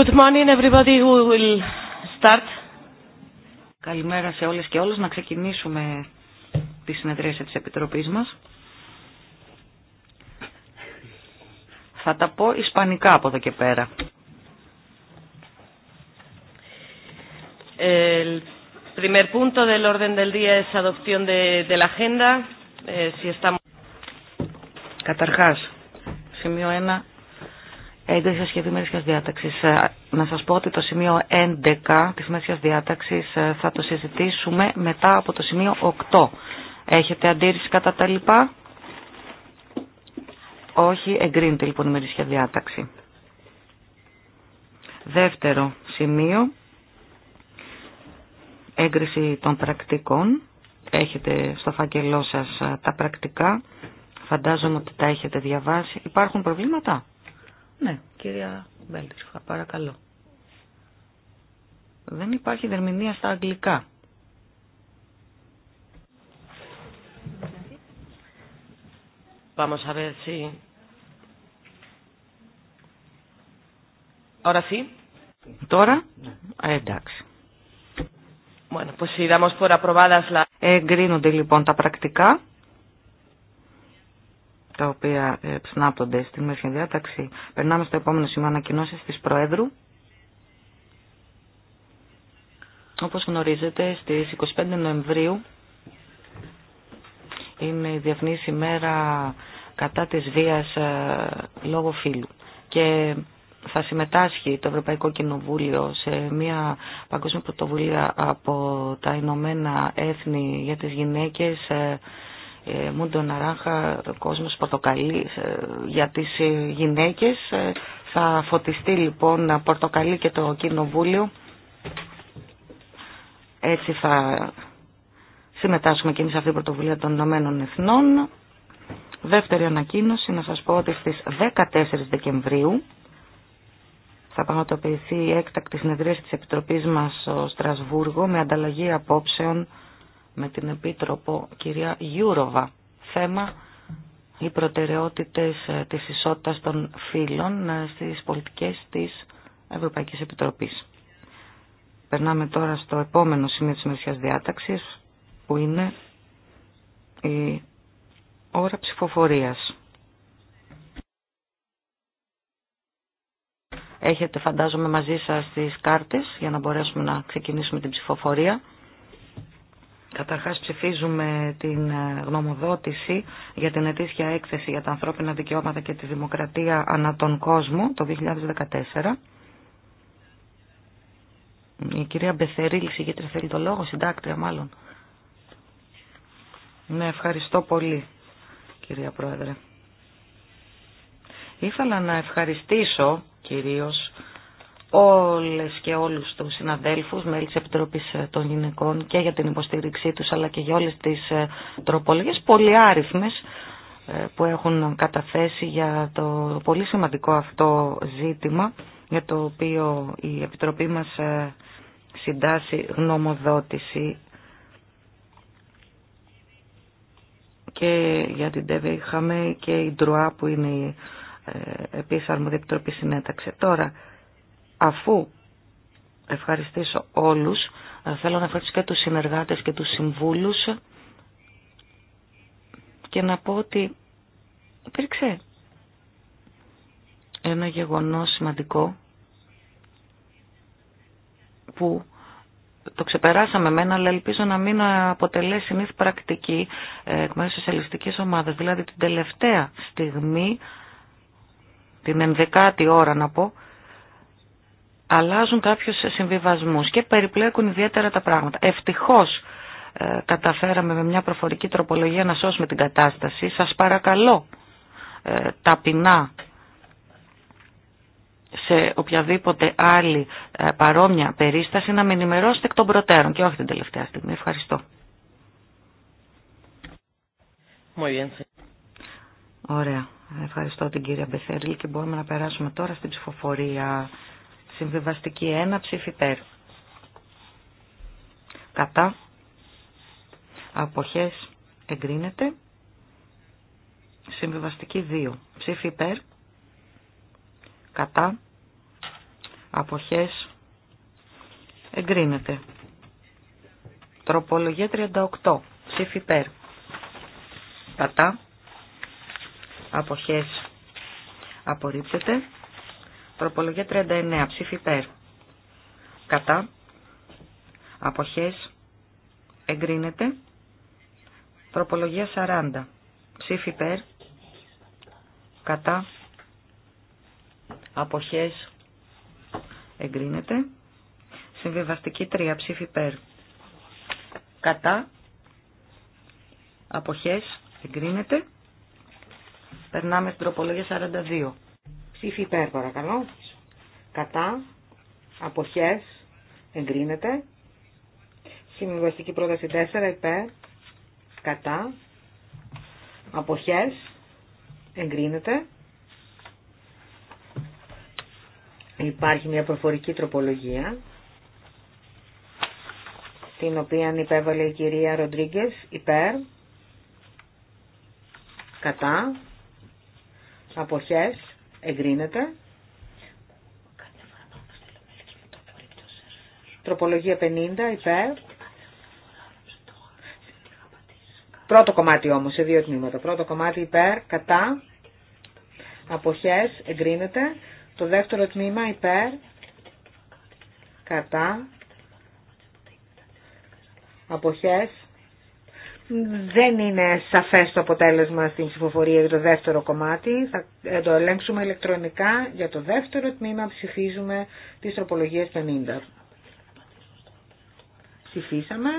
Good morning everybody who will start. Καλημέρα σε όλες και όλους. Να ξεκινήσουμε τη συνεδρίαση της Επιτροπής μας. Θα τα πω ισπανικά από εδώ και πέρα. El primer punto del orden del día es adopción de, de la agenda. Eh, si estamos... Καταρχάς, σημείο 1 έγκριση σχεδίου ημερήσιας διάταξης. Ε, να σας πω ότι το σημείο 11 της ημερήσιας διάταξης ε, θα το συζητήσουμε μετά από το σημείο 8. Έχετε αντίρρηση κατά τα λοιπά. Όχι, εγκρίνεται λοιπόν η μερίσια διάταξη. Δεύτερο σημείο, έγκριση των πρακτικών. Έχετε στο φάκελό σας ε, τα πρακτικά. Φαντάζομαι ότι τα έχετε διαβάσει. Υπάρχουν προβλήματα. Ναι, κυρία Μπέλτριχα, παρακαλώ. Δεν υπάρχει δερμηνία στα αγγλικά. Vamos a Τώρα, ε, εντάξει. Bueno, Εγκρίνονται λοιπόν τα πρακτικά τα οποία ε, ψνάπτονται στην μέση διάταξη. Περνάμε στο επόμενο σημείο ανακοινώσει τη Προέδρου. Όπως γνωρίζετε, στις 25 Νοεμβρίου είναι η διεθνή ημέρα κατά της βίας ε, λόγω φύλου. Και θα συμμετάσχει το Ευρωπαϊκό Κοινοβούλιο σε μια παγκόσμια πρωτοβουλία από τα Ηνωμένα Έθνη για τις γυναίκες ε, μούντο ναράχα, κόσμος πορτοκαλί ε, για τις ε, γυναίκες. Ε, θα φωτιστεί λοιπόν πορτοκαλί και το κοινοβούλιο. Έτσι θα συμμετάσχουμε και εμείς σε αυτή την πρωτοβουλία των Ηνωμένων Εθνών. Δεύτερη ανακοίνωση, να σας πω ότι στις 14 Δεκεμβρίου θα πραγματοποιηθεί η έκτακτη συνεδρίαση της Επιτροπής μας στο Στρασβούργο με ανταλλαγή απόψεων με την Επίτροπο κυρία Γιούροβα. Θέμα οι προτεραιότητες ε, της ισότητας των φύλων ε, στις πολιτικές της Ευρωπαϊκής Επιτροπής. Περνάμε τώρα στο επόμενο σημείο της μερσιάς διάταξης που είναι η ώρα ψηφοφορίας. Έχετε φαντάζομαι μαζί σας τις κάρτες για να μπορέσουμε να ξεκινήσουμε την ψηφοφορία. Καταρχάς ψηφίζουμε την ε, γνωμοδότηση για την ετήσια έκθεση για τα ανθρώπινα δικαιώματα και τη δημοκρατία ανά τον κόσμο το 2014. Η κυρία η συγκέντρια θέλει το λόγο, συντάκτρια μάλλον. Ναι, ευχαριστώ πολύ, κυρία Πρόεδρε. Ήθελα να ευχαριστήσω κυρίως όλες και όλους τους συναδέλφους, μέλη της Επιτροπής ε, των Γυναικών και για την υποστήριξή τους αλλά και για όλες τις ε, τροπολογίες άριθμες ε, που έχουν καταθέσει για το πολύ σημαντικό αυτό ζήτημα για το οποίο η Επιτροπή μας συντάσσει γνωμοδότηση και για την ΤΕΒΕ είχαμε και η Ντρουά που είναι η επίσης αρμοδιεπιτροπή συνέταξε. Τώρα Αφού ευχαριστήσω όλους, θέλω να ευχαριστήσω και τους συνεργάτες και τους συμβούλους και να πω ότι υπήρξε ένα γεγονός σημαντικό που το ξεπεράσαμε μένα, αλλά ελπίζω να μην αποτελέσει συνήθι πρακτική εκ μέρους ελιστικής ομάδας. Δηλαδή την τελευταία στιγμή, την ενδεκάτη ώρα να πω, αλλάζουν κάποιους συμβιβασμούς και περιπλέκουν ιδιαίτερα τα πράγματα. Ευτυχώς ε, καταφέραμε με μια προφορική τροπολογία να σώσουμε την κατάσταση. Σας παρακαλώ ε, ταπεινά σε οποιαδήποτε άλλη ε, παρόμοια περίσταση να με ενημερώσετε εκ των προτέρων και όχι την τελευταία στιγμή. Ευχαριστώ. Ωραία. Ευχαριστώ την κυρία Μπεθερλή και μπορούμε να περάσουμε τώρα στην ψηφοφορία. Συμβιβαστική 1 ψήφι Κατά. Αποχές εγκρίνεται. Συμβιβαστική 2 ψήφι υπέρ. Κατά. Αποχές εγκρίνεται. Τροπολογία 38 ψήφι υπέρ. Κατά. Αποχές απορρίπτεται. Τροπολογία 39. Ψήφι υπέρ. Κατά. Αποχές. Εγκρίνεται. Τροπολογία 40. Ψήφι υπέρ. Κατά. Αποχές. Εγκρίνεται. Συμβιβαστική 3. Ψήφι υπέρ. Κατά. Αποχές. Εγκρίνεται. Περνάμε στην τροπολογία 42. Ψήφι υπέρ παρακαλώ. Κατά. Αποχές. Εγκρίνεται. Συμβιβαστική πρόταση 4 υπέρ. Κατά. Αποχές. Εγκρίνεται. Υπάρχει μια προφορική τροπολογία την οποία υπέβαλε η κυρία Ροντρίγκε υπέρ, κατά, αποχές, Εγκρίνεται. Τροπολογία 50 υπέρ. Πρώτο κομμάτι όμως, σε δύο τμήματα. Πρώτο κομμάτι υπέρ, κατά, αποχές, εγκρίνεται. Το δεύτερο τμήμα υπέρ, κατά, αποχές, δεν είναι σαφές το αποτέλεσμα στην ψηφοφορία για το δεύτερο κομμάτι. Θα ε, το ελέγξουμε ηλεκτρονικά. Για το δεύτερο τμήμα ψηφίζουμε τις τροπολογίες 50. Ψηφίσαμε.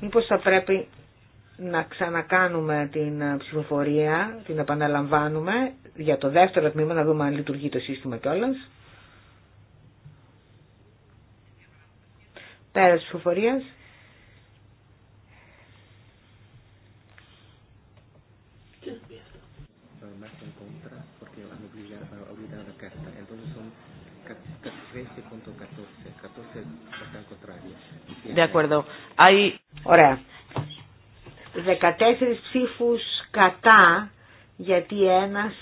Μήπως θα πρέπει να ξανακάνουμε την ψηφοφορία, την επαναλαμβάνουμε για το δεύτερο τμήμα, να δούμε αν λειτουργεί το σύστημα κιόλα. Πέρα της ψηφοφορίας. De acuerdo. Hay... Ωραία. 14 ψήφους κατά γιατί ένας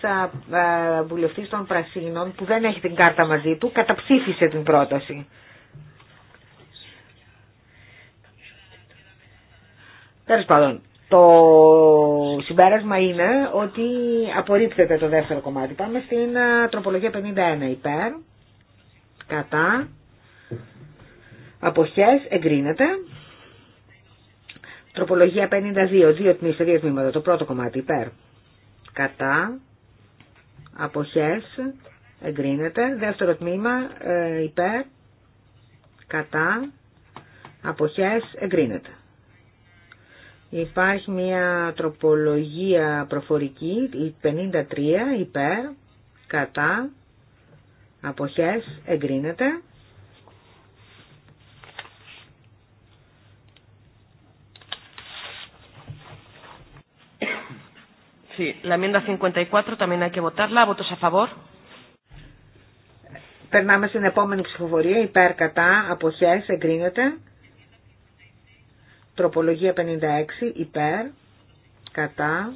βουλευτής των Πρασίνων που δεν έχει την κάρτα μαζί του καταψήφισε την πρόταση. Τέλο πάντων, το συμπέρασμα είναι ότι απορρίπτεται το δεύτερο κομμάτι. Πάμε στην τροπολογία 51 υπέρ, κατά, αποχές, εγκρίνεται. Τροπολογία 52, δύο τμήματα, δύο τμήματα. Το πρώτο κομμάτι υπέρ. Κατά. Αποχές. Εγκρίνεται. Δεύτερο τμήμα ε, υπέρ. Κατά. Αποχές. Εγκρίνεται. Υπάρχει μια τροπολογία προφορική, η 53, υπέρ, κατά, αποχές, εγκρίνεται. Sí, la enmienda 54 también hay que votarla. ¿Votos a favor? Περνάμε στην επόμενη ψηφοφορία. Υπέρ κατά αποχές εγκρίνεται. Τροπολογία 56. Υπέρ κατά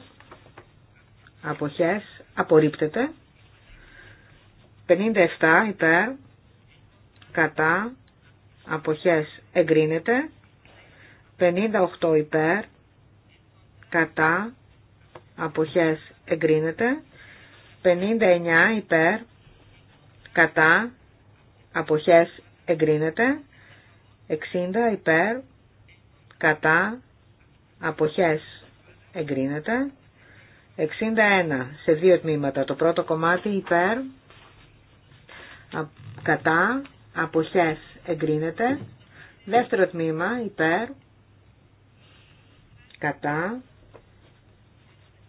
αποχές απορρίπτεται. 57. Υπέρ κατά αποχές εγκρίνεται. 58. Υπέρ κατά αποχές εγκρίνεται, 59 υπέρ, κατά, αποχές εγκρίνεται, 60 υπέρ, κατά, αποχές εγκρίνεται, 61 σε δύο τμήματα, το πρώτο κομμάτι υπέρ, κατά, αποχές εγκρίνεται, δεύτερο τμήμα υπέρ, κατά,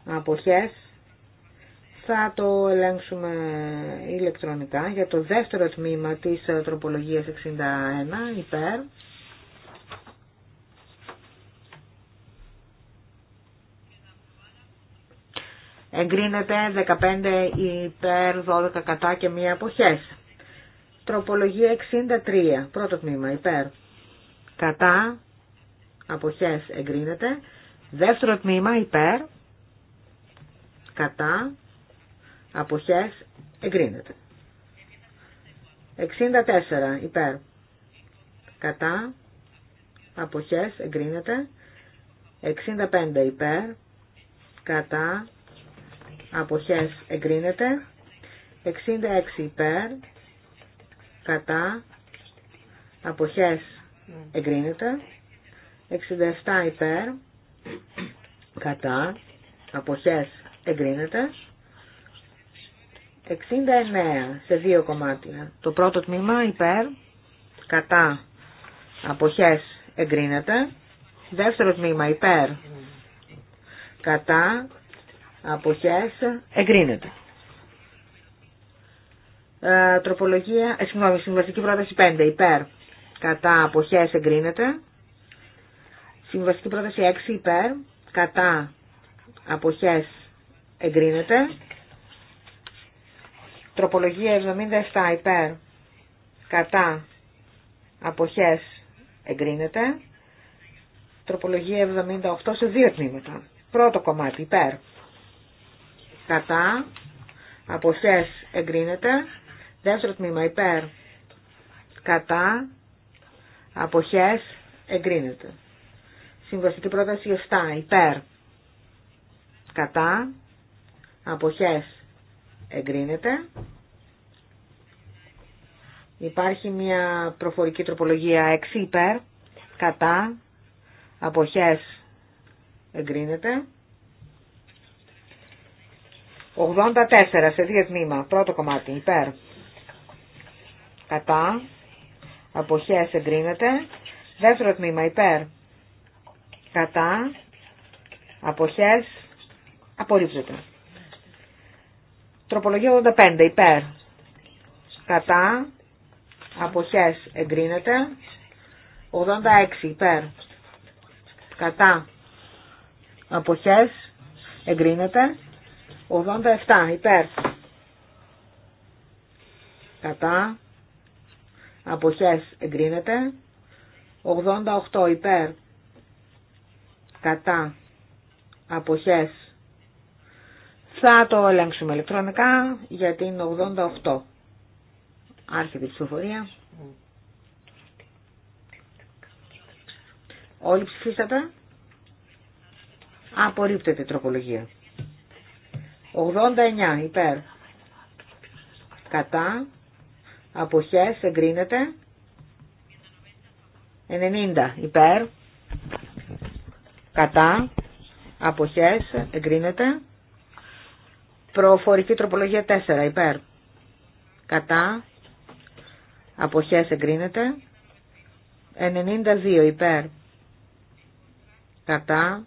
αποχές θα το ελέγξουμε ηλεκτρονικά για το δεύτερο τμήμα της ε, τροπολογίας 61 υπέρ εγκρίνεται 15 υπέρ 12 κατά και μία αποχές τροπολογία 63 πρώτο τμήμα υπέρ κατά αποχές εγκρίνεται δεύτερο τμήμα υπέρ κατά, αποχές, εγκρίνεται. 64 υπέρ, κατά, αποχές, εγκρίνεται. 65 υπέρ, κατά, αποχές, εγκρίνεται. 66 υπέρ, κατά, αποχές, εγκρίνεται. 67 υπέρ, κατά, αποχές, εγκρίνεται. 69 σε δύο κομμάτια. Το πρώτο τμήμα υπέρ, κατά, αποχές εγκρίνεται. Δεύτερο τμήμα υπέρ, κατά, αποχές εγκρίνεται. Ε, τροπολογία, ε, συγγνώμη, συμβαστική πρόταση 5 υπέρ, κατά, αποχές εγκρίνεται. Συμβαστική πρόταση 6 υπέρ, κατά, αποχές εγκρίνεται. Τροπολογία 77 υπέρ κατά αποχές εγκρίνεται. Τροπολογία 78 σε δύο τμήματα. Πρώτο κομμάτι υπέρ κατά αποχές εγκρίνεται. Δεύτερο τμήμα υπέρ κατά αποχές εγκρίνεται. Συμβαστική πρόταση 7 υπέρ κατά αποχές εγκρίνεται. Υπάρχει μια προφορική τροπολογία 6 υπέρ, κατά, αποχές εγκρίνεται. 84 σε δύο τμήμα, πρώτο κομμάτι υπέρ, κατά, αποχές εγκρίνεται. Δεύτερο τμήμα υπέρ, κατά, αποχές απορρίπτεται. Τροπολογία 85 υπέρ. Κατά. Αποχές εγκρίνεται. 86 υπέρ. Κατά. Αποχές εγκρίνεται. 87 υπέρ. Κατά. Αποχές εγκρίνεται. 88 υπέρ. Κατά. Αποχές θα το ελέγξουμε ηλεκτρονικά για την 88. Άρχεται η ψηφοφορία. Όλοι ψηφίσατε. Απορρίπτεται η τροπολογία. 89 υπέρ. Κατά. Αποχές εγκρίνεται. 90 υπέρ. Κατά. Αποχές εγκρίνεται. Προφορική τροπολογία 4 υπέρ. Κατά. Αποχές εγκρίνεται. 92 υπέρ. Κατά.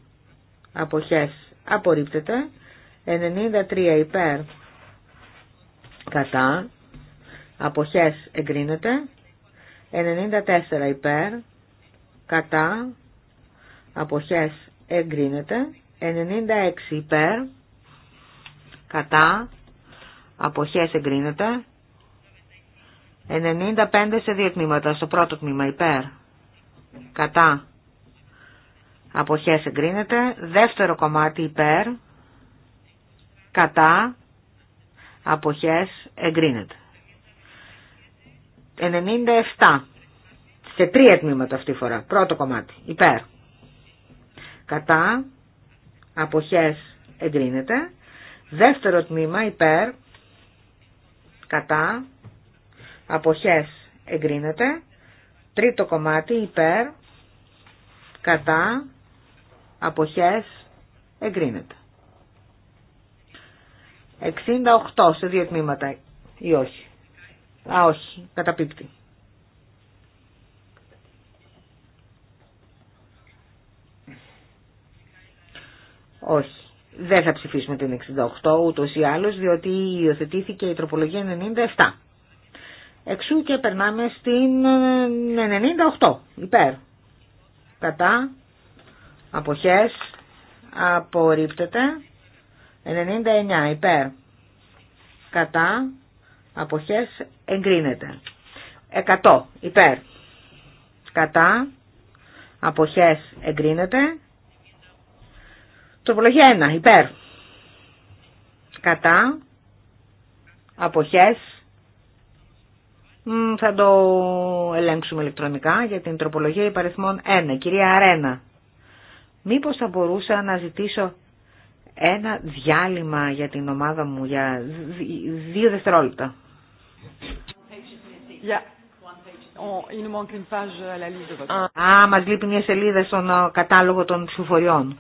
Αποχές απορρίπτεται. 93 υπέρ. Κατά. Αποχές εγκρίνεται. 94 υπέρ. Κατά. Αποχές εγκρίνεται. 96 υπέρ κατά, αποχές εγκρίνεται. 95 σε δύο τμήματα, στο πρώτο τμήμα υπέρ, κατά, αποχές εγκρίνεται. Δεύτερο κομμάτι υπέρ, κατά, αποχές εγκρίνεται. 97 σε τρία τμήματα αυτή τη φορά. Πρώτο κομμάτι, υπέρ. Κατά, αποχές εγκρίνεται. Δεύτερο τμήμα υπέρ, κατά, αποχές εγκρίνεται. Τρίτο κομμάτι υπέρ, κατά, αποχές εγκρίνεται. 68 σε δύο τμήματα ή όχι. Α, όχι, καταπίπτει. Όχι δεν θα ψηφίσουμε την 68 ούτως ή άλλως διότι υιοθετήθηκε η τροπολογία 97. Εξού και περνάμε στην 98 ε, υπέρ. Κατά, αποχές, απορρίπτεται, 99 υπέρ. Κατά, αποχές, εγκρίνεται. 100 υπέρ. Κατά, αποχές, εγκρίνεται. Τροπολογία 1. Υπέρ. Κατά. Αποχές. θα το ελέγξουμε ηλεκτρονικά για την τροπολογία υπαριθμών 1. Κυρία Αρένα, μήπως θα μπορούσα να ζητήσω ένα διάλειμμα για την ομάδα μου για δύο δευτερόλεπτα. Α, μας λείπει μια σελίδα στον ε, κατάλογο των ψηφοριών.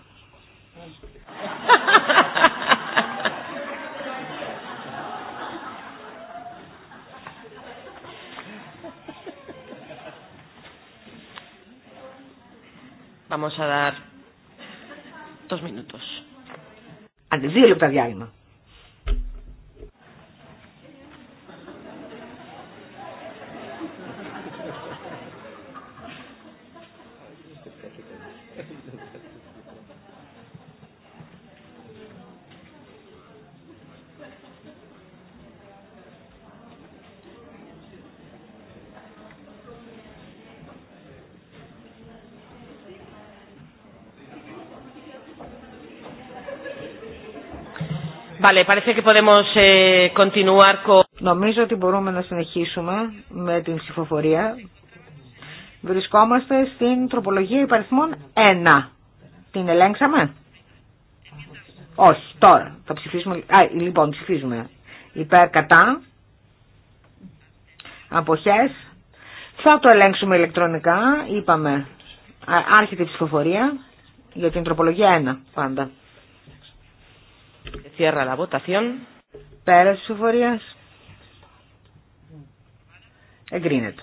Θα a dar dos minutos. Αντί δύο λεπτά διάλειμμα. Vale, eh, Νομίζω ότι μπορούμε να συνεχίσουμε με την ψηφοφορία. Βρισκόμαστε στην τροπολογία υπαριθμών 1. Την ελέγξαμε? Όχι, τώρα. Θα ψηφίσουμε... λοιπόν, ψηφίζουμε. Υπέρ, κατά. Αποχές. Θα το ελέγξουμε ηλεκτρονικά. Είπαμε. Άρχεται η ψηφοφορία για την τροπολογία 1 πάντα. Cierra la votación. Πέρα τη ψηφοφορία. Εγκρίνεται.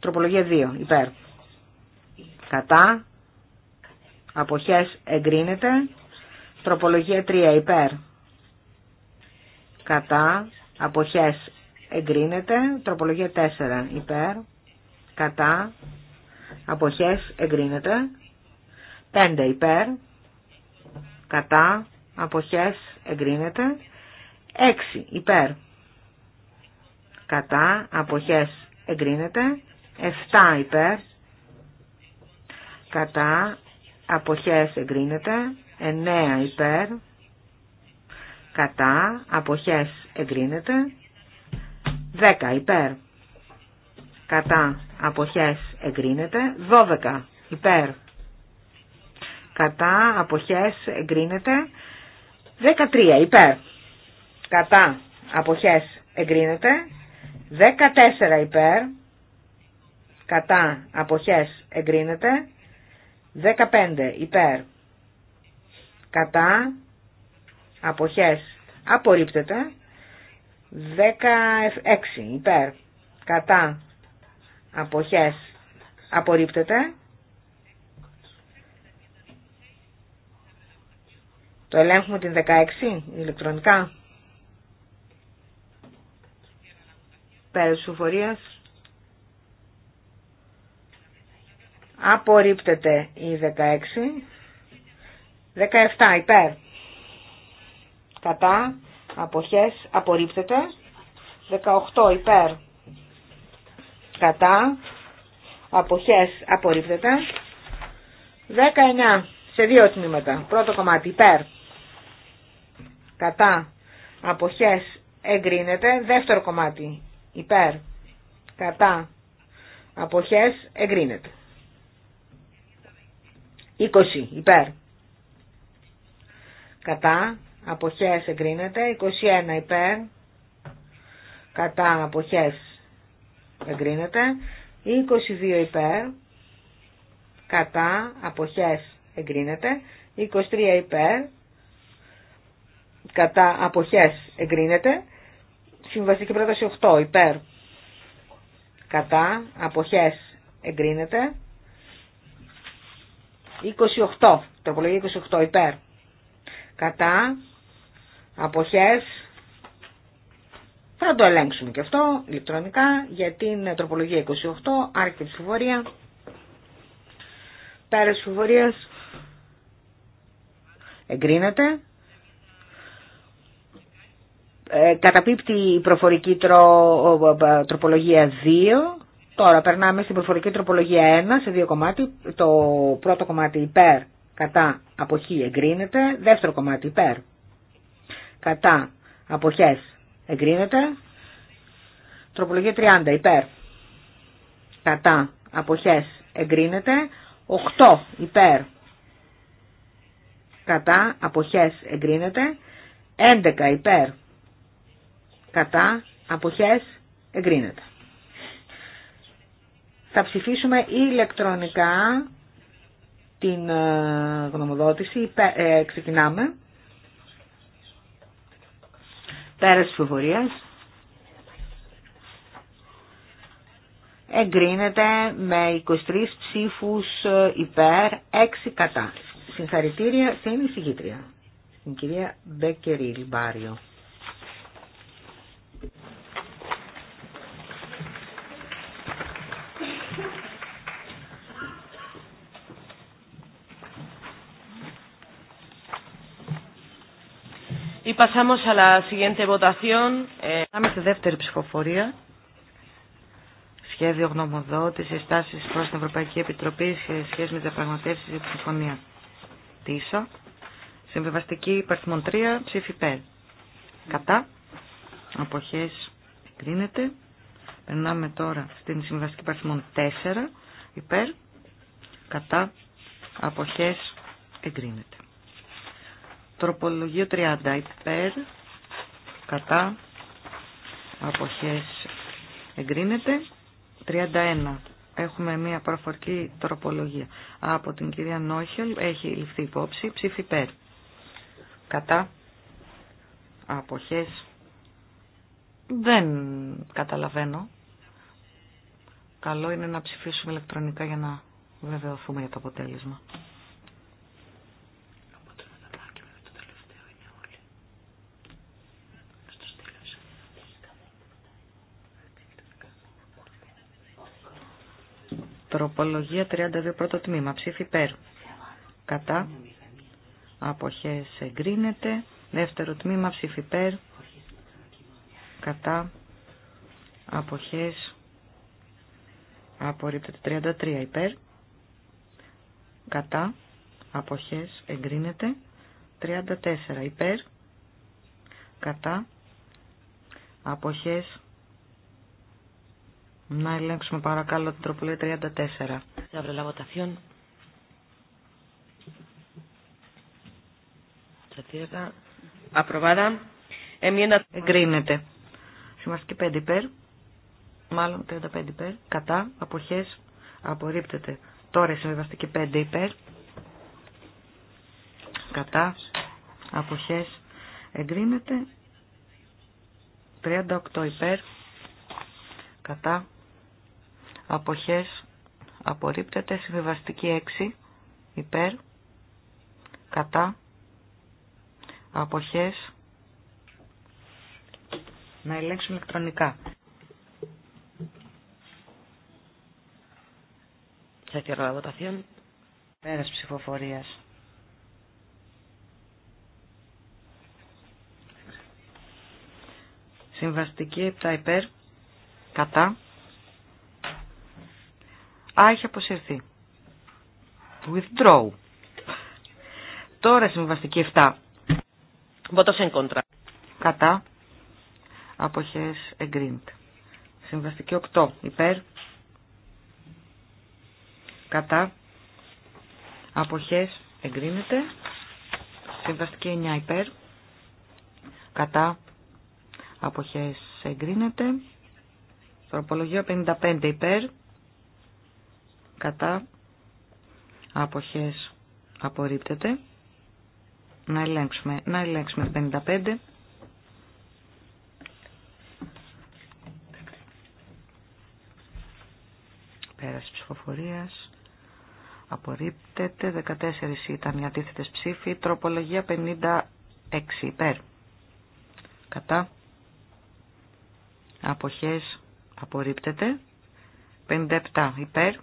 Τροπολογία 2. Υπέρ. Κατά. απόχέ εγκρίνεται. Τροπολογία 3. Υπέρ. Κατά. Αποχέ. εγκρίνεται. Τροπολογία 4. Υπέρ. Κατά. απόχέ, εγκρίνεται. 5. Υπέρ. Κατά αποχές εγκρίνεται. 6 υπέρ κατά αποχές εγκρίνεται. 7 υπέρ κατά αποχές εγκρίνεται. 9 υπέρ κατά αποχές εγκρίνεται. 10 υπέρ κατά αποχές εγκρίνεται. 12 υπέρ κατά αποχές εγκρίνεται. 13 υπέρ. Κατά αποχές εγκρίνεται. 14 υπέρ. Κατά αποχές εγκρίνεται. 15 υπέρ. Κατά αποχές απορρίπτεται. 16 υπέρ. Κατά αποχές απορρίπτεται. Το ελέγχουμε την 16 ηλεκτρονικά. Πέρα τη Απορρίπτεται η 16. 17 υπέρ. Κατά. Αποχές. Απορρίπτεται. 18 υπέρ. Κατά. Αποχές. Απορρίπτεται. 19 σε δύο τμήματα. Πρώτο κομμάτι υπέρ κατά αποχές εγκρίνεται. Δεύτερο κομμάτι υπέρ κατά αποχές εγκρίνεται. 20 υπέρ κατά αποχές εγκρίνεται. 21 υπέρ κατά αποχές εγκρίνεται. 22 υπέρ κατά αποχές εγκρίνεται. 23 υπέρ κατά αποχές εγκρίνεται. Συμβαστική πρόταση 8 υπέρ κατά αποχές εγκρίνεται. 28, τροπολογία 28 υπέρ κατά αποχές θα το ελέγξουμε και αυτό ηλεκτρονικά για την τροπολογία 28, άρχιτη φοβορία πέρας φοβορίας εγκρίνεται ε, καταπίπτει η προφορική τροπολογία 2. Τώρα περνάμε στην προφορική τροπολογία 1 σε δύο κομμάτι. Το πρώτο κομμάτι υπέρ κατά αποχή εγκρίνεται. Δεύτερο κομμάτι υπέρ κατά αποχές εγκρίνεται. Τροπολογία 30 υπέρ κατά αποχές εγκρίνεται. 8 υπέρ κατά αποχές εγκρίνεται. 11 υπέρ κατά, αποχές, εγκρίνεται. Θα ψηφίσουμε ηλεκτρονικά την ε, γνωμοδότηση. Ε, ξεκινάμε. Πέρας της Εγκρίνεται με 23 ψήφους ε, υπέρ, 6 κατά. Συγχαρητήρια στην εισηγήτρια, Στην κυρία Μπέκερη Λιμπάριο. Y pasamos a la siguiente votación. Eh. στη δεύτερη ψηφοφορία. Σχέδιο γνωμοδότηση τάση προ την Ευρωπαϊκή Επιτροπή σε σχέση με τι διαπραγματεύσει για τη συμφωνία ΤΙΣΑ. Συμβιβαστική υπαρθμόν 3, ψήφι ΠΕΡ. Κατά. Αποχέ εγκρίνεται. Περνάμε τώρα στην συμβιβαστική υπαρθμόν 4, υπέρ. Κατά. Αποχέ εγκρίνεται. Τροπολογία 30 υπέρ, κατά, αποχές εγκρίνεται. 31. Έχουμε μια προφορική τροπολογία από την κυρία Νόχελ. Έχει ληφθεί υπόψη. Ψήφι υπέρ. Κατά. Αποχές. Δεν καταλαβαίνω. Καλό είναι να ψηφίσουμε ηλεκτρονικά για να βεβαιωθούμε για το αποτέλεσμα. Τροπολογία 32 πρώτο τμήμα. Ψήφι υπέρ. Κατά. Αποχές εγκρίνεται. Δεύτερο τμήμα. Ψήφι υπέρ. Κατά. Αποχές. Απορρίπτεται 33 υπέρ. Κατά. Αποχές εγκρίνεται. 34 υπέρ. Κατά. Αποχές να ελέγξουμε παρακαλώ την τροπολογία 34. Απροβάδα. Εμείνα. εγκρίνεται. Σημαστική 5 υπέρ. Μάλλον 35 υπέρ. Κατά. Αποχές. Απορρίπτεται. Τώρα η συμβιβαστική 5 υπέρ. Κατά. Αποχές. Εγκρίνεται. 38 υπέρ. Κατά αποχές απορρίπτεται. Συμβιβαστική 6 υπέρ κατά αποχές να ελέγξουμε ηλεκτρονικά. Σε la Πέρας ψηφοφορίας. Συμβαστική 7 υπέρ, κατά, Α, έχει αποσυρθεί. Withdraw. Τώρα συμβαστική 7. εν Κατά. Αποχές εγκρίνεται. Συμβαστική 8. Υπέρ. Κατά. Αποχές εγκρίνεται. Συμβαστική 9 υπέρ. Κατά. Αποχές εγκρίνεται. Τροπολογία 55 υπέρ κατά αποχές απορρίπτεται. Να ελέγξουμε, να ελέγξουμε 55. Πέραση ψηφοφορία. Απορρίπτεται. 14 ήταν οι αντίθετε ψήφοι. Τροπολογία 56 υπέρ. Κατά. Αποχές απορρίπτεται. 57 υπέρ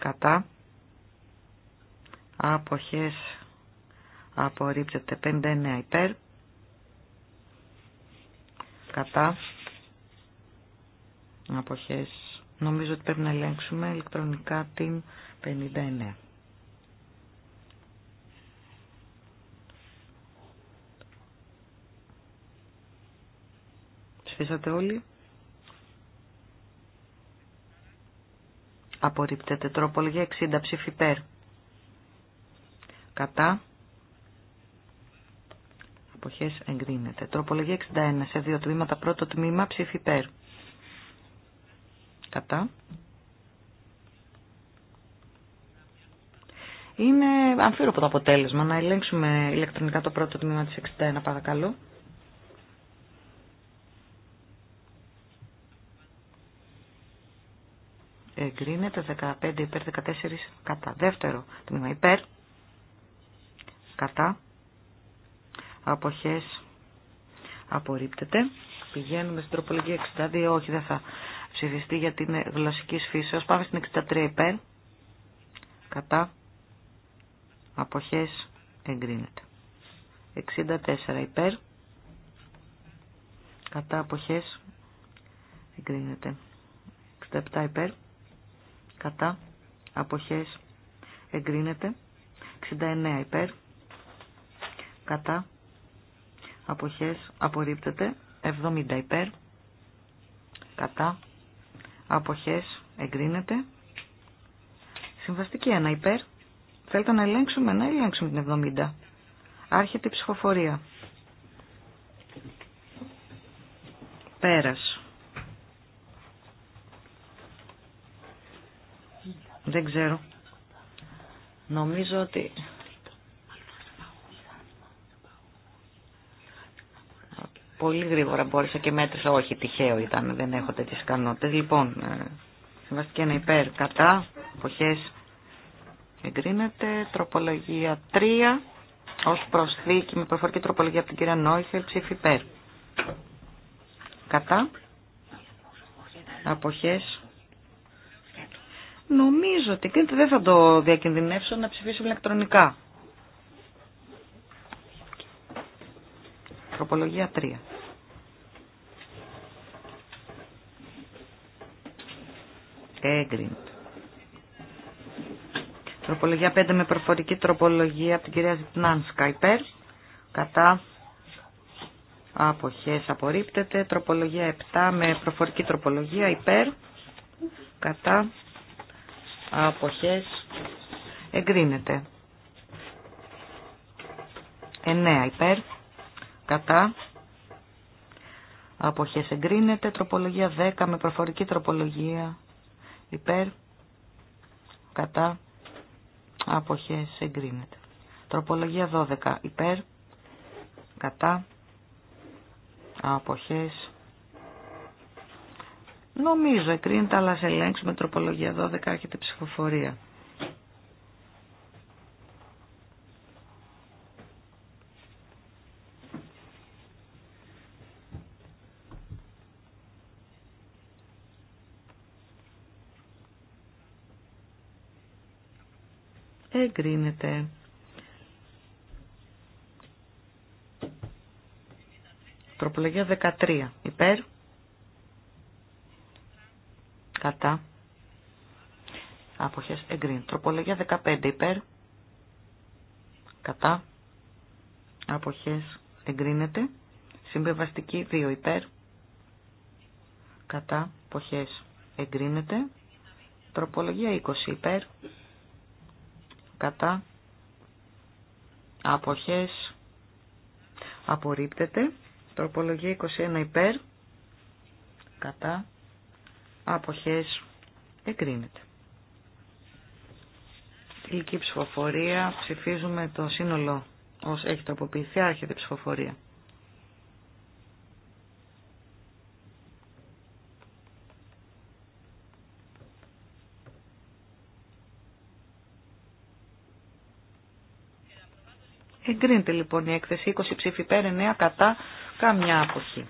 κατά αποχές απορρίπτεται 59 υπέρ κατά αποχές νομίζω ότι πρέπει να ελέγξουμε ηλεκτρονικά την 59 ψηφίσατε όλοι απορρίπτεται. Τροπολογία 60 ψήφι ΠΕΡ. Κατά. Αποχές εγκρίνεται. Τροπολογία 61 σε δύο τμήματα. Πρώτο τμήμα ψήφι ΠΕΡ. Κατά. Είναι αμφίροπο το αποτέλεσμα. Να ελέγξουμε ηλεκτρονικά το πρώτο τμήμα της 61 παρακαλώ. εγκρίνεται 15 υπέρ 14 κατά. Δεύτερο τμήμα υπέρ κατά. Αποχές απορρίπτεται. Πηγαίνουμε στην τροπολογία 62, όχι δεν θα ψηφιστεί γιατί είναι γλωσσική φύσεως. Πάμε στην 63 υπέρ κατά. Αποχές εγκρίνεται. 64 υπέρ κατά αποχές εγκρίνεται 67 υπέρ κατά αποχές εγκρίνεται 69 υπέρ κατά αποχές απορρίπτεται 70 υπέρ κατά αποχές εγκρίνεται συμβαστική 1 υπέρ θέλετε να ελέγξουμε να ελέγξουμε την 70 άρχεται η ψυχοφορία. πέρας Δεν ξέρω. Νομίζω ότι... Πολύ γρήγορα μπόρεσα και μέτρησα. Όχι, τυχαίο ήταν. Δεν έχω τέτοιες ικανότητες. Λοιπόν, ε, συμβαστική ένα υπέρ κατά. Εποχές εγκρίνεται. Τροπολογία 3. Ως προσθήκη με προφορική τροπολογία από την κυρία Νόιχελ ψήφι υπέρ. Κατά. Αποχές Νομίζω ότι δεν θα το διακινδυνεύσω να ψηφίσω ηλεκτρονικά. Τροπολογία 3. Έγκριντ. Τροπολογία 5 με προφορική τροπολογία από την κυρία Ζητνάνσκα. Υπέρ. Κατά. Αποχές απορρίπτεται. Τροπολογία 7 με προφορική τροπολογία. Υπέρ. Κατά αποχές εγκρίνεται. 9 υπέρ, κατά, αποχές εγκρίνεται, τροπολογία 10 με προφορική τροπολογία υπέρ, κατά, αποχές εγκρίνεται. Τροπολογία 12 υπέρ, κατά, αποχές Νομίζω εκρίνεται, αλλά σε ελέγξουμε τροπολογία 12, έρχεται ψηφοφορία. Εγκρίνεται. Τροπολογία 13. Υπέρ κατά αποχές εγκρίνεται. Τροπολογία 15 υπέρ κατά αποχές εγκρίνεται. Συμπεβαστική 2 υπέρ κατά αποχές εγκρίνεται. Τροπολογία 20 υπέρ κατά αποχές απορρίπτεται. Τροπολογία 21 υπέρ κατά αποχές εγκρίνεται. Τελική ψηφοφορία. Ψηφίζουμε το σύνολο ως έχει αποποιηθεί. Άρχεται ψηφοφορία. Εγκρίνεται λοιπόν η έκθεση 20 ψήφι πέρα 9 κατά καμιά αποχή.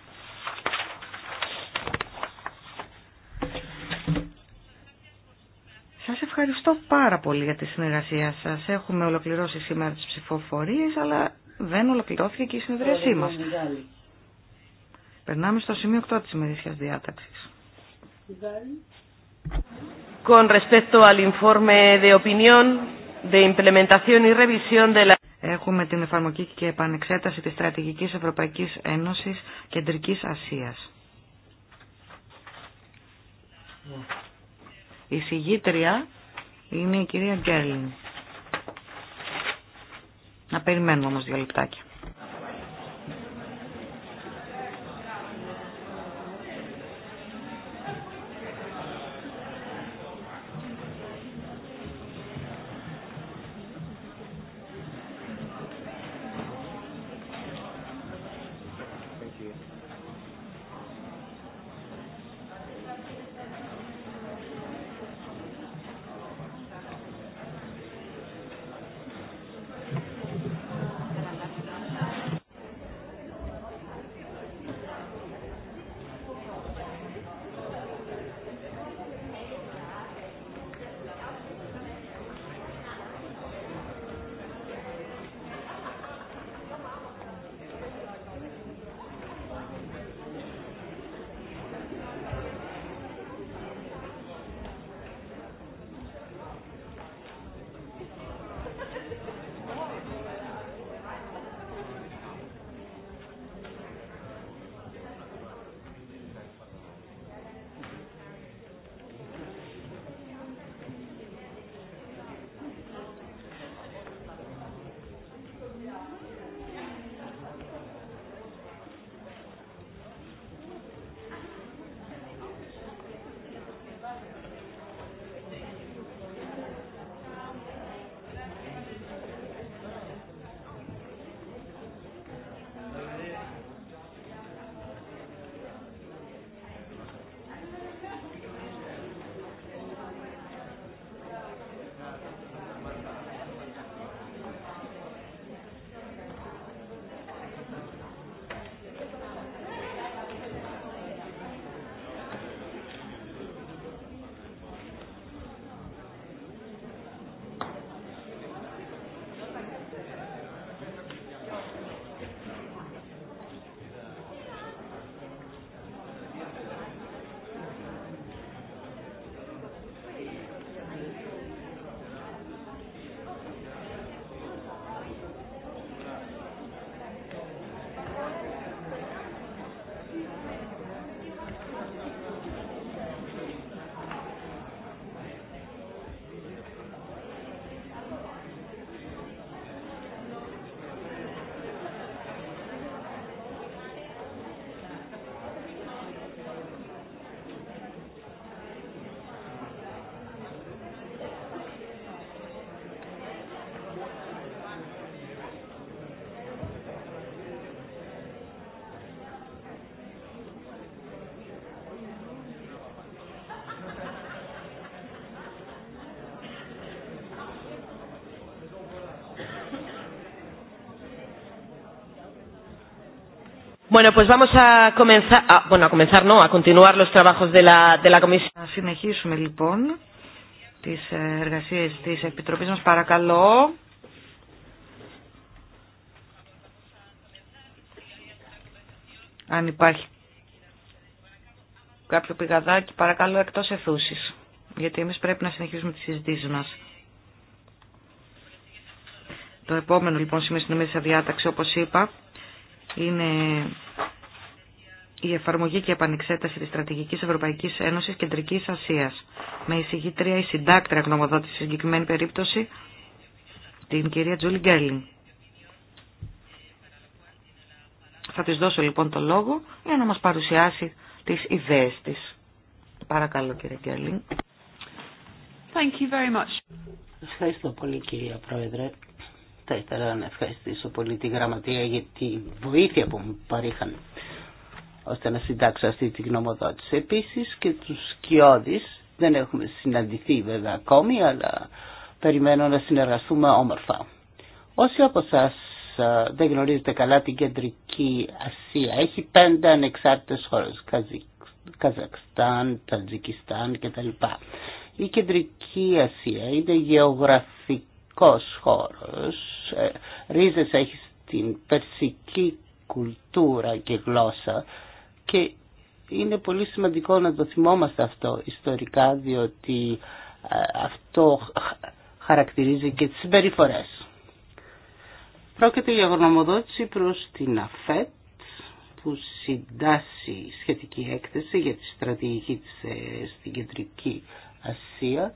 ευχαριστώ πάρα πολύ για τη συνεργασία σας. Έχουμε ολοκληρώσει σήμερα τις ψηφοφορίες, αλλά δεν ολοκληρώθηκε και η συνεδρίασή μας. Περνάμε στο σημείο 8 της ημερήσιας διάταξης. Con respecto al informe de opinión de Έχουμε την εφαρμογή και επανεξέταση της Στρατηγικής Ευρωπαϊκής Ένωσης Κεντρικής Ασίας. Η συγγήτρια είναι η κυρία Γκέρλιν. Να περιμένουμε όμως δύο λεπτάκια. Bueno, pues vamos a Να ah, συνεχίσουμε λοιπόν τις ε, εργασίες της Επιτροπής μας, παρακαλώ. Αν υπάρχει κάποιο πηγαδάκι, παρακαλώ εκτός εθούσης, γιατί εμείς πρέπει να συνεχίσουμε τις συζητήσεις μας. Το επόμενο λοιπόν σημείο στην εμείς διάταξη, όπως είπα, είναι η εφαρμογή και επανεξέταση της Στρατηγικής Ευρωπαϊκής Ένωσης Κεντρικής Ασίας. Με εισηγήτρια η συντάκτρια γνωμοδότηση σε συγκεκριμένη περίπτωση, την κυρία Τζούλη Γκέρλιν. Θα της δώσω λοιπόν το λόγο για να μας παρουσιάσει τις ιδέες της. Παρακαλώ κύριε Γκέρλιν. Thank you very much. Ευχαριστώ πολύ κυρία Πρόεδρε. Θα ήθελα να ευχαριστήσω πολύ τη γραμματεία για τη βοήθεια που μου παρήχαν ώστε να συντάξω αυτή τη γνωμοδότηση. Επίσης και τους σκιώδεις, δεν έχουμε συναντηθεί βέβαια ακόμη, αλλά περιμένω να συνεργαστούμε όμορφα. Όσοι από εσά δεν γνωρίζετε καλά την Κεντρική Ασία, έχει πέντε ανεξάρτητες χώρες, Καζακστάν, Τατζικιστάν κτλ. Η Κεντρική Ασία είναι γεωγραφικός χώρος, ε, ρίζες έχει στην περσική κουλτούρα και γλώσσα και είναι πολύ σημαντικό να το θυμόμαστε αυτό ιστορικά διότι ε, αυτό χαρακτηρίζει και τις συμπεριφορές. Πρόκειται για γνωμοδότηση προς την ΑΦΕΤ που συντάσσει σχετική έκθεση για τη στρατηγική της ε, στην Κεντρική Ασία.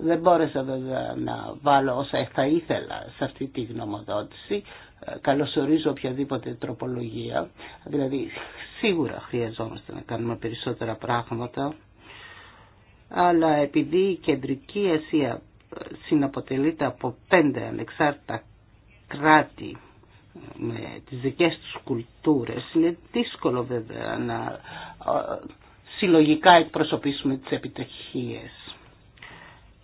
Δεν μπόρεσα βέβαια να βάλω όσα θα ήθελα σε αυτή τη γνωμοδότηση καλωσορίζω οποιαδήποτε τροπολογία. Δηλαδή σίγουρα χρειαζόμαστε να κάνουμε περισσότερα πράγματα. Αλλά επειδή η Κεντρική Ασία συναποτελείται από πέντε ανεξάρτητα κράτη ε, με τις δικές τους κουλτούρες, είναι δύσκολο βέβαια να ε, συλλογικά εκπροσωπήσουμε τις επιτυχίες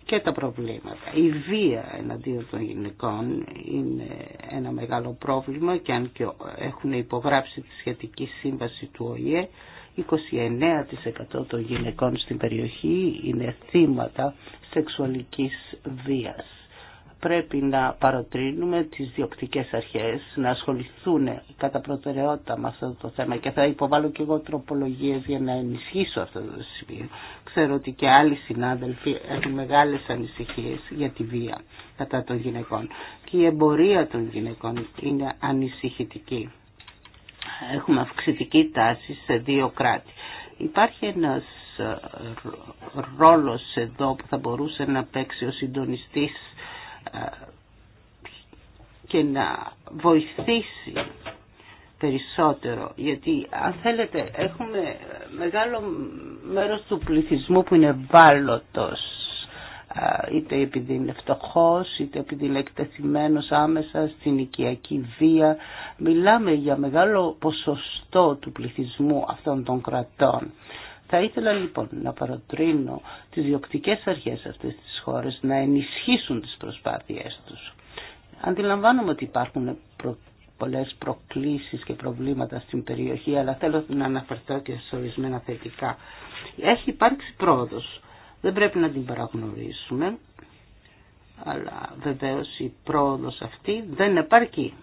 και τα προβλήματα. Η βία εναντίον των γυναικών είναι ένα μεγάλο πρόβλημα και αν και έχουν υπογράψει τη σχετική σύμβαση του ΟΗΕ, 29% των γυναικών στην περιοχή είναι θύματα σεξουαλικής βίας πρέπει να παροτρύνουμε τις διοπτικές αρχές να ασχοληθούν κατά προτεραιότητα με αυτό το θέμα και θα υποβάλω και εγώ τροπολογίες για να ενισχύσω αυτό το σημείο. Ξέρω ότι και άλλοι συνάδελφοι έχουν μεγάλες ανησυχίες για τη βία κατά των γυναικών και η εμπορία των γυναικών είναι ανησυχητική. Έχουμε αυξητική τάση σε δύο κράτη. Υπάρχει ένας ρόλος εδώ που θα μπορούσε να παίξει ο συντονιστής και να βοηθήσει περισσότερο γιατί αν θέλετε έχουμε μεγάλο μέρος του πληθυσμού που είναι βάλωτος είτε επειδή είναι φτωχός είτε επειδή είναι εκτεθειμένος άμεσα στην οικιακή βία. Μιλάμε για μεγάλο ποσοστό του πληθυσμού αυτών των κρατών. Θα ήθελα λοιπόν να παροτρύνω τις διοκτικές αρχές αυτές της χώρες να ενισχύσουν τις προσπάθειές τους. Αντιλαμβάνομαι ότι υπάρχουν προ... πολλές προκλήσεις και προβλήματα στην περιοχή, αλλά θέλω να αναφερθώ και σε ορισμένα θετικά. Έχει υπάρξει πρόοδος. Δεν πρέπει να την παραγνωρίσουμε, αλλά βεβαίως η πρόοδος αυτή δεν επαρκεί.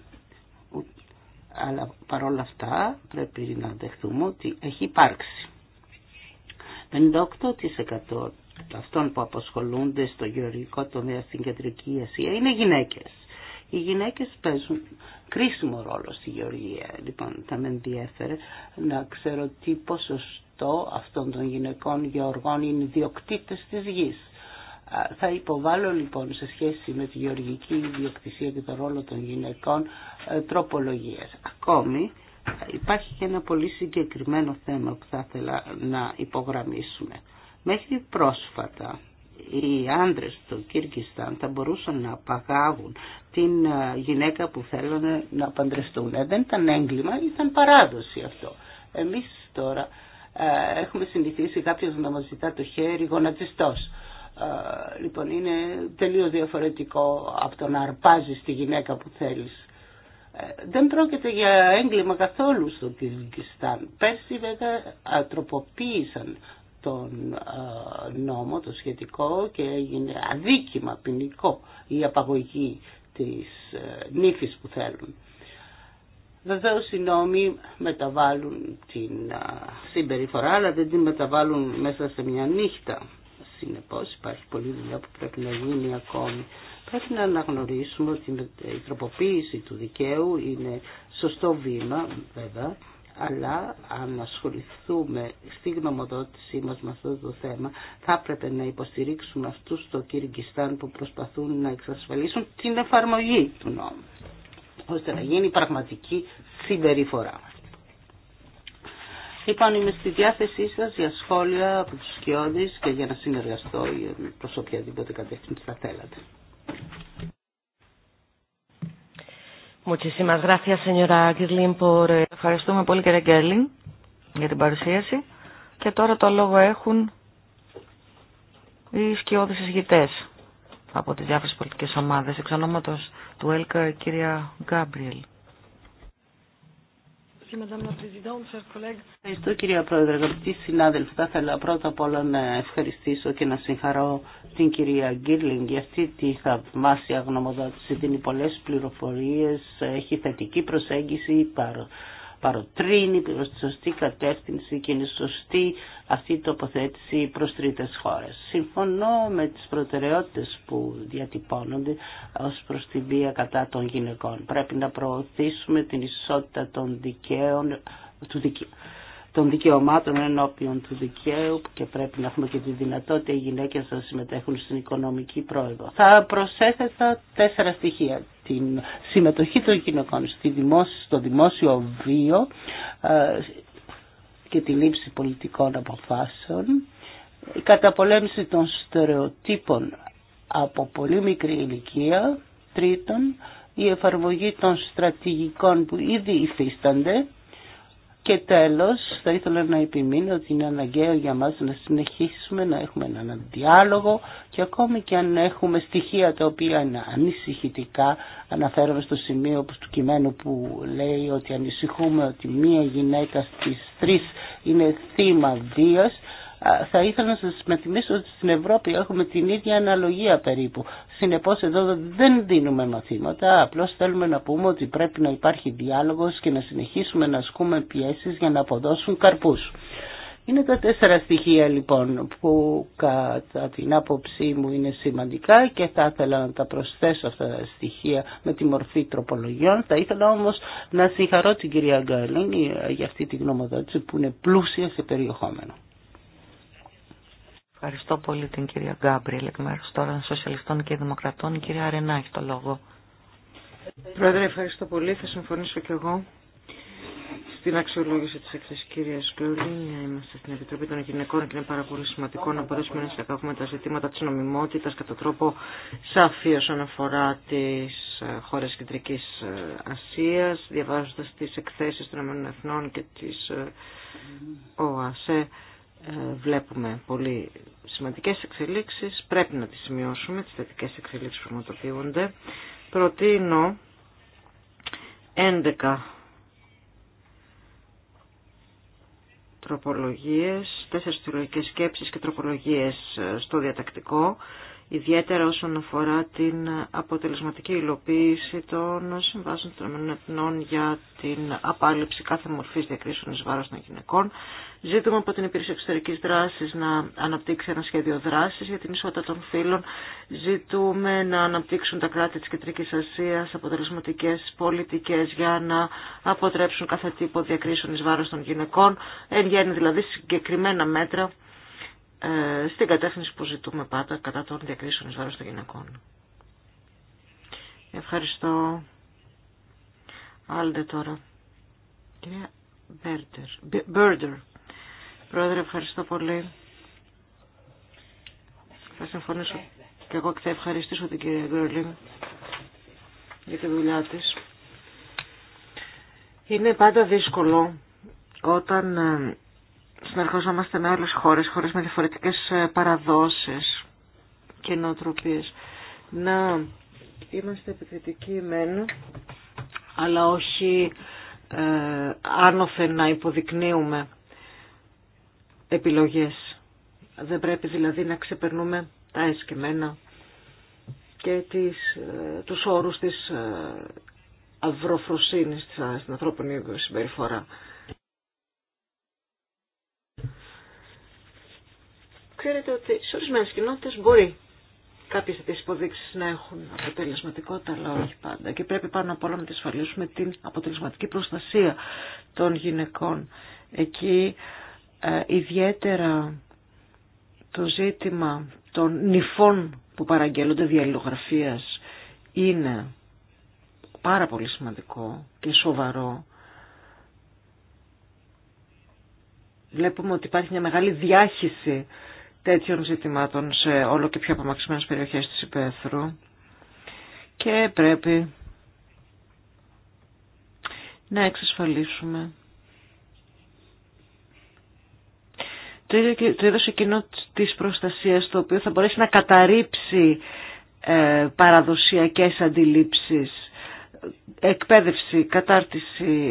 Αλλά παρόλα αυτά πρέπει να δεχτούμε ότι έχει υπάρξει. 58% αυτών που αποσχολούνται στο γεωργικό τομέα στην Κεντρική Ασία είναι γυναίκες. Οι γυναίκες παίζουν κρίσιμο ρόλο στη γεωργία. Λοιπόν, θα με ενδιέφερε να ξέρω τι ποσοστό αυτών των γυναικών γεωργών είναι ιδιοκτήτες της γης. Θα υποβάλω λοιπόν σε σχέση με τη γεωργική ιδιοκτησία και τον ρόλο των γυναικών ε, τροπολογίες. Ακόμη Υπάρχει και ένα πολύ συγκεκριμένο θέμα που θα ήθελα να υπογραμμίσουμε. Μέχρι πρόσφατα οι άντρες του Κύρκισταν θα μπορούσαν να απαγάγουν την ε, γυναίκα που θέλουν να παντρευτούν. Ε, δεν ήταν έγκλημα, ήταν παράδοση αυτό. Εμείς τώρα ε, έχουμε συνηθίσει κάποιος να μας ζητά το χέρι γονατιστός. Λοιπόν, είναι τελείως διαφορετικό από το να αρπάζεις τη γυναίκα που θέλεις δεν πρόκειται για έγκλημα καθόλου στο Κυρκυστάν. Πέρσι βέβαια τροποποίησαν τον νόμο, το σχετικό και έγινε αδίκημα ποινικό η απαγωγή της ε, νύφης που θέλουν. Βεβαίω οι νόμοι μεταβάλλουν την συμπεριφορά αλλά δεν την μεταβάλλουν μέσα σε μια νύχτα. Συνεπώς υπάρχει πολλή δουλειά που πρέπει να γίνει ακόμη. Πρέπει να αναγνωρίσουμε ότι ε, η τροποποίηση του δικαίου είναι σωστό βήμα, βέβαια, αλλά αν ασχοληθούμε στη γνωμοδότησή μας με αυτό το θέμα θα έπρεπε να υποστηρίξουμε αυτούς στο Κυργιστάν που προσπαθούν να εξασφαλίσουν την εφαρμογή του νόμου ώστε να γίνει πραγματική συμπεριφορά. Λοιπόν, είμαι στη διάθεσή σας για σχόλια από τους σκιώδεις και για να συνεργαστώ ε, προς οποιαδήποτε κατεύθυνση θα θέλατε. Eh, Ευχαριστούμε πολύ κύριε Γκέρλιν για την παρουσίαση. Και τώρα το λόγο έχουν οι σκιώδεις εισηγητές από τις διάφορες πολιτικές ομάδες. Εξ ονόματος του ΕΛΚΑ, η κυρία Γκάμπριελ. Ευχαριστώ κυρία Πρόεδρε, αγαπητοί συνάδελφοι. Θα ήθελα πρώτα απ' όλα να ευχαριστήσω και να συγχαρώ την κυρία Γκίρλινγκ για αυτή τη θαυμάσια γνωμοδότηση. Δίνει πολλέ πληροφορίε, έχει θετική προσέγγιση, παροτρύνει προς τη σωστή κατεύθυνση και είναι σωστή αυτή η τοποθέτηση προς τρίτες χώρες. Συμφωνώ με τις προτεραιότητες που διατυπώνονται ως προς τη βία κατά των γυναικών. Πρέπει να προωθήσουμε την ισότητα των δικαίων, του των δικαιωμάτων ενώπιον του δικαίου και πρέπει να έχουμε και τη δυνατότητα οι γυναίκες να συμμετέχουν στην οικονομική πρόοδο. Θα προσέθεσα τέσσερα στοιχεία την συμμετοχή των κοινωνικών στο δημόσιο βίο ε, και τη λήψη πολιτικών αποφάσεων, η καταπολέμηση των στερεοτύπων από πολύ μικρή ηλικία, τρίτον, η εφαρμογή των στρατηγικών που ήδη υφίστανται και τέλος, θα ήθελα να επιμείνω ότι είναι αναγκαίο για μας να συνεχίσουμε να έχουμε έναν διάλογο και ακόμη και αν έχουμε στοιχεία τα οποία είναι ανησυχητικά, αναφέρομαι στο σημείο του κειμένου που λέει ότι ανησυχούμε ότι μία γυναίκα στις τρεις είναι θύμα βίας, θα ήθελα να σας μεθυμίσω ότι στην Ευρώπη έχουμε την ίδια αναλογία περίπου. Συνεπώς εδώ δεν δίνουμε μαθήματα, απλώς θέλουμε να πούμε ότι πρέπει να υπάρχει διάλογος και να συνεχίσουμε να ασκούμε πιέσεις για να αποδώσουν καρπούς. Είναι τα τέσσερα στοιχεία λοιπόν που κατά την άποψή μου είναι σημαντικά και θα ήθελα να τα προσθέσω αυτά τα στοιχεία με τη μορφή τροπολογιών. Θα ήθελα όμως να συγχαρώ την κυρία Γκέρλινγκ για αυτή τη γνωμοδότηση που είναι πλούσια σε περιεχόμενο. Ευχαριστώ πολύ την κυρία Γκάμπριελ εκ μέρους τώρα των Σοσιαλιστών και Δημοκρατών. Η κυρία Αρενά έχει το λόγο. Πρόεδρε, ευχαριστώ πολύ. Θα συμφωνήσω κι εγώ στην αξιολόγηση της εκθέσης κυρίας Κλούλη. Είμαστε στην Επιτροπή των Γυναικών και είναι πάρα πολύ σημαντικό να μπορέσουμε να με τα ζητήματα της νομιμότητας κατά τρόπο σαφή όσον αφορά τις ε, χώρες Κεντρικής ε, Ασίας, διαβάζοντας τις εκθέσεις των ΕΕ και της ε, ΟΑΣΕ βλέπουμε πολύ σημαντικές εξελίξεις, πρέπει να τις σημειώσουμε, τις θετικές εξελίξεις που πραγματοποιούνται. Προτείνω 11 τροπολογίες, 4 τυπολογικές σκέψεις και τροπολογίες στο διατακτικό ιδιαίτερα όσον αφορά την αποτελεσματική υλοποίηση των συμβάσεων των Εθνών για την απάλληψη κάθε μορφή διακρίσεων ει βάρο των γυναικών. Ζητούμε από την Υπηρεσία Εξωτερική Δράση να αναπτύξει ένα σχέδιο δράση για την ισότητα των φύλων. Ζητούμε να αναπτύξουν τα κράτη τη Κεντρική Ασία αποτελεσματικέ πολιτικέ για να αποτρέψουν κάθε τύπο διακρίσεων ει βάρο των γυναικών. Εν γέννη δηλαδή συγκεκριμένα μέτρα στην κατεύθυνση που ζητούμε πάντα κατά των διακρίσεων εις βάρος των γυναικών. Ευχαριστώ. Άλντε τώρα. Κυρία Μπέρντερ. Πρόεδρε, ευχαριστώ πολύ. Θα συμφωνήσω και εγώ και θα ευχαριστήσω την κυρία Γκέρλιν για τη δουλειά της. Είναι πάντα δύσκολο όταν ε, συνεργαζόμαστε με άλλες χώρες, χώρες με διαφορετικές ε, παραδόσεις και νοοτροπίες. Να είμαστε επιθετικοί εμένα, αλλά όχι ε, να υποδεικνύουμε επιλογές. Δεν πρέπει δηλαδή να ξεπερνούμε τα εσκεμένα και τις, ε, τους όρους της ε, αυροφροσύνης ε, στην ανθρώπινη συμπεριφορά. ξέρετε ότι σε ορισμένε κοινότητε μπορεί κάποιε τι υποδείξει να έχουν αποτελεσματικότητα, αλλά όχι πάντα. Και πρέπει πάνω απ' όλα να διασφαλίσουμε την αποτελεσματική προστασία των γυναικών. Εκεί ε, ιδιαίτερα το ζήτημα των νυφών που παραγγέλλονται διαλληλογραφίας είναι πάρα πολύ σημαντικό και σοβαρό. Βλέπουμε ότι υπάρχει μια μεγάλη διάχυση τέτοιων ζητημάτων σε όλο και πιο απομαξιμένες περιοχές της υπαίθρου και πρέπει να εξασφαλίσουμε το, ίδιο, το είδος εκείνο της προστασίας το οποίο θα μπορέσει να καταρρύψει ε, παραδοσιακές αντιλήψεις εκπαίδευση, κατάρτιση,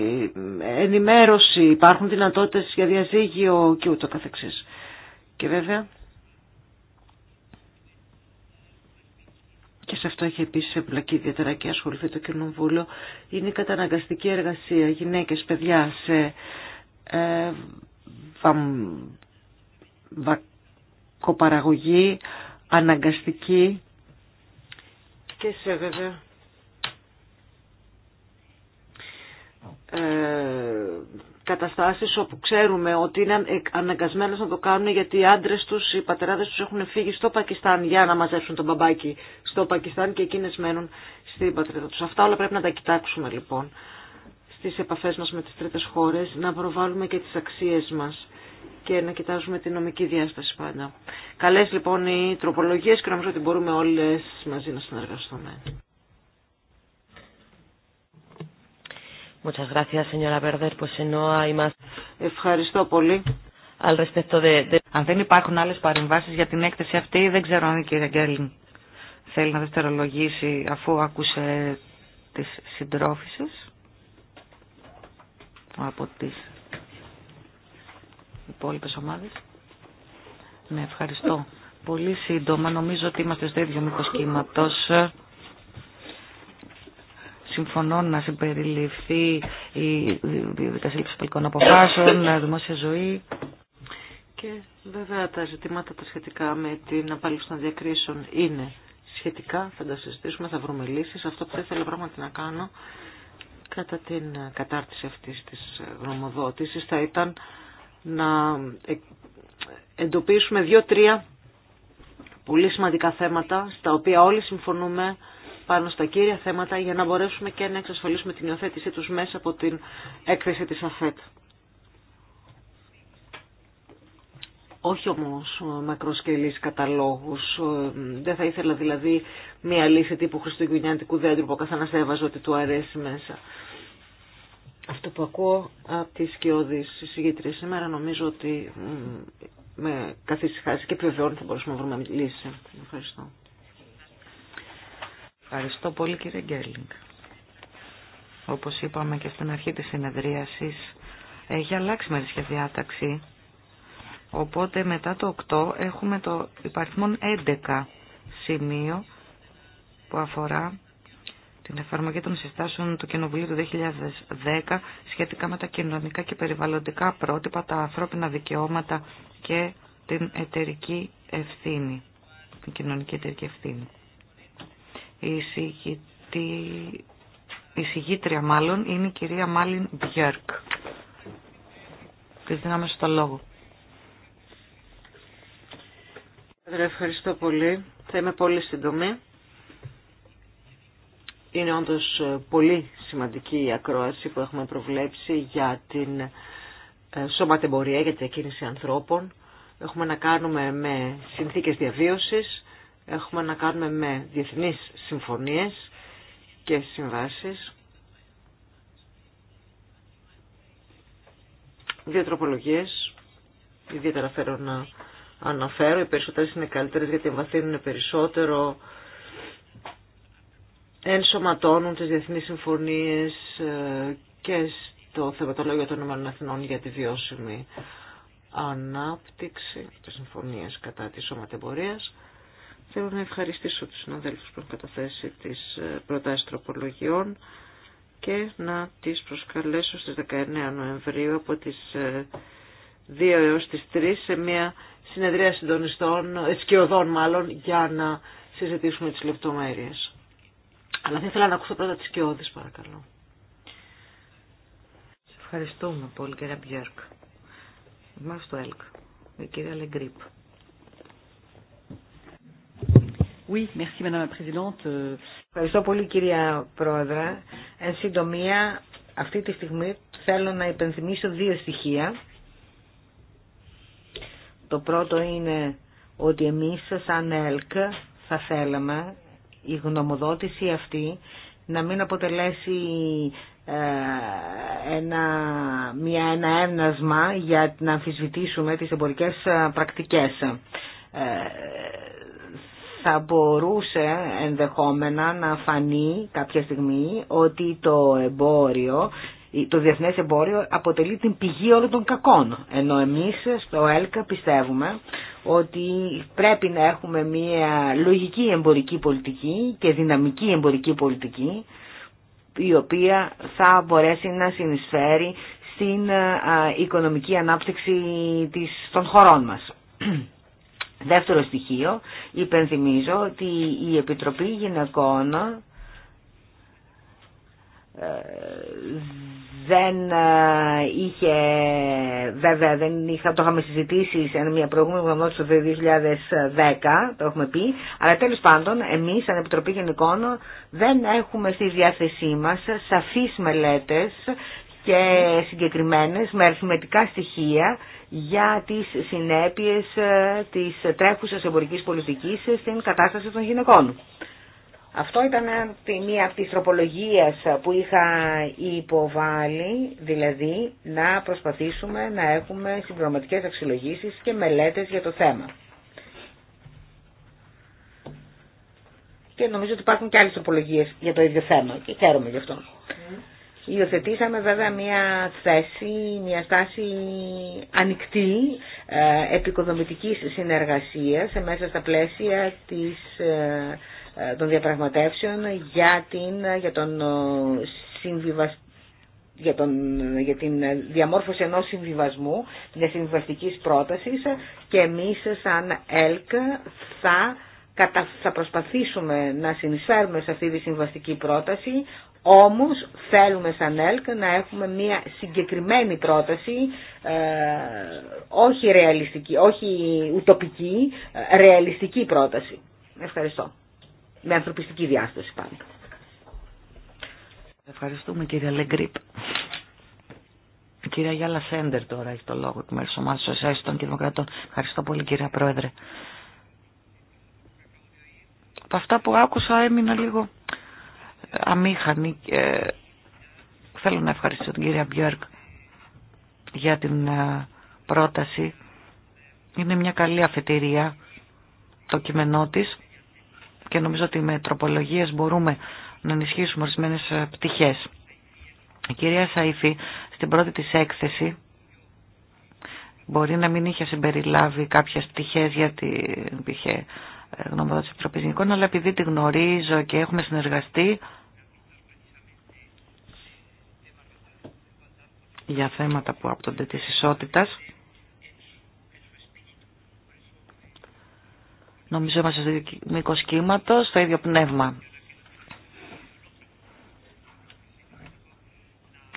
ενημέρωση, υπάρχουν δυνατότητες για διαζύγιο και ούτω καθεξής. Και βέβαια και σε αυτό έχει επίσης εμπλακεί ιδιαίτερα και ασχοληθεί το Κοινοβούλιο, είναι η καταναγκαστική εργασία γυναίκες, παιδιά σε ε, βακοπαραγωγή, αναγκαστική και σε βέβαια ε, καταστάσεις όπου ξέρουμε ότι είναι αναγκασμένες να το κάνουν γιατί οι άντρες τους, οι πατεράδες τους έχουν φύγει στο Πακιστάν για να μαζέψουν τον μπαμπάκι στο Πακιστάν και εκείνες μένουν στην πατρίδα τους. Αυτά όλα πρέπει να τα κοιτάξουμε λοιπόν στις επαφές μας με τις τρίτες χώρες, να προβάλλουμε και τις αξίες μας και να κοιτάζουμε την νομική διάσταση πάντα. Καλές λοιπόν οι τροπολογίες και νομίζω ότι μπορούμε όλες μαζί να συνεργαστούμε. Ευχαριστώ πολύ. Al respecto de... Αν δεν υπάρχουν άλλες παρεμβάσεις για την έκθεση αυτή, δεν ξέρω αν η κυρία Γκέρλιν θέλει να δευτερολογήσει αφού άκουσε τις συντρόφισσες από τις υπόλοιπες ομάδες. Ναι, ευχαριστώ. Πολύ σύντομα, νομίζω ότι είμαστε στο ίδιο μήκος κύματος συμφωνών να συμπεριληφθεί η διαδικασία λήψη τελικών αποφάσεων, δημόσια ζωή. Και βέβαια τα ζητήματα τα σχετικά με την απάλληψη των διακρίσεων είναι σχετικά, θα τα συζητήσουμε, θα βρούμε λύσει. Αυτό που θα ήθελα πράγματι να κάνω κατά την κατάρτιση αυτής της γνωμοδότησης θα ήταν να ε, εντοπίσουμε δύο-τρία πολύ σημαντικά θέματα στα οποία όλοι συμφωνούμε πάνω στα κύρια θέματα για να μπορέσουμε και να εξασφαλίσουμε την υιοθέτησή τους μέσα από την έκθεση της ΑΦΕΤ. Όχι όμως μακροσκελής καταλόγους. Δεν θα ήθελα δηλαδή μια λύση τύπου χριστουγεννιάτικου δέντρου που ο καθένας έβαζε ότι του αρέσει μέσα. Αυτό που ακούω από τη σκιώδη συζήτηση σήμερα νομίζω ότι με καθυσυχάζει και επιβεβαιώνει θα μπορούσαμε να βρούμε λύση. Ευχαριστώ. Ευχαριστώ πολύ κύριε Γκέρλινγκ. Όπως είπαμε και στην αρχή της συνεδρίασης, έχει αλλάξει μερικές διάταξη. Οπότε μετά το 8 έχουμε το υπαριθμόν 11 σημείο που αφορά την εφαρμογή των συστάσεων του Κοινοβουλίου του 2010 σχετικά με τα κοινωνικά και περιβαλλοντικά πρότυπα, τα ανθρώπινα δικαιώματα και την εταιρική ευθύνη, την κοινωνική εταιρική ευθύνη. Η συγγήτρια μάλλον είναι η κυρία Μάλιν Μπιέρκ. Τη δίναμε στο λόγο. Ευχαριστώ πολύ. Θα είμαι πολύ σύντομη. Είναι όντως ε, πολύ σημαντική η ακρόαση που έχουμε προβλέψει για την ε, σώματεμπορία, για την κίνηση ανθρώπων. Έχουμε να κάνουμε με συνθήκες διαβίωσης έχουμε να κάνουμε με διεθνείς συμφωνίες και συμβάσεις. Δύο τροπολογίες, ιδιαίτερα φέρω να αναφέρω, οι περισσότερες είναι καλύτερες γιατί εμβαθύνουν περισσότερο, ενσωματώνουν τις διεθνείς συμφωνίες ε, και στο θεματολόγιο των ΗΠΑ για τη βιώσιμη ανάπτυξη, τις συμφωνίες κατά της σωματεμπορίας. Θέλω να ευχαριστήσω τους συναδέλφους που έχουν καταθέσει τις ε, προτάσεις τροπολογιών και να τις προσκαλέσω στις 19 Νοεμβρίου από τις 2 ε, έως τις 3 σε μια συνεδρία συντονιστών, ε, σκιωδών μάλλον, για να συζητήσουμε τις λεπτομέρειες. Αλλά θα ήθελα να ακούσω πρώτα τις σκιώδεις παρακαλώ. Σε ευχαριστούμε πολύ κύριε Μπιέρκ. Είμαστε στο ΕΛΚ, η κυρία Λεγκρίπ. Oui, merci, Madame la Présidente. Ευχαριστώ πολύ κυρία Πρόεδρε. Εν συντομία, αυτή τη στιγμή θέλω να υπενθυμίσω δύο στοιχεία. Το πρώτο είναι ότι εμείς σαν ΕΛΚ θα θέλαμε η γνωμοδότηση αυτή να μην αποτελέσει ε, ένα, μια, ένα έμνασμα για να αμφισβητήσουμε τις εμπορικές ε, πρακτικές. Ε, θα μπορούσε ενδεχόμενα να φανεί κάποια στιγμή ότι το εμπόριο, το διεθνές εμπόριο αποτελεί την πηγή όλων των κακών. Ενώ εμείς στο ΕΛΚΑ πιστεύουμε ότι πρέπει να έχουμε μια λογική εμπορική πολιτική και δυναμική εμπορική πολιτική η οποία θα μπορέσει να συνεισφέρει στην οικονομική ανάπτυξη των χωρών μας. Δεύτερο στοιχείο, υπενθυμίζω ότι η Επιτροπή Γυναικών ε, δεν ε, είχε, βέβαια δεν είχα, το είχαμε συζητήσει σε μια προηγούμενη γνωμότητα του 2010, το έχουμε πει, αλλά τέλος πάντων εμείς σαν Επιτροπή Γενικών δεν έχουμε στη διάθεσή μας σαφείς μελέτες και συγκεκριμένες με αριθμητικά στοιχεία για τις συνέπειες ε, της τρέχουσας εμπορικής πολιτικής στην κατάσταση των γυναικών. Αυτό ήταν μία από τις τροπολογίες που είχα υποβάλει, δηλαδή να προσπαθήσουμε να έχουμε συμπληρωματικές αξιολογήσεις και μελέτες για το θέμα. Και νομίζω ότι υπάρχουν και άλλες τροπολογίες για το ίδιο θέμα και χαίρομαι γι' αυτό. Υιοθετήσαμε βέβαια μια θέση, μια στάση ανοιχτή ε, επικοδομητικής συνεργασίας μέσα στα πλαίσια της, ε, ε, των διαπραγματεύσεων για, την, για, τον ε, συμβιβασ... για, τον, για την διαμόρφωση ενός συμβιβασμού, μια συμβιβαστικής πρότασης και εμείς σαν ΕΛΚ θα θα προσπαθήσουμε να συνεισφέρουμε σε αυτή τη συμβαστική πρόταση όμως θέλουμε σαν ΕΛΚ να έχουμε μια συγκεκριμένη πρόταση, ε, όχι ρεαλιστική, όχι ουτοπική, ε, ρεαλιστική πρόταση. Ευχαριστώ. Με ανθρωπιστική διάσταση πάντα. Ευχαριστούμε κύριε Λεγκρίπ. κυρία Γιάλα Σέντερ τώρα έχει το λόγο του μέρους ομάδας Σοσιαλιστών των Δημοκρατών. Ευχαριστώ πολύ κυρία Πρόεδρε. Από αυτά που άκουσα έμεινα λίγο αμήχανη. Θέλω να ευχαριστήσω την κυρία Μπιόρκ για την ε, πρόταση. Είναι μια καλή αφετηρία το κείμενό της και νομίζω ότι με τροπολογίες μπορούμε να ενισχύσουμε ορισμένε ε, πτυχές. Η κυρία Σαΐφη στην πρώτη της έκθεση μπορεί να μην είχε συμπεριλάβει κάποιες πτυχές γιατί είχε ε, γνώμη της Επιτροπής αλλά επειδή τη γνωρίζω και έχουμε συνεργαστεί, για θέματα που άπτονται της ισότητας. Νομίζω είμαστε στο μήκο κύματο, στο ίδιο πνεύμα.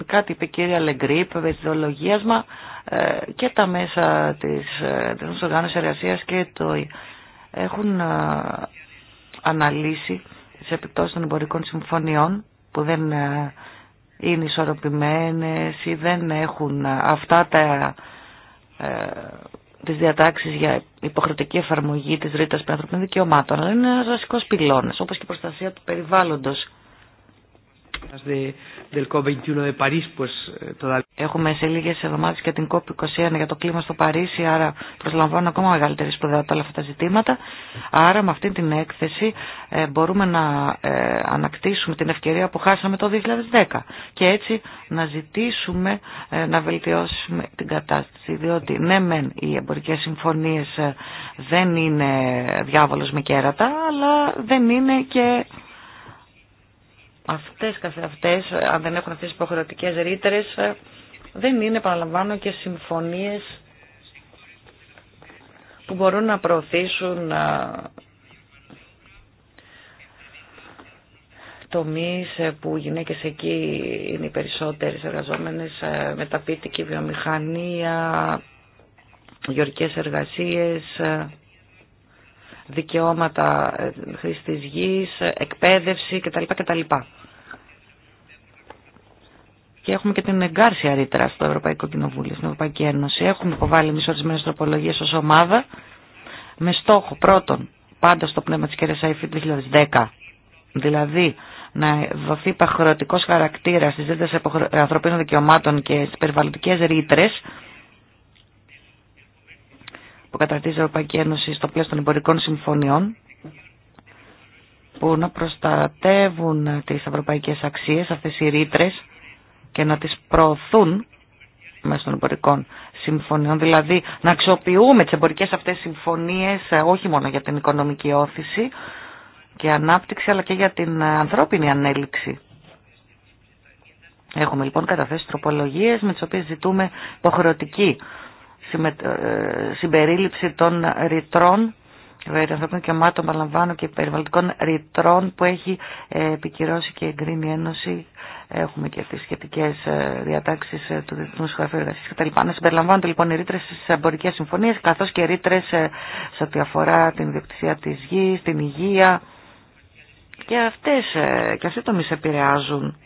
Κάτι είπε η κυρία Λεγκρίπ, ε, και τα μέσα της Διεθνούς Οργάνωσης Εργασίας και το έχουν ε, αναλύσει τι επιπτώσεις των εμπορικών συμφωνιών που δεν ε, είναι ισορροπημένες ή δεν έχουν αυτά τα, ε, τις διατάξεις για υποχρεωτική εφαρμογή της ρήτας των δικαιωμάτων. Αλλά είναι ένας βασικός πυλώνας, όπως και η προστασία του περιβάλλοντος. Eh, Έχουμε σε λίγε εβδομάδε και την COP21 για το κλίμα στο Παρίσι, άρα προσλαμβάνουν ακόμα μεγαλύτερη σπουδαιότητα όλα αυτά τα ζητήματα. Άρα με αυτή την έκθεση ε, μπορούμε να ε, ανακτήσουμε την ευκαιρία που χάσαμε το 2010 και έτσι να ζητήσουμε ε, να βελτιώσουμε την κατάσταση. Διότι ναι, μεν οι εμπορικέ συμφωνίε δεν είναι διάβολο με κέρατα, αλλά δεν είναι και αυτές καθεαυτές, αν δεν έχουν αυτές τις υποχρεωτικές ρήτρε, ε, δεν είναι, παραλαμβάνω, και συμφωνίες που μπορούν να προωθήσουν ε, τομείς ε, που οι γυναίκες εκεί είναι οι περισσότερες εργαζόμενες, μεταπίτικη βιομηχανία, γεωργικές εργασίες, δικαιώματα ε, χρήση της γης, εκπαίδευση κτλ. κτλ. Και έχουμε και την εγκάρσια ρήτρα στο Ευρωπαϊκό Κοινοβούλιο, στην Ευρωπαϊκή Ένωση. Έχουμε υποβάλει εμείς ορισμένες τροπολογίε ω ομάδα με στόχο πρώτον πάντα στο πνεύμα της κυρία ΑΕΦΗ του 2010. Δηλαδή να δοθεί υπαχρεωτικό χαρακτήρα στις ρήτρε ανθρωπίνων δικαιωμάτων και στις περιβαλλοντικές ρήτρε που καταρτίζει η Ευρωπαϊκή Ένωση στο πλαίσιο των εμπορικών συμφωνιών που να προστατεύουν τις ευρωπαϊκές αξίες, αυτές οι ρήτρε και να τις προωθούν μέσα των εμπορικών συμφωνιών. Δηλαδή να αξιοποιούμε τις εμπορικές αυτές συμφωνίες ε, όχι μόνο για την οικονομική όθηση και ανάπτυξη αλλά και για την ε, ανθρώπινη ανέλυξη. Έχουμε λοιπόν καταθέσει τροπολογίες με τις οποίες ζητούμε υποχρεωτική ε, συμπερίληψη των ρητρών ανθρώπινων δικαιωμάτων, παραλαμβάνω και περιβαλλοντικών ρητρών που έχει ε, επικυρώσει και εγκρίνει η Ένωση. Έχουμε και τι σχετικέ ε, διατάξει του Διεθνού Σχολείου Εργασία κτλ. Να συμπεριλαμβάνονται λοιπόν οι ρήτρε στι εμπορικέ συμφωνίε, καθώ και ρήτρε σε ό,τι αφορά την ιδιοκτησία τη γη, την υγεία. Και αυτέ και αυτοί τομεί επηρεάζουν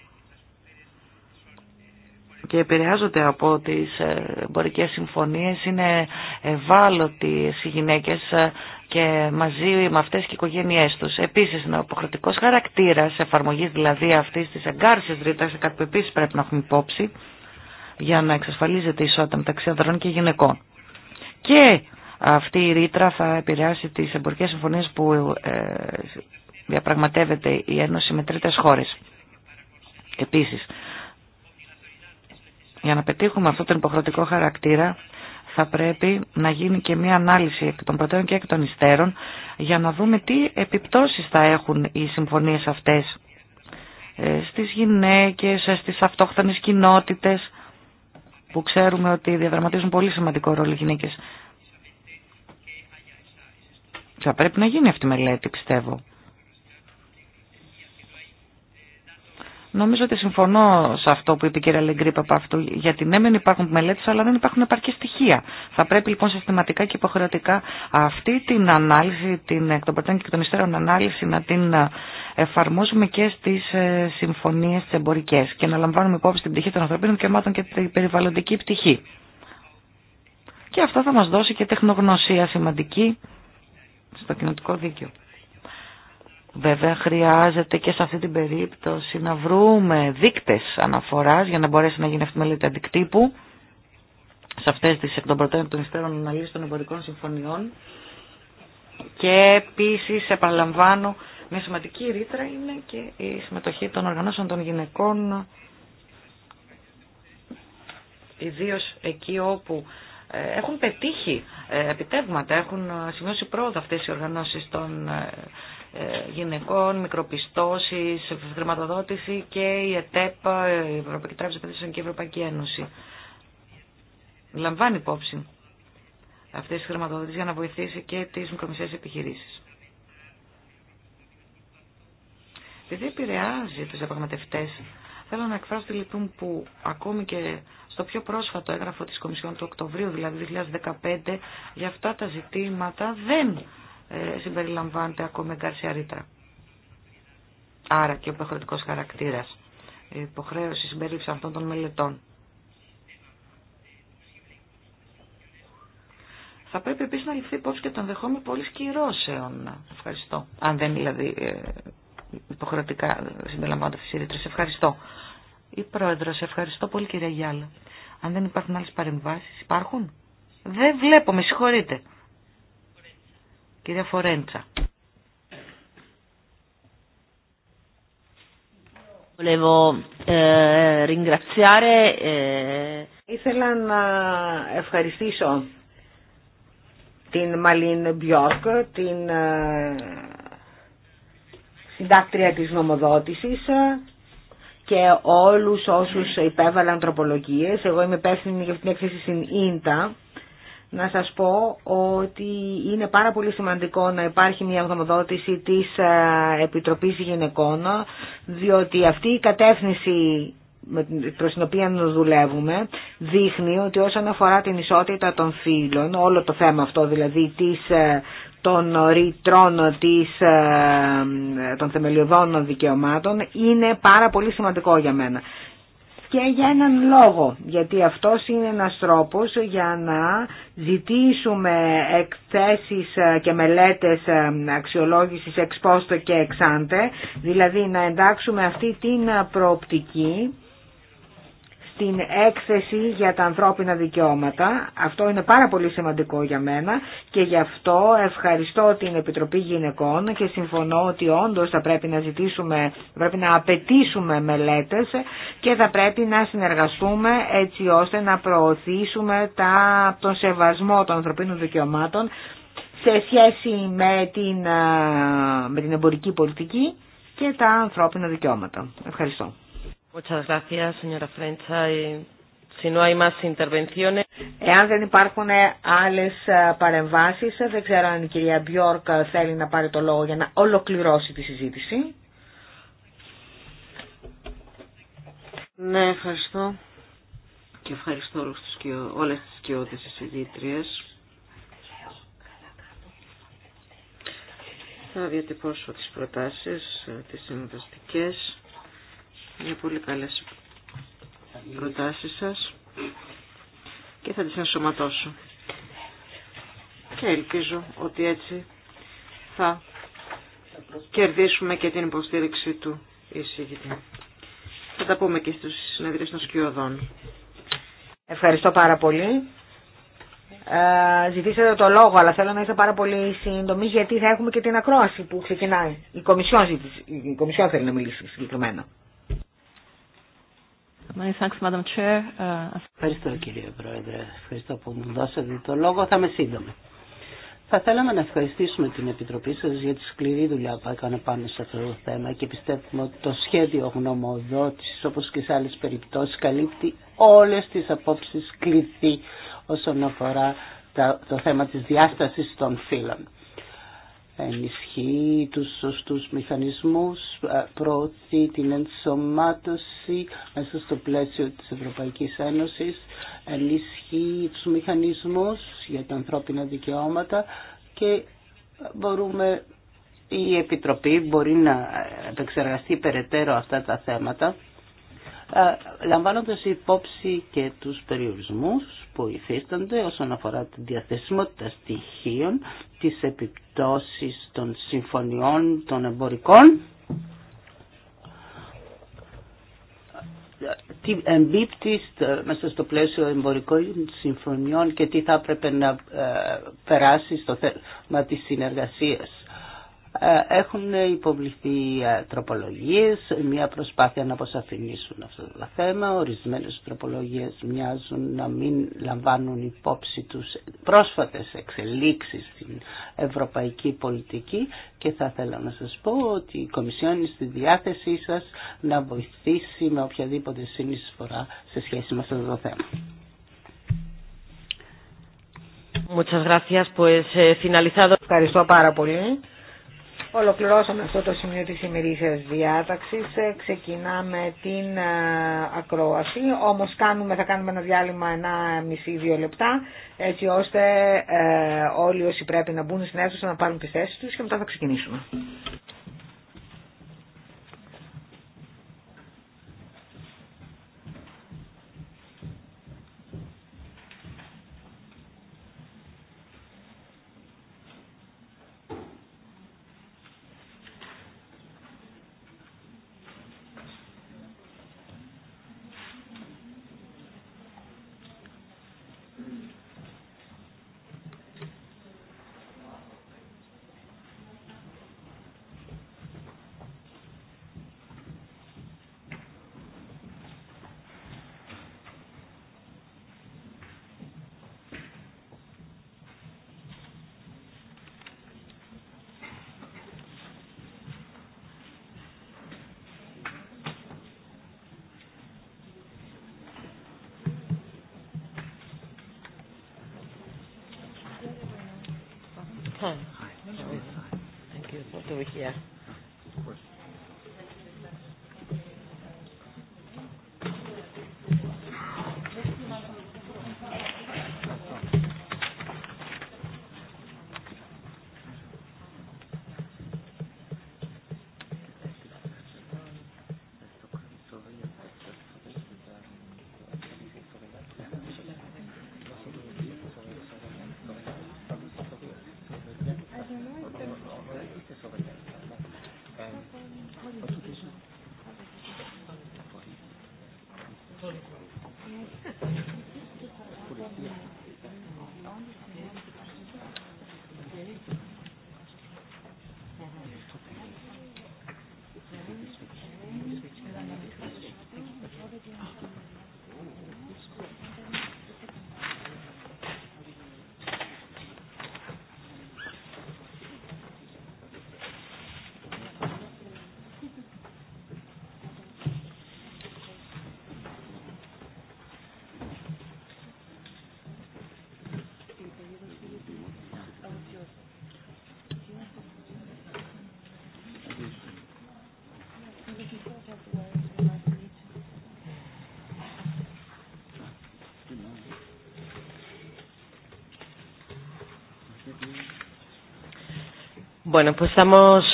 και επηρεάζονται από τις ε, εμπορικέ συμφωνίες είναι ευάλωτοι οι γυναίκες ε, και μαζί με αυτές και οι οικογένειές τους. Επίσης είναι ο υποχρεωτικός χαρακτήρας εφαρμογής δηλαδή αυτής της εγκάρσης ρήτρας κάτι που επίσης πρέπει να έχουμε υπόψη για να εξασφαλίζεται η ισότητα μεταξύ ανδρών και γυναικών. Και αυτή η ρήτρα θα επηρεάσει τις εμπορικές συμφωνίες που ε, διαπραγματεύεται η Ένωση με τρίτες χώρες. Επίσης, για να πετύχουμε αυτό τον υποχρεωτικό χαρακτήρα θα πρέπει να γίνει και μια ανάλυση εκ των προτέρων και εκ των υστέρων για να δούμε τι επιπτώσεις θα έχουν οι συμφωνίες αυτές ε, στις γυναίκες, ε, στις αυτόχθονες κοινότητες που ξέρουμε ότι διαδραματίζουν πολύ σημαντικό ρόλο οι γυναίκες. Θα πρέπει να γίνει αυτή η μελέτη πιστεύω. Νομίζω ότι συμφωνώ σε αυτό που είπε η κυρία Λεγκρίπ από αυτού, γιατί ναι, δεν υπάρχουν μελέτε, αλλά δεν υπάρχουν επαρκή στοιχεία. Θα πρέπει λοιπόν συστηματικά και υποχρεωτικά αυτή την ανάλυση, την εκ των και των υστέρων ανάλυση, να την ε, εφαρμόσουμε και στι ε, συμφωνίε τι εμπορικέ και να λαμβάνουμε υπόψη την πτυχή των ανθρωπίνων δικαιωμάτων και την περιβαλλοντική πτυχή. Και αυτό θα μα δώσει και τεχνογνωσία σημαντική στο κοινωτικό δίκαιο. Βέβαια χρειάζεται και σε αυτή την περίπτωση να βρούμε δείκτες αναφοράς για να μπορέσει να γίνει αυτή η μελέτη αντικτύπου σε αυτές τις εκ των προτέρων των υστέρων αναλύσεων των εμπορικών συμφωνιών και επίσης επαναλαμβάνω μια σημαντική ρήτρα είναι και η συμμετοχή των οργανώσεων των γυναικών ιδίως εκεί όπου ε, έχουν πετύχει ε, επιτεύγματα, έχουν ε, σημειώσει πρόοδο αυτές οι οργανώσεις των ε, γυναικών, μικροπιστώσει, χρηματοδότηση και η ΕΤΕΠΑ, η Ευρωπαϊκή Τράπεζα Επενδύσεων και η Ευρωπαϊκή Ένωση. Λαμβάνει υπόψη αυτέ τι χρηματοδοτήσεις για να βοηθήσει και τι μικρομεσαίε επιχειρήσει. Επειδή επηρεάζει του διαπραγματευτέ, θέλω να εκφράσω τη λοιπόν που ακόμη και στο πιο πρόσφατο έγγραφο της Κομισιόν του Οκτωβρίου, δηλαδή 2015, για αυτά τα ζητήματα δεν ε, συμπεριλαμβάνεται ακόμη εγκάρσια ρήτρα. Άρα και ο υποχρεωτικό χαρακτήρας. Η υποχρέωση συμπερίληψη αυτών των μελετών. Θα πρέπει επίση να ληφθεί υπόψη και το ενδεχόμενο πολλή κυρώσεων. Ευχαριστώ. Αν δεν δηλαδή ε, υποχρεωτικά συμπεριλαμβάνονται αυτέ οι ρήτρε. Ευχαριστώ. Η πρόεδρο, ευχαριστώ πολύ κυρία Γιάλα. Αν δεν υπάρχουν άλλε παρεμβάσει, υπάρχουν. Δεν βλέπω, με συγχωρείτε. Κυρία Φορέντσα. Eh, eh, Ήθελα να ευχαριστήσω την Μαλίν Μπιόρκ, την ε, συντάκτρια της νομοδότησης ε, και όλους όσους υπέβαλαν τροπολογίες. Εγώ είμαι υπεύθυνη για την έκθεση στην Ίντα να σας πω ότι είναι πάρα πολύ σημαντικό να υπάρχει μια γνωμοδότηση της ε, Επιτροπής Γυναικών, διότι αυτή η κατεύθυνση προς την οποία δουλεύουμε δείχνει ότι όσον αφορά την ισότητα των φύλων, όλο το θέμα αυτό δηλαδή της, ε, των ρητρών της, ε, των θεμελιωδών δικαιωμάτων είναι πάρα πολύ σημαντικό για μένα και για έναν λόγο, γιατί αυτός είναι ένας τρόπος για να ζητήσουμε εκθέσεις ε, και μελέτες ε, αξιολόγησης εξπόστο και εξάντε, δηλαδή να εντάξουμε αυτή την ε, προοπτική την έκθεση για τα ανθρώπινα δικαιώματα. Αυτό είναι πάρα πολύ σημαντικό για μένα και γι' αυτό ευχαριστώ την Επιτροπή Γυναικών και συμφωνώ ότι όντως θα πρέπει να ζητήσουμε, πρέπει να απαιτήσουμε μελέτες και θα πρέπει να συνεργαστούμε έτσι ώστε να προωθήσουμε τα, τον σεβασμό των ανθρωπίνων δικαιωμάτων σε σχέση την, με την εμπορική πολιτική και τα ανθρώπινα δικαιώματα. Ευχαριστώ. Muchas gracias, señora Εάν δεν υπάρχουν ε, άλλε παρεμβάσει, ε, δεν ξέρω αν η κυρία Μπιόρκ ε, θέλει να πάρει το λόγο για να ολοκληρώσει τη συζήτηση. Ναι, ευχαριστώ. Και ευχαριστώ όλους τους, όλες τις κοιότητες συζήτριες. Θα διατυπώσω τις προτάσεις, τις συμβαστικές. Είναι πολύ καλές προτάσεις σας και θα τις ενσωματώσω. Και ελπίζω ότι έτσι θα κερδίσουμε και την υποστήριξη του εισηγητή. Θα τα πούμε και στους συνεδρίες των σκιωδών. Ευχαριστώ πάρα πολύ. Ε, ζητήσατε το λόγο, αλλά θέλω να είστε πάρα πολύ συντομή γιατί θα έχουμε και την ακρόαση που ξεκινάει. Η Κομισιόν, η Κομισιόν θέλει να μιλήσει συγκεκριμένα. Uh, Ευχαριστώ κύριε Πρόεδρε. Ευχαριστώ που μου δώσατε το λόγο. Θα είμαι σύντομη. Θα θέλαμε να ευχαριστήσουμε την Επιτροπή σα για τη σκληρή δουλειά που έκανε πάνω σε αυτό το θέμα και πιστεύουμε ότι το σχέδιο γνωμοδότησης όπω και σε άλλες περιπτώσεις καλύπτει όλε τι απόψει κληθεί όσον αφορά το θέμα της διάστασης των φύλων ενισχύει τους σωστούς μηχανισμούς, προωθεί την ενσωμάτωση μέσα στο πλαίσιο της Ευρωπαϊκής Ένωσης, ενισχύει τους μηχανισμούς για τα ανθρώπινα δικαιώματα και μπορούμε, η Επιτροπή μπορεί να επεξεργαστεί περαιτέρω αυτά τα θέματα ε, λαμβάνοντας υπόψη και τους περιορισμούς που υφίστανται όσον αφορά τη διαθεσιμότητα στοιχείων, τις επιπτώσεις των συμφωνιών των εμπορικών, τι εμπίπτει μέσα στο πλαίσιο εμπορικών συμφωνιών και τι θα έπρεπε να ε, περάσει στο θέμα της συνεργασίας. Ε, έχουν υποβληθεί ε, τροπολογίες, μια προσπάθεια να αποσαφηνίσουν αυτό το θέμα. Ορισμένες τροπολογίες μοιάζουν να μην λαμβάνουν υπόψη τους πρόσφατες εξελίξεις στην ευρωπαϊκή πολιτική και θα ήθελα να σας πω ότι η Κομισιόν είναι στη διάθεσή σας να βοηθήσει με οποιαδήποτε συνεισφορά σε σχέση με αυτό το θέμα. Muchas gracias, pues, eh, finalizado. Ευχαριστώ πάρα πολύ. Ολοκληρώσαμε αυτό το σημείο της ημερήσιας διάταξης. Ε, ξεκινάμε την ε, ακρόαση, όμως κάνουμε, θα κάνουμε ένα διάλειμμα ένα μισή-δύο λεπτά, έτσι ώστε ε, όλοι όσοι πρέπει να μπουν στην αίθουσα να πάρουν τις θέσεις τους και μετά θα ξεκινήσουμε. Thank you. What do we hear?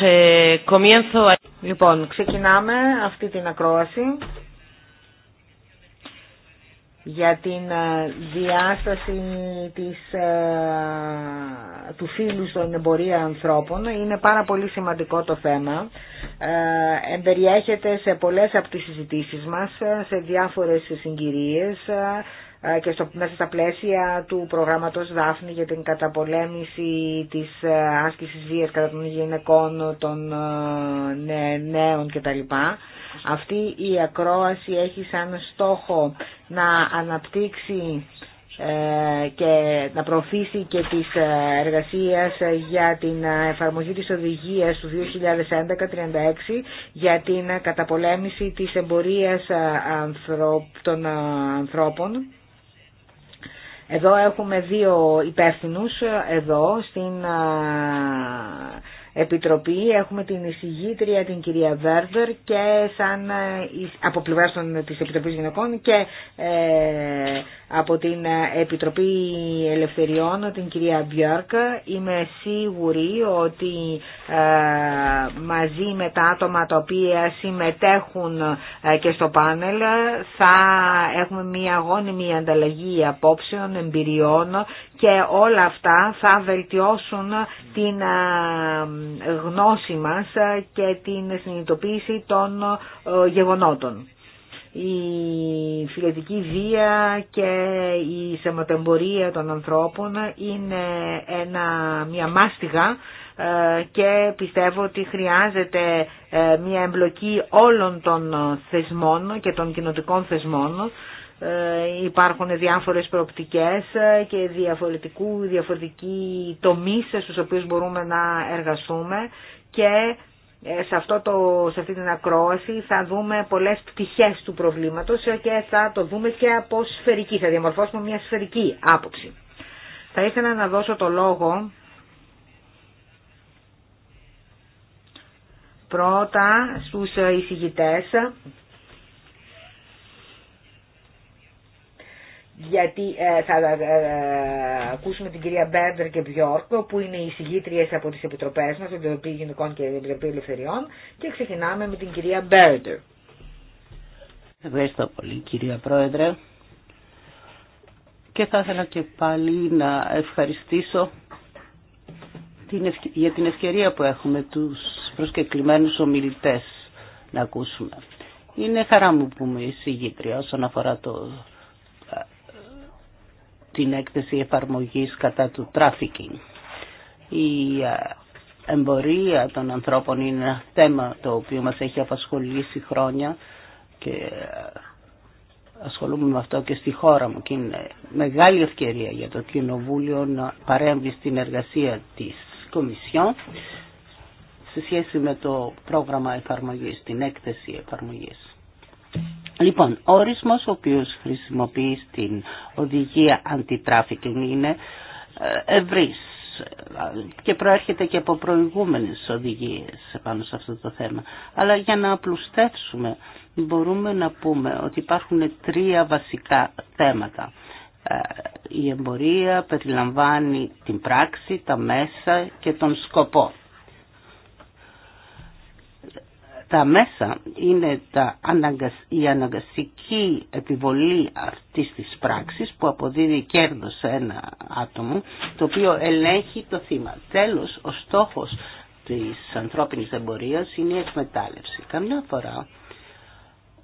Eh, λοιπόν, ξεκινάμε αυτή την ακρόαση για την ε, διάσταση της, ε, του φίλου στον εμπορία ανθρώπων. Είναι πάρα πολύ σημαντικό το θέμα. Ε, εμπεριέχεται σε πολλές από τις συζητήσεις μας, σε διάφορες συγκυρίες, ε, και στο, μέσα στα πλαίσια του προγράμματος Δάφνη για την καταπολέμηση της ε, άσκησης βίας κατά των γυναικών, των ε, νέων κτλ. Αυτή η ακρόαση έχει σαν στόχο να αναπτύξει και να προωθήσει και τις εργασίες για την εφαρμογή της οδηγίας του 2011-36 για την καταπολέμηση της εμπορίας των ανθρώπων εδώ έχουμε δύο υπεύθυνου ε, εδώ στην ε, Επιτροπή. Έχουμε την εισηγήτρια την κυρία Βέρβερ και σαν ε, από πλευρά της Επιτροπής Γυναικών και ε, από την ε, Επιτροπή Ελευθεριών την κυρία Μπιόρκ. Είμαι σίγουρη ότι μαζί με τα άτομα τα οποία συμμετέχουν και στο πάνελ θα έχουμε μια αγώνιμη ανταλλαγή απόψεων, εμπειριών και όλα αυτά θα βελτιώσουν την γνώση μας και την συνειδητοποίηση των ε, γεγονότων. Η φιλετική βία και η σεματεμπορία των ανθρώπων είναι ένα, μια μάστιγα ε, και πιστεύω ότι χρειάζεται ε, μια εμπλοκή όλων των θεσμών και των κοινοτικών θεσμών ε, υπάρχουν διάφορες προοπτικές ε, και διαφορετικού, διαφορετικοί τομείς στους οποίους μπορούμε να εργαστούμε και ε, σε, αυτό το, σε αυτή την ακρόαση θα δούμε πολλές πτυχές του προβλήματος και θα το δούμε και από σφαιρική, θα διαμορφώσουμε μια σφαιρική άποψη. Θα ήθελα να δώσω το λόγο πρώτα στους εισηγητές γιατί ε, θα ε, ε, ακούσουμε την κυρία Μπέρντερ και Μπιόρκ, που είναι οι συγγήτριες από τις επιτροπές μας, την Επιτροπή Γενικών και την Επιτροπή Ελευθεριών και ξεκινάμε με την κυρία Μπέρντερ. Ευχαριστώ πολύ κυρία Πρόεδρε και θα ήθελα και πάλι να ευχαριστήσω για την ευκαιρία που έχουμε τους προσκεκλημένους ομιλητές να ακούσουμε. Είναι χαρά μου που είμαι η συγγήτρια όσον αφορά το την έκθεση εφαρμογής κατά του τράφικινγκ. Η ε, εμπορία των ανθρώπων είναι ένα θέμα το οποίο μας έχει απασχολήσει χρόνια και ε, ασχολούμαι με αυτό και στη χώρα μου και είναι μεγάλη ευκαιρία για το Κοινοβούλιο να παρέμβει στην εργασία της Κομισιόν σε σχέση με το πρόγραμμα εφαρμογής, την έκθεση εφαρμογής. Λοιπόν, ο ορισμός ο οποίος χρησιμοποιεί στην οδηγία αντιτράφικινγκ είναι ε, ευρύς και προέρχεται και από προηγούμενες οδηγίες πάνω σε αυτό το θέμα. Αλλά για να απλουστεύσουμε μπορούμε να πούμε ότι υπάρχουν τρία βασικά θέματα. Ε, η εμπορία περιλαμβάνει την πράξη, τα μέσα και τον σκοπό τα μέσα είναι τα η αναγκαστική επιβολή αυτής της πράξης που αποδίδει κέρδος σε ένα άτομο το οποίο ελέγχει το θύμα. Τέλος, ο στόχος της ανθρώπινης εμπορίας είναι η εκμετάλλευση. Καμιά φορά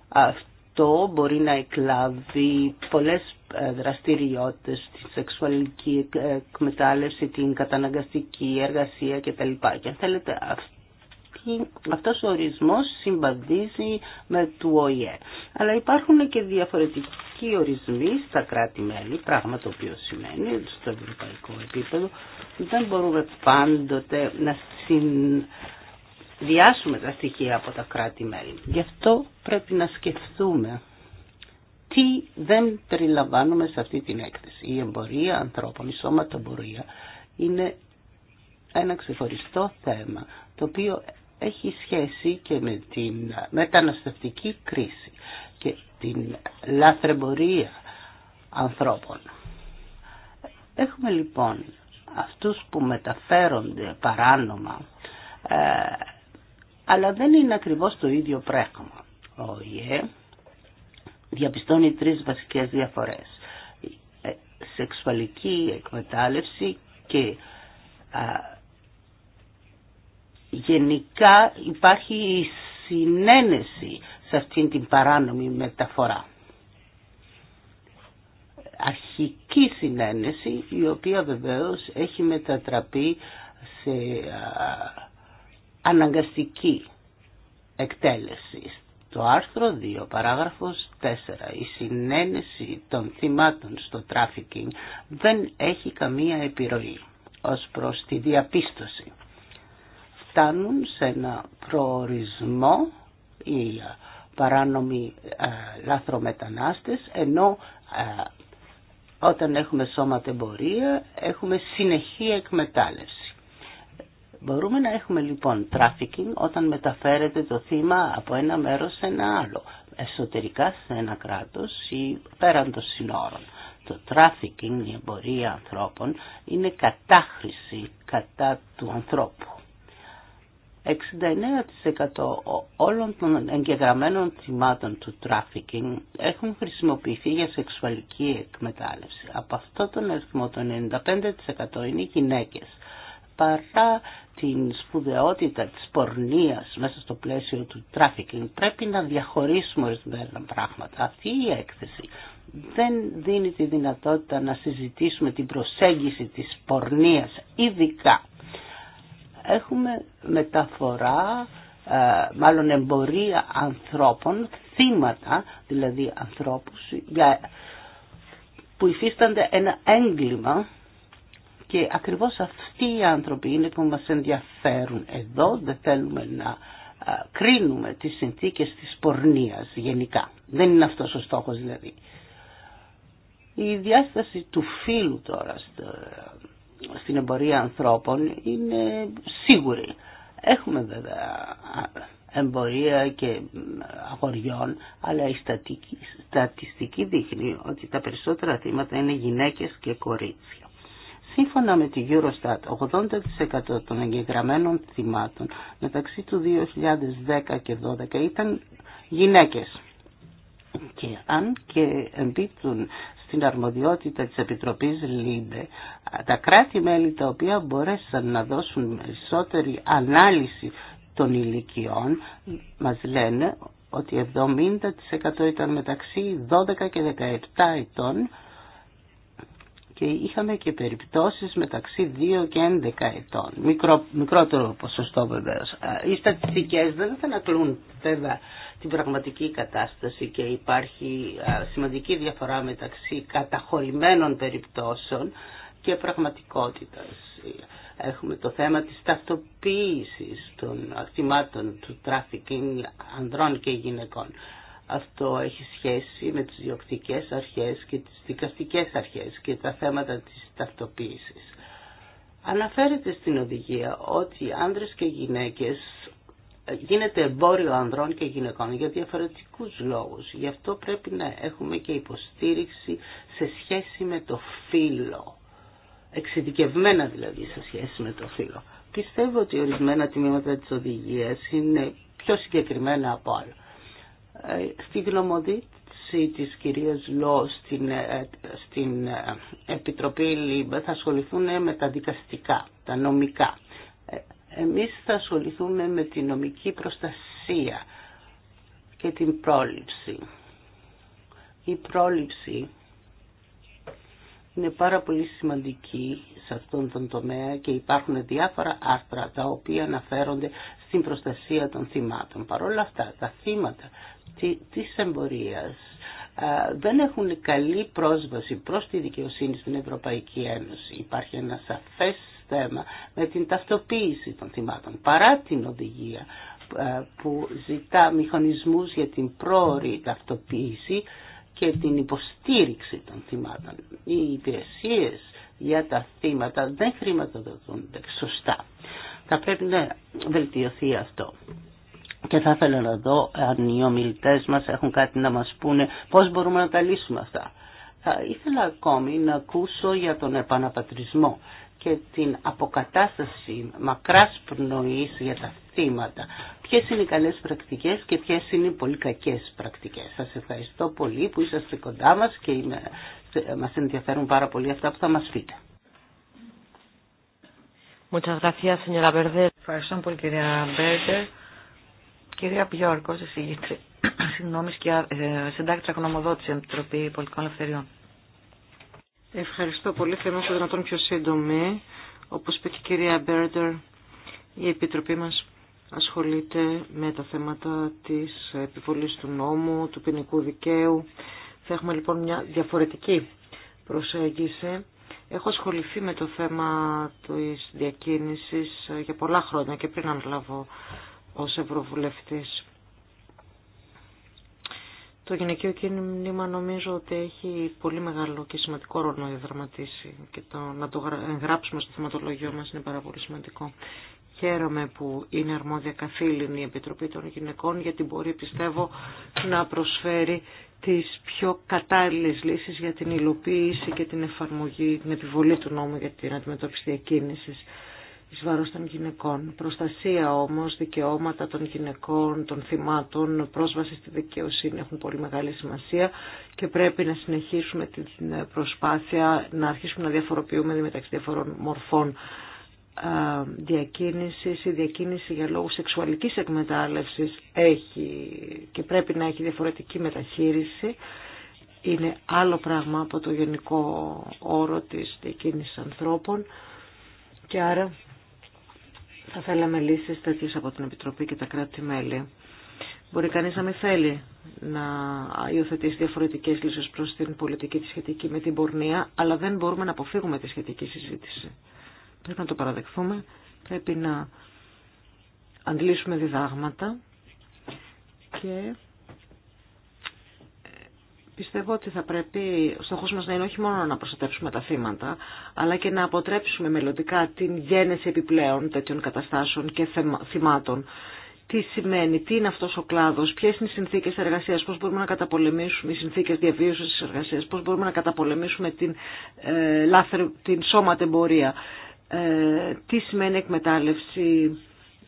αυτό μπορεί να εκλάβει πολλές ε, δραστηριότητες, τη σεξουαλική εκμετάλλευση, την καταναγκαστική εργασία κτλ. Και αν θέλετε αυτό υπάρχει, αυτός ο ορισμός συμβαδίζει με του ΟΗΕ. Αλλά υπάρχουν και διαφορετικοί ορισμοί στα κράτη-μέλη, πράγμα το οποίο σημαίνει στο ευρωπαϊκό επίπεδο δεν μπορούμε πάντοτε να συνδυάσουμε τα στοιχεία από τα κράτη-μέλη. Γι' αυτό πρέπει να σκεφτούμε τι δεν περιλαμβάνουμε σε αυτή την έκθεση. Η εμπορία ανθρώπων, η σώματομπορία είναι ένα ξεχωριστό θέμα το οποίο έχει σχέση και με την μεταναστευτική κρίση και την λαθρεμπορία ανθρώπων. Έχουμε λοιπόν αυτούς που μεταφέρονται παράνομα, ε, αλλά δεν είναι ακριβώς το ίδιο πράγμα. Ο ΙΕ διαπιστώνει τρεις βασικές διαφορές. Ε, σεξουαλική εκμετάλλευση και ε, γενικά υπάρχει συνένεση σε αυτήν την παράνομη μεταφορά. Αρχική συνένεση η οποία βεβαίως έχει μετατραπεί σε αναγκαστική εκτέλεση. Το άρθρο 2, παράγραφος 4. Η συνένεση των θυμάτων στο τράφικινγκ δεν έχει καμία επιρροή ως προς τη διαπίστωση φτάνουν σε ένα προορισμό οι παράνομοι ε, λάθρομετανάστες ενώ ε, όταν έχουμε σώματεμπορία έχουμε συνεχή εκμετάλλευση. Μπορούμε να έχουμε λοιπόν τράφικινγκ όταν μεταφέρεται το θύμα από ένα μέρος σε ένα άλλο, εσωτερικά σε ένα κράτος ή πέραν των συνόρων. Το τράφικινγκ, η εμπορία ανθρώπων, είναι κατάχρηση κατά του ανθρώπου. 69% όλων των εγγεγραμμένων θυμάτων του τράφικινγκ έχουν χρησιμοποιηθεί για σεξουαλική εκμετάλλευση. Από αυτό τον αριθμό το 95% είναι οι γυναίκες. Παρά την σπουδαιότητα της πορνείας μέσα στο πλαίσιο του τράφικινγκ πρέπει να διαχωρίσουμε ορισμένα πράγματα. Αυτή η έκθεση δεν δίνει τη δυνατότητα να συζητήσουμε την προσέγγιση της πορνείας ειδικά έχουμε μεταφορά, ε, μάλλον εμπορία ανθρώπων, θύματα δηλαδή ανθρώπους που υφίστανται ένα έγκλημα και ακριβώς αυτοί οι άνθρωποι είναι που μας ενδιαφέρουν εδώ, δεν θέλουμε να ε, κρίνουμε τις συνθήκες της πορνείας γενικά. Δεν είναι αυτός ο στόχος δηλαδή. Η διάσταση του φίλου τώρα στην εμπορία ανθρώπων είναι σίγουρη. Έχουμε βέβαια εμπορία και αγοριών, αλλά η στατιστική δείχνει ότι τα περισσότερα θύματα είναι γυναίκες και κορίτσια. Σύμφωνα με τη Eurostat, 80% των εγγεγραμμένων θυμάτων μεταξύ του 2010 και 2012 ήταν γυναίκες. Και αν και εμπίπτουν στην αρμοδιότητα της Επιτροπής ΛΥΜΠΕ. Τα κράτη-μέλη τα οποία μπορέσαν να δώσουν περισσότερη ανάλυση των ηλικιών μας λένε ότι 70% ήταν μεταξύ 12 και 17 ετών και είχαμε και περιπτώσεις μεταξύ 2 και 11 ετών. μικρότερο ποσοστό βεβαίω. Οι στατιστικές δεν θα ανακλούν βέβαια την πραγματική κατάσταση και υπάρχει σημαντική διαφορά μεταξύ καταχωρημένων περιπτώσεων και πραγματικότητας. Έχουμε το θέμα της ταυτοποίησης των ακτιμάτων του τράφικινγκ ανδρών και γυναικών. Αυτό έχει σχέση με τις διοκτικές αρχές και τις δικαστικές αρχές και τα θέματα της ταυτοποίησης. Αναφέρεται στην οδηγία ότι άνδρες και γυναίκες γίνεται εμπόριο ανδρών και γυναικών για διαφορετικούς λόγους. Γι' αυτό πρέπει να έχουμε και υποστήριξη σε σχέση με το φύλλο. Εξειδικευμένα δηλαδή σε σχέση με το φύλλο. Πιστεύω ότι ορισμένα τμήματα της οδηγίας είναι πιο συγκεκριμένα από άλλα. Ε, στη γνωμοδίτηση της κυρίας Λό στην, ε, στην ε, Επιτροπή ΛΥΜΠΑ θα ασχοληθούν με τα δικαστικά, τα νομικά εμείς θα ασχοληθούμε με τη νομική προστασία και την πρόληψη. Η πρόληψη είναι πάρα πολύ σημαντική σε αυτόν τον τομέα και υπάρχουν διάφορα άρθρα τα οποία αναφέρονται στην προστασία των θυμάτων. Παρ' όλα αυτά τα θύματα της εμπορίας δεν έχουν καλή πρόσβαση προς τη δικαιοσύνη στην Ευρωπαϊκή Ένωση. Υπάρχει ένα σαφές θέμα, με την ταυτοποίηση των θυμάτων, παρά την οδηγία ε, που ζητά μηχανισμούς για την πρόορη ταυτοποίηση και την υποστήριξη των θυμάτων. Οι υπηρεσίες για τα θύματα δεν χρηματοδοτούνται σωστά. Θα πρέπει να βελτιωθεί αυτό. Και θα ήθελα να δω αν οι ομιλητέ μας έχουν κάτι να μας πούνε πώς μπορούμε να τα λύσουμε αυτά. Θα ήθελα ακόμη να ακούσω για τον επαναπατρισμό και την αποκατάσταση μακράς πνοής για τα θύματα. Ποιες είναι οι καλές πρακτικές και ποιες είναι οι πολύ κακές πρακτικές. Σας ευχαριστώ πολύ που είσαστε κοντά μας και μας ενδιαφέρουν πάρα πολύ αυτά που θα μας πείτε. Ευχαριστώ πολύ κυρία Μπέρτερ. Κυρία Πιόρκο, εισηγήτρια, συγγνώμη, ε, συντάκτρια γνωμοδότηση Επιτροπή Πολιτικών Ελευθεριών. Ευχαριστώ πολύ. Θα είμαστε δυνατόν πιο σύντομη. Όπως είπε και η κυρία Μπέρντερ, η Επιτροπή μας ασχολείται με τα θέματα της επιβολής του νόμου, του ποινικού δικαίου. Θα έχουμε λοιπόν μια διαφορετική προσέγγιση. Έχω ασχοληθεί με το θέμα της διακίνησης για πολλά χρόνια και πριν αναλάβω ως Ευρωβουλευτής. Το γυναικείο κίνημα νομίζω ότι έχει πολύ μεγάλο και σημαντικό ρόλο να διαδραματίσει και το, να το γράψουμε στο θεματολογιό μας είναι πάρα πολύ σημαντικό. Χαίρομαι που είναι αρμόδια καθήλυνη η Επιτροπή των Γυναικών γιατί μπορεί πιστεύω να προσφέρει τις πιο κατάλληλες λύσεις για την υλοποίηση και την εφαρμογή, την επιβολή του νόμου για την αντιμετώπιση διακίνησης εις βάρος των γυναικών. Προστασία όμως, δικαιώματα των γυναικών, των θυμάτων, πρόσβαση στη δικαιοσύνη έχουν πολύ μεγάλη σημασία και πρέπει να συνεχίσουμε την προσπάθεια να αρχίσουμε να διαφοροποιούμε μεταξύ διαφορών μορφών ε, διακίνησης ή διακίνηση για λόγους σεξουαλικής εκμετάλλευσης έχει και πρέπει να έχει διαφορετική μεταχείριση είναι άλλο πράγμα από το γενικό όρο της διακίνησης ανθρώπων και άρα θα θέλαμε λύσεις τέτοιες από την Επιτροπή και τα κράτη-μέλη. Μπορεί κανείς να μην θέλει να υιοθετήσει διαφορετικές λύσεις προς την πολιτική τη σχετική με την πορνεία, αλλά δεν μπορούμε να αποφύγουμε τη σχετική συζήτηση. Πρέπει να το παραδεχθούμε, πρέπει να αντλήσουμε διδάγματα και πιστεύω ότι θα πρέπει ο στόχος μας να είναι όχι μόνο να προστατεύσουμε τα θύματα, αλλά και να αποτρέψουμε μελλοντικά την γένεση επιπλέον τέτοιων καταστάσεων και θυμάτων. Τι σημαίνει, τι είναι αυτός ο κλάδος, ποιες είναι οι συνθήκες εργασία, πώ μπορούμε να καταπολεμήσουμε οι συνθήκε διαβίωσης της εργασίας, πώς μπορούμε να καταπολεμήσουμε την, ε, την σώματεμπορία, ε, τι σημαίνει εκμετάλλευση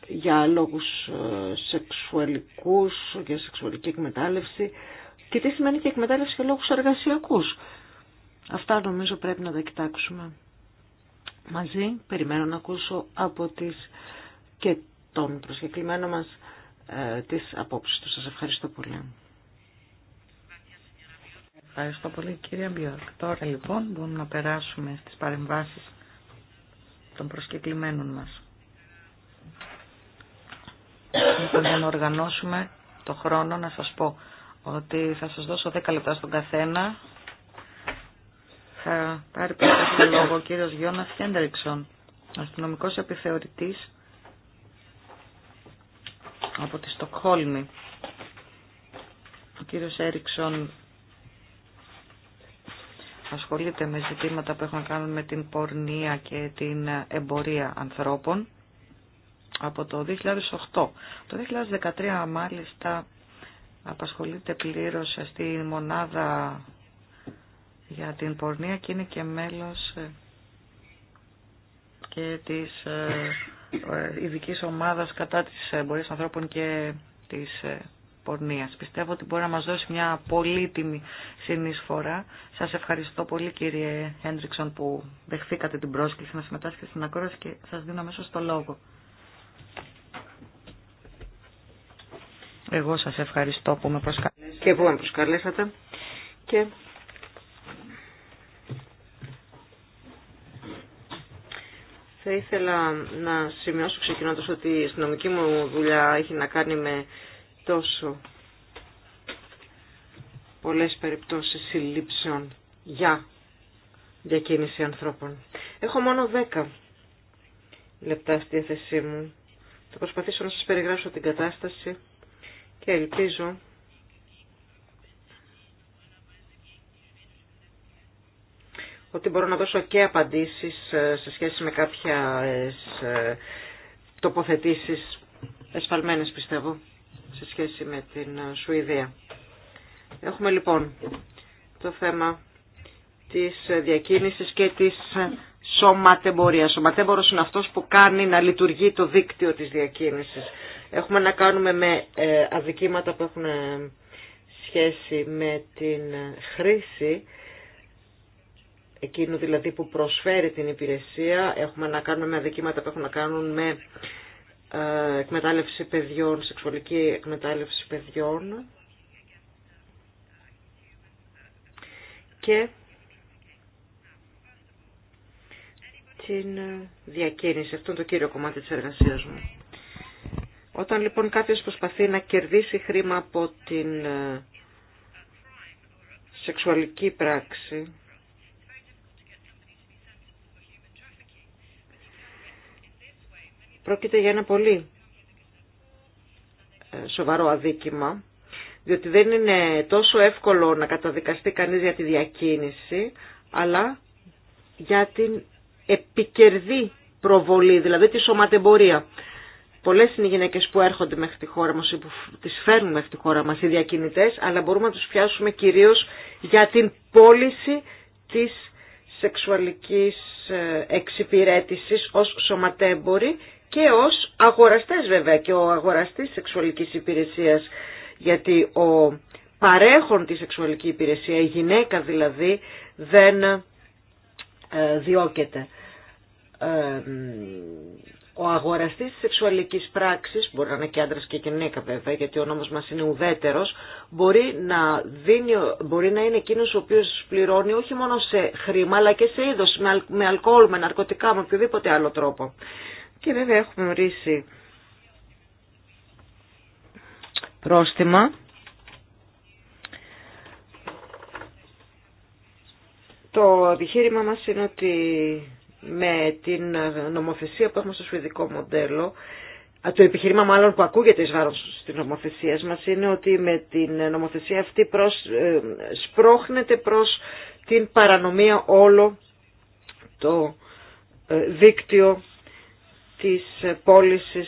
για λόγους ε, σεξουαλικούς, για σεξουαλική εκμετάλλευση και τι σημαίνει και εκμετάλλευση για λόγους εργασιακούς. Αυτά νομίζω πρέπει να τα κοιτάξουμε μαζί. Περιμένω να ακούσω από τις και τον προσκεκλημένο μας ε, τις απόψεις του. Σας ευχαριστώ πολύ. Ευχαριστώ πολύ κυρία Μπιόρκ. Τώρα λοιπόν μπορούμε να περάσουμε στις παρεμβάσεις των προσκεκλημένων μας. Λοιπόν, για να οργανώσουμε το χρόνο να σας πω ότι θα σας δώσω 10 λεπτά στον καθένα. Θα πάρει πρώτα τον λόγο ο κύριος Γιώνα Χέντριξον, αστυνομικός επιθεωρητής από τη Στοκχόλμη. Ο κύριος Έριξον ασχολείται με ζητήματα που έχουν να κάνουν με την πορνεία και την εμπορία ανθρώπων από το 2008. Το 2013 μάλιστα απασχολείται πλήρως στη μονάδα για την πορνεία και είναι και μέλος ε, και της ε, ε, ειδικής ομάδας κατά της εμπορίας ανθρώπων και της πορνείας. Πιστεύω ότι μπορεί να μας δώσει μια πολύτιμη συνεισφορά. Σας ευχαριστώ πολύ κύριε Χέντριξον που δεχθήκατε την πρόσκληση να συμμετάσχετε στην ακρόαση και σας δίνω αμέσως το λόγο. Εγώ σας ευχαριστώ που με προσκαλέσατε. Και που με προσκαλέσατε. Και... Θα ήθελα να σημειώσω ξεκινώντας ότι η αστυνομική μου δουλειά έχει να κάνει με τόσο πολλές περιπτώσεις συλλήψεων για διακίνηση ανθρώπων. Έχω μόνο 10 λεπτά στη θέση μου. Θα προσπαθήσω να σας περιγράψω την κατάσταση και ελπίζω ότι μπορώ να δώσω και απαντήσεις ε, σε σχέση με κάποιες ε, τοποθετήσεις εσφαλμένες πιστεύω σε σχέση με την ε, Σουηδία. Έχουμε λοιπόν το θέμα της διακίνησης και της σωματεμπορίας. Σωματέμπορος είναι αυτός που κάνει να λειτουργεί το δίκτυο της διακίνησης. Έχουμε να κάνουμε με ε, αδικήματα που έχουν ε, σχέση με την ε, χρήση εκείνου δηλαδή που προσφέρει την υπηρεσία. Έχουμε να κάνουμε με αδικήματα που έχουν να κάνουν με εκμετάλλευση παιδιών, σεξουαλική εκμετάλλευση παιδιών. Και την διακίνηση. Αυτό είναι το κύριο κομμάτι της εργασίας μου. Όταν λοιπόν κάποιος προσπαθεί να κερδίσει χρήμα από την ε, σεξουαλική πράξη, πρόκειται για ένα πολύ ε, σοβαρό αδίκημα, διότι δεν είναι τόσο εύκολο να καταδικαστεί κανείς για τη διακίνηση, αλλά για την επικερδή προβολή, δηλαδή τη σωματεμπορία. Πολλέ είναι οι γυναίκες που έρχονται μέχρι τη χώρα μα ή που τις φέρνουν μέχρι τη χώρα μα οι διακινητές, αλλά μπορούμε να τους πιάσουμε κυρίως για την πώληση τη σεξουαλική ε, εξυπηρέτηση ως σωματέμποροι και ως αγοραστές βέβαια και ο αγοραστής σεξουαλικής υπηρεσίας γιατί ο παρέχον τη σεξουαλική υπηρεσία, η γυναίκα δηλαδή δεν ε, διώκεται. Ε, ο αγοραστής της σεξουαλικής πράξης, μπορεί να είναι και άντρας και γυναίκα βέβαια, γιατί ο νόμος μας είναι ουδέτερος, μπορεί να, δίνει, μπορεί να είναι εκείνος ο οποίος πληρώνει όχι μόνο σε χρήμα, αλλά και σε είδος, με αλκοόλ, με ναρκωτικά, με οποιοδήποτε άλλο τρόπο. Και βέβαια έχουμε ορίσει πρόστιμα. Το επιχείρημα μας είναι ότι με την νομοθεσία που έχουμε στο σουηδικό μοντέλο, το επιχειρήμα μάλλον που ακούγεται εις βάρος της νομοθεσίας μας είναι ότι με την νομοθεσία αυτή ε, σπρώχνεται προς την παρανομία όλο το ε, δίκτυο της ε, πώληση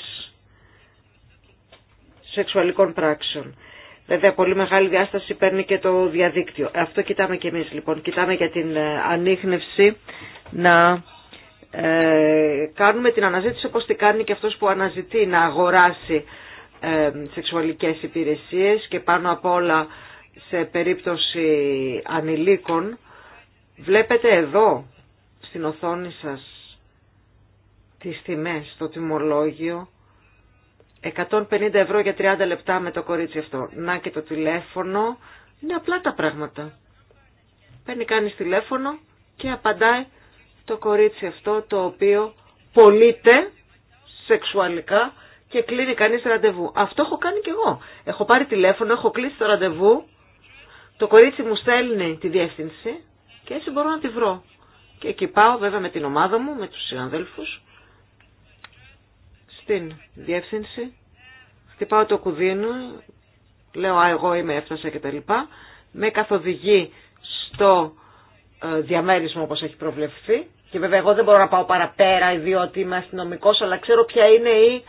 σεξουαλικών πράξεων. Βέβαια πολύ μεγάλη διάσταση παίρνει και το διαδίκτυο. Αυτό κοιτάμε και εμείς λοιπόν. Κοιτάμε για την ανείχνευση να ε, κάνουμε την αναζήτηση όπως τη κάνει και αυτός που αναζητεί να αγοράσει ε, σεξουαλικές υπηρεσίες και πάνω απ' όλα σε περίπτωση ανηλίκων. Βλέπετε εδώ στην οθόνη σας τις τιμές στο τιμολόγιο 150 ευρώ για 30 λεπτά με το κορίτσι αυτό. Να και το τηλέφωνο. Είναι απλά τα πράγματα. Παίρνει κανείς τηλέφωνο και απαντάει το κορίτσι αυτό το οποίο πωλείται σεξουαλικά και κλείνει κανείς ραντεβού. Αυτό έχω κάνει κι εγώ. Έχω πάρει τηλέφωνο, έχω κλείσει το ραντεβού, το κορίτσι μου στέλνει τη διεύθυνση και έτσι μπορώ να τη βρω. Και εκεί πάω βέβαια με την ομάδα μου, με τους συναδέλφους, στην διεύθυνση, χτυπάω το κουδίνο, λέω α εγώ είμαι έφτασα κτλ. Με καθοδηγεί στο ε, διαμέρισμα όπως έχει προβλεφθεί και βέβαια εγώ δεν μπορώ να πάω παραπέρα διότι είμαι αστυνομικό, αλλά ξέρω ποια είναι η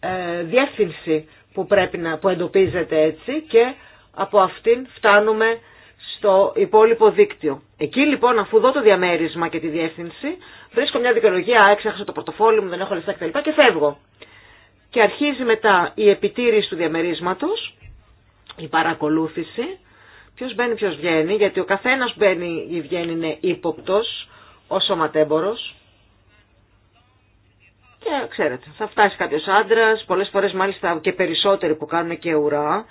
ε, διεύθυνση που, πρέπει να, που εντοπίζεται έτσι και από αυτήν φτάνουμε στο υπόλοιπο δίκτυο. Εκεί λοιπόν, αφού δω το διαμέρισμα και τη διεύθυνση, βρίσκω μια δικαιολογία, έξαχασα το πορτοφόλι μου, δεν έχω λεφτά κτλ. και φεύγω. Και αρχίζει μετά η επιτήρηση του διαμερίσματος, η παρακολούθηση, ποιος μπαίνει, ποιος βγαίνει, γιατί ο καθένας μπαίνει ή βγαίνει είναι ύποπτος, ο σωματέμπορος και ξέρετε θα φτάσει κάποιος άντρας, πολλές φορές μάλιστα και περισσότεροι που κάνουν και ουρά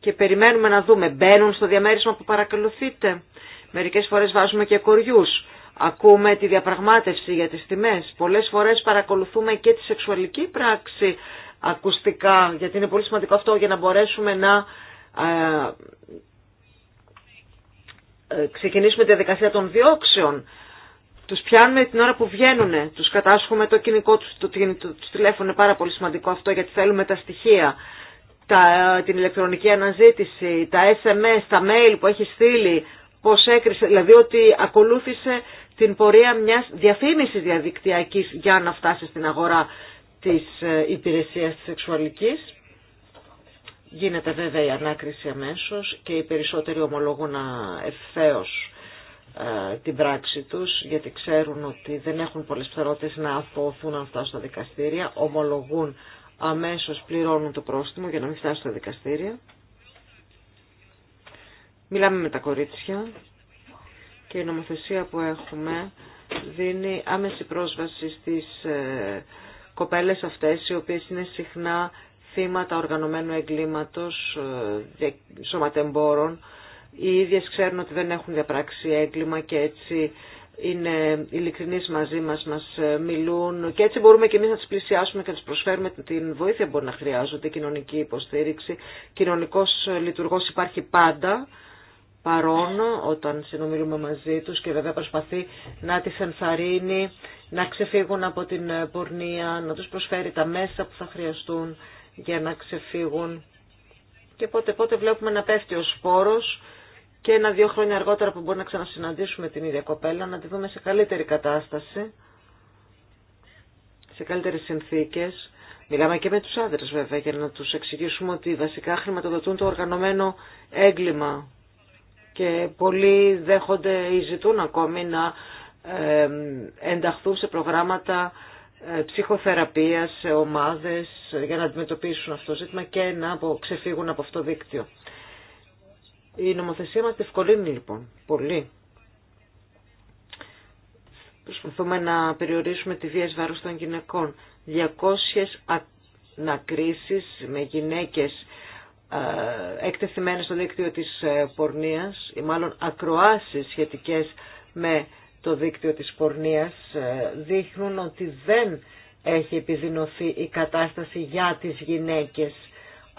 και περιμένουμε να δούμε μπαίνουν στο διαμέρισμα που παρακολουθείτε. Μερικές φορές βάζουμε και κοριούς. Ακούμε τη διαπραγμάτευση για τις τιμές. Πολλές φορές παρακολουθούμε και τη σεξουαλική πράξη ακουστικά, γιατί είναι πολύ σημαντικό αυτό για να μπορέσουμε να ε, ε, ξεκινήσουμε τη διαδικασία των διώξεων. Τους πιάνουμε την ώρα που βγαίνουν, τους κατάσχουμε το κοινικό τους, το, τηλέφωνο, είναι πάρα πολύ σημαντικό αυτό γιατί θέλουμε τα στοιχεία, τα, την ηλεκτρονική αναζήτηση, τα SMS, τα mail που έχει στείλει, πώς έκρισε, δηλαδή ότι ακολούθησε την πορεία μιας διαφήμισης διαδικτυακής για να φτάσει στην αγορά της ε, υπηρεσίας της σεξουαλικής. Γίνεται βέβαια η ανάκριση αμέσως και οι περισσότεροι ομολόγουν ε, ευθέως ε, την πράξη τους γιατί ξέρουν ότι δεν έχουν πολλές ψερότητες να αφωθούν αυτά φτάσουν στα δικαστήρια ομολογούν αμέσως πληρώνουν το πρόστιμο για να μην φτάσουν στα δικαστήρια μιλάμε με τα κορίτσια και η νομοθεσία που έχουμε δίνει άμεση πρόσβαση στις ε, κοπέλες αυτές οι οποίες είναι συχνά θύματα οργανωμένου εγκλήματος ε, σωματεμπόρων οι ίδιες ξέρουν ότι δεν έχουν διαπράξει έγκλημα και έτσι είναι ειλικρινείς μαζί μας, μας ε, μιλούν και έτσι μπορούμε και εμείς να τις πλησιάσουμε και να τις προσφέρουμε την βοήθεια που μπορεί να χρειάζονται, κοινωνική υποστήριξη. Κοινωνικός λειτουργός υπάρχει πάντα παρόν όταν συνομιλούμε μαζί τους και βέβαια προσπαθεί να τις ενθαρρύνει, να ξεφύγουν από την ε, πορνεία, να τους προσφέρει τα μέσα που θα χρειαστούν για να ξεφύγουν. Και πότε πότε βλέπουμε να πέφτει ο σπόρος και ένα-δύο χρόνια αργότερα που μπορεί να ξανασυναντήσουμε την ίδια κοπέλα, να τη δούμε σε καλύτερη κατάσταση, σε καλύτερες συνθήκες. Μιλάμε και με τους άντρες βέβαια για να τους εξηγήσουμε ότι βασικά χρηματοδοτούν το οργανωμένο έγκλημα και πολλοί δέχονται ή ζητούν ακόμη να ενταχθούν σε προγράμματα ε, ψυχοθεραπείας, σε ομάδες για να αντιμετωπίσουν αυτό το ζήτημα και να ξεφύγουν από αυτό το δίκτυο. Η νομοθεσία μας διευκολύνει λοιπόν πολύ. Προσπαθούμε να περιορίσουμε τη βία βάρος των γυναικών. 200 ανακρίσεις με γυναίκες ε, εκτεθειμένες στο δίκτυο της ε, πορνείας ή μάλλον ακροάσεις σχετικές με το δίκτυο της πορνείας ε, δείχνουν ότι δεν έχει επιδεινωθεί η κατάσταση για τις γυναίκες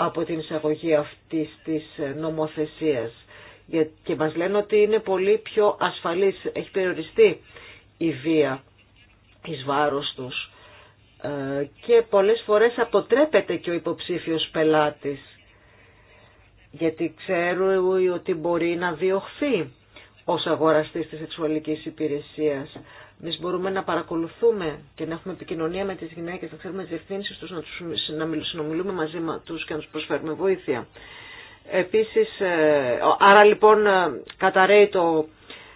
από την εισαγωγή αυτής της νομοθεσίας. Και μας λένε ότι είναι πολύ πιο ασφαλής, έχει περιοριστεί η βία εις βάρος τους ε, και πολλές φορές αποτρέπεται και ο υποψήφιος πελάτης γιατί ξέρουν ότι μπορεί να διωχθεί ως αγοραστής της σεξουαλικής υπηρεσίας εμεί μπορούμε να παρακολουθούμε και να έχουμε επικοινωνία με τι γυναίκε να ξέρουμε τι διευθύνσεις του να, να συνομιλούμε μαζί του και να του προσφέρουμε βοήθεια. Επίσης, ε, άρα λοιπόν ε, καταραίει το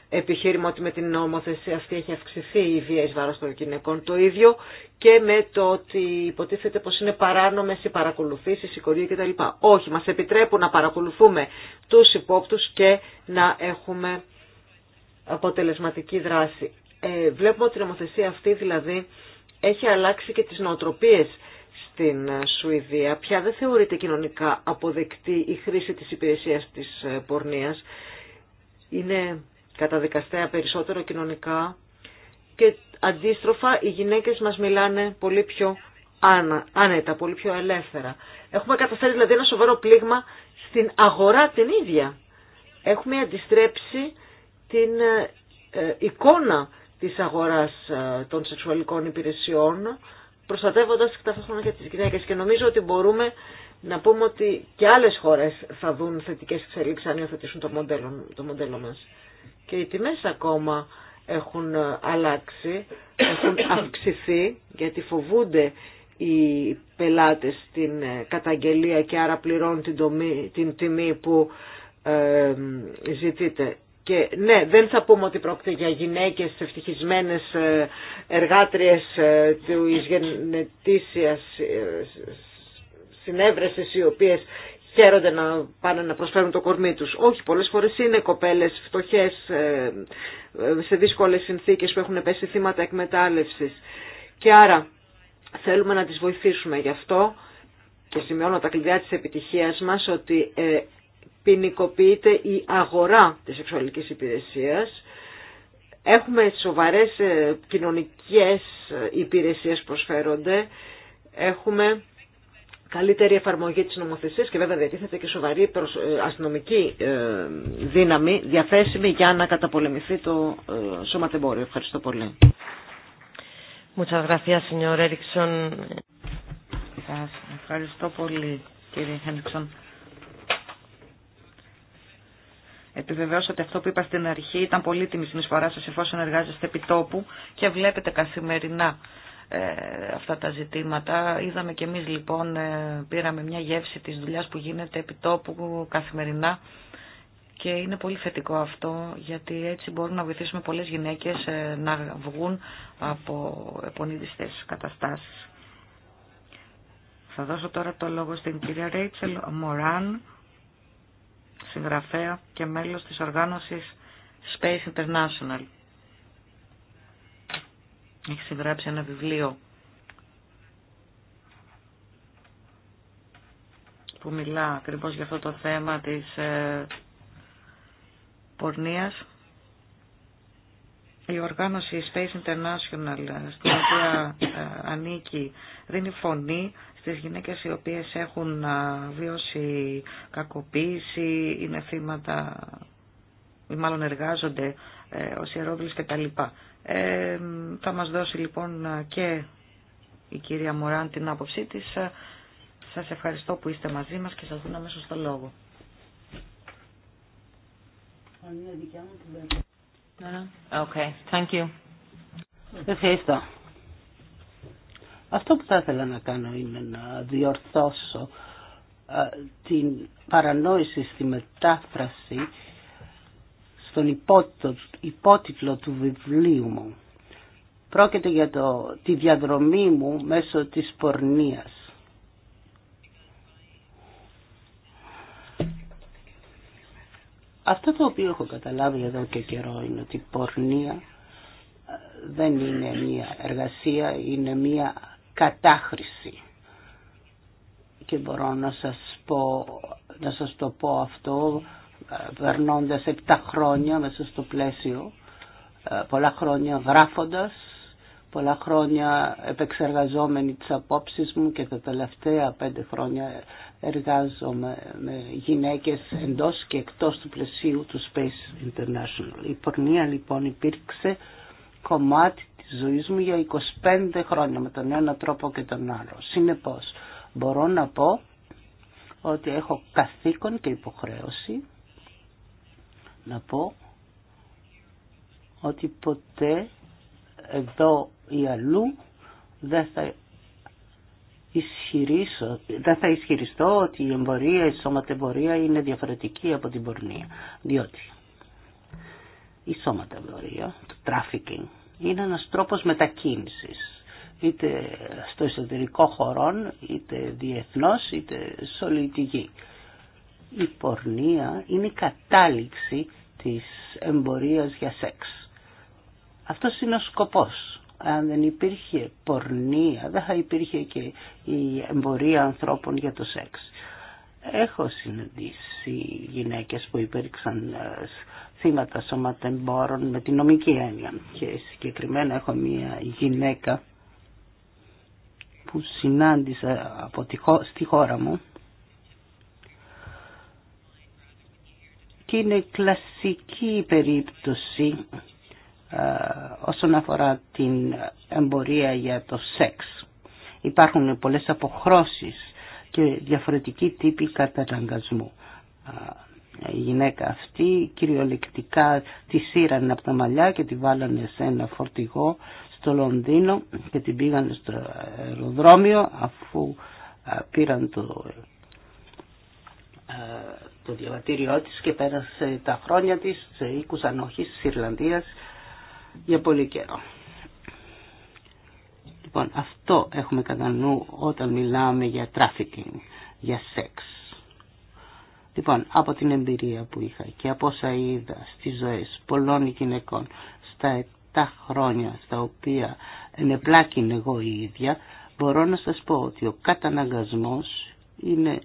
επιχείρημα ότι με την νομοθεσία αυτή έχει αυξηθεί η βία εις βάρος των γυναικών. Το ίδιο και με το ότι υποτίθεται πως είναι παράνομες οι παρακολουθήσεις, η κορία κτλ. Όχι, μας επιτρέπουν να παρακολουθούμε τους υπόπτους και να έχουμε αποτελεσματική δράση. Ε, βλέπουμε ότι η νομοθεσία αυτή δηλαδή έχει αλλάξει και τις νοοτροπίες στην ε, Σουηδία. Πια δεν θεωρείται κοινωνικά αποδεκτή η χρήση της υπηρεσίας της ε, πορνείας. Είναι καταδικαστέα περισσότερο κοινωνικά και αντίστροφα οι γυναίκες μας μιλάνε πολύ πιο άνετα, πολύ πιο ελεύθερα. Έχουμε καταφέρει δηλαδή ένα σοβαρό πλήγμα στην αγορά την ίδια. Έχουμε αντιστρέψει την εικόνα της αγοράς ε, των σεξουαλικών υπηρεσιών, προστατεύοντας ταυτόχρονα και τις γυναίκες. Και νομίζω ότι μπορούμε να πούμε ότι και άλλες χώρες θα δουν θετικές εξελίξεις αν υιοθετήσουν το μοντέλο, το μοντέλο μας. Και οι τιμές ακόμα έχουν ε, αλλάξει, έχουν αυξηθεί, γιατί φοβούνται οι πελάτες την ε, καταγγελία και άρα πληρώνουν την, την τιμή που ε, ζητείτε και ναι, δεν θα πούμε ότι πρόκειται για γυναίκες ευτυχισμένες ε, εργάτριες ε, της γενετήσιας ε, συνέβρεσης οι οποίες χαίρονται να πάνε να προσφέρουν το κορμί τους. Όχι, πολλές φορές είναι κοπέλες φτωχές σε δύσκολες συνθήκες που έχουν πέσει θύματα εκμετάλλευσης. Και άρα θέλουμε να τις βοηθήσουμε γι' αυτό και σημειώνω τα κλειδιά της επιτυχίας μας ότι ποινικοποιείται η αγορά της σεξουαλικής υπηρεσίας. Έχουμε σοβαρές ε, κοινωνικές υπηρεσίες που προσφέρονται. Έχουμε καλύτερη εφαρμογή της νομοθεσίας και βέβαια διατίθεται και σοβαρή ε, αστυνομική ε, δύναμη διαθέσιμη για να καταπολεμηθεί το σωματεμπόριο. Ευχαριστώ πολύ. Muchas gracias, señor ευχαριστώ πολύ, κύριε επιβεβαίωσα ότι αυτό που είπα στην αρχή ήταν πολύτιμη συνεισφορά σας εφόσον εργάζεστε επί τόπου και βλέπετε καθημερινά ε, αυτά τα ζητήματα. Είδαμε και εμείς λοιπόν, ε, πήραμε μια γεύση της δουλειάς που γίνεται επί τόπου καθημερινά και είναι πολύ θετικό αυτό γιατί έτσι μπορούμε να βοηθήσουμε πολλές γυναίκες ε, να βγουν από επονίδιστες καταστάσεις. Θα δώσω τώρα το λόγο στην κυρία Ρέιτσελ Μοράν συγγραφέα και μέλος της οργάνωσης Space International. Έχει συγγράψει ένα βιβλίο που μιλά ακριβώς για αυτό το θέμα της ε, πορνείας. Η οργάνωση Space International, στην οποία ε, ανήκει, δίνει φωνή στις γυναίκες οι οποίες έχουν βιώσει κακοποίηση, είναι θύματα ή μάλλον εργάζονται ε, ως ιερόβλης και τα λοιπά. Ε, θα μας δώσει λοιπόν και η κυρία Μωράν την άποψή της. Ε, σας ευχαριστώ που είστε μαζί μας και σας δίνω μέσα στο λόγο. Ναι, ναι. Okay, thank you. Ευχαριστώ. Αυτό που θα ήθελα να κάνω είναι να διορθώσω ε, την παρανόηση στη μετάφραση στον υπότιτλο του βιβλίου μου. Πρόκειται για το, τη διαδρομή μου μέσω της πορνείας. Αυτό το οποίο έχω καταλάβει εδώ και καιρό είναι ότι η πορνεία ε, δεν είναι μία εργασία, είναι μία κατάχρηση. Και μπορώ να σας, πω, να σας το πω αυτό ε, περνώντα 7 χρόνια μέσα στο πλαίσιο, ε, πολλά χρόνια γράφοντας, πολλά χρόνια επεξεργαζόμενοι τις απόψεις μου και τα τελευταία πέντε χρόνια εργάζομαι με γυναίκες εντός και εκτός του πλαισίου του Space International. Η πορνεία λοιπόν υπήρξε κομμάτι της ζωής μου για 25 χρόνια με τον ένα τρόπο και τον άλλο. Συνεπώς μπορώ να πω ότι έχω καθήκον και υποχρέωση να πω ότι ποτέ εδώ ή αλλού δεν θα ισχυρίσω, δεν θα ισχυριστώ ότι η εμπορία, η σωματεμπορία είναι διαφορετική από την πορνεία. Διότι η σώματα το trafficking, είναι ένας τρόπος μετακίνησης είτε στο εσωτερικό χωρών, είτε διεθνώς, είτε σε όλη Η πορνεία είναι η κατάληξη της εμπορίας για σεξ. Αυτός είναι ο σκοπός. Αν δεν υπήρχε πορνεία, δεν θα υπήρχε και η εμπορία ανθρώπων για το σεξ. Έχω συναντήσει γυναίκες που υπήρξαν ε, θύματα σωματεμπόρων με την νομική έννοια. Και συγκεκριμένα έχω μια γυναίκα που συνάντησα από τη, στη χώρα μου και είναι κλασική περίπτωση όσον αφορά την εμπορία για το σεξ. Υπάρχουν πολλές αποχρώσεις και διαφορετικοί τύποι καταναγκασμού η γυναίκα αυτή κυριολεκτικά τη σύρανε από τα μαλλιά και τη βάλανε σε ένα φορτηγό στο Λονδίνο και την πήγαν στο αεροδρόμιο αφού ε, πήραν το, ε, το διαβατήριό της και πέρασε τα χρόνια της σε οίκους ανοχής της Ιρλανδίας για πολύ καιρό. Λοιπόν, αυτό έχουμε κατά νου όταν μιλάμε για trafficking, για σεξ. Λοιπόν, από την εμπειρία που είχα και από όσα είδα στις ζωές πολλών γυναικών στα 7 χρόνια στα οποία ενεπλάκην εγώ η ίδια, μπορώ να σας πω ότι ο καταναγκασμός είναι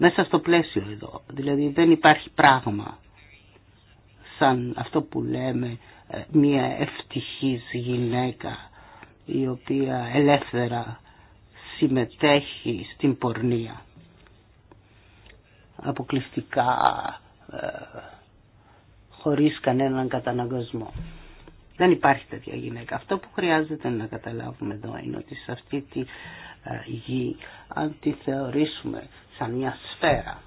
μέσα στο πλαίσιο εδώ. Δηλαδή δεν υπάρχει πράγμα σαν αυτό που λέμε ε, μια ευτυχής γυναίκα η οποία ελεύθερα συμμετέχει στην πορνεία αποκλειστικά ε, χωρίς κανέναν καταναγκασμό. Δεν υπάρχει τέτοια γυναίκα. Αυτό που χρειάζεται να καταλάβουμε εδώ είναι ότι σε αυτή τη ε, γη αν τη θεωρήσουμε σαν μια σφαίρα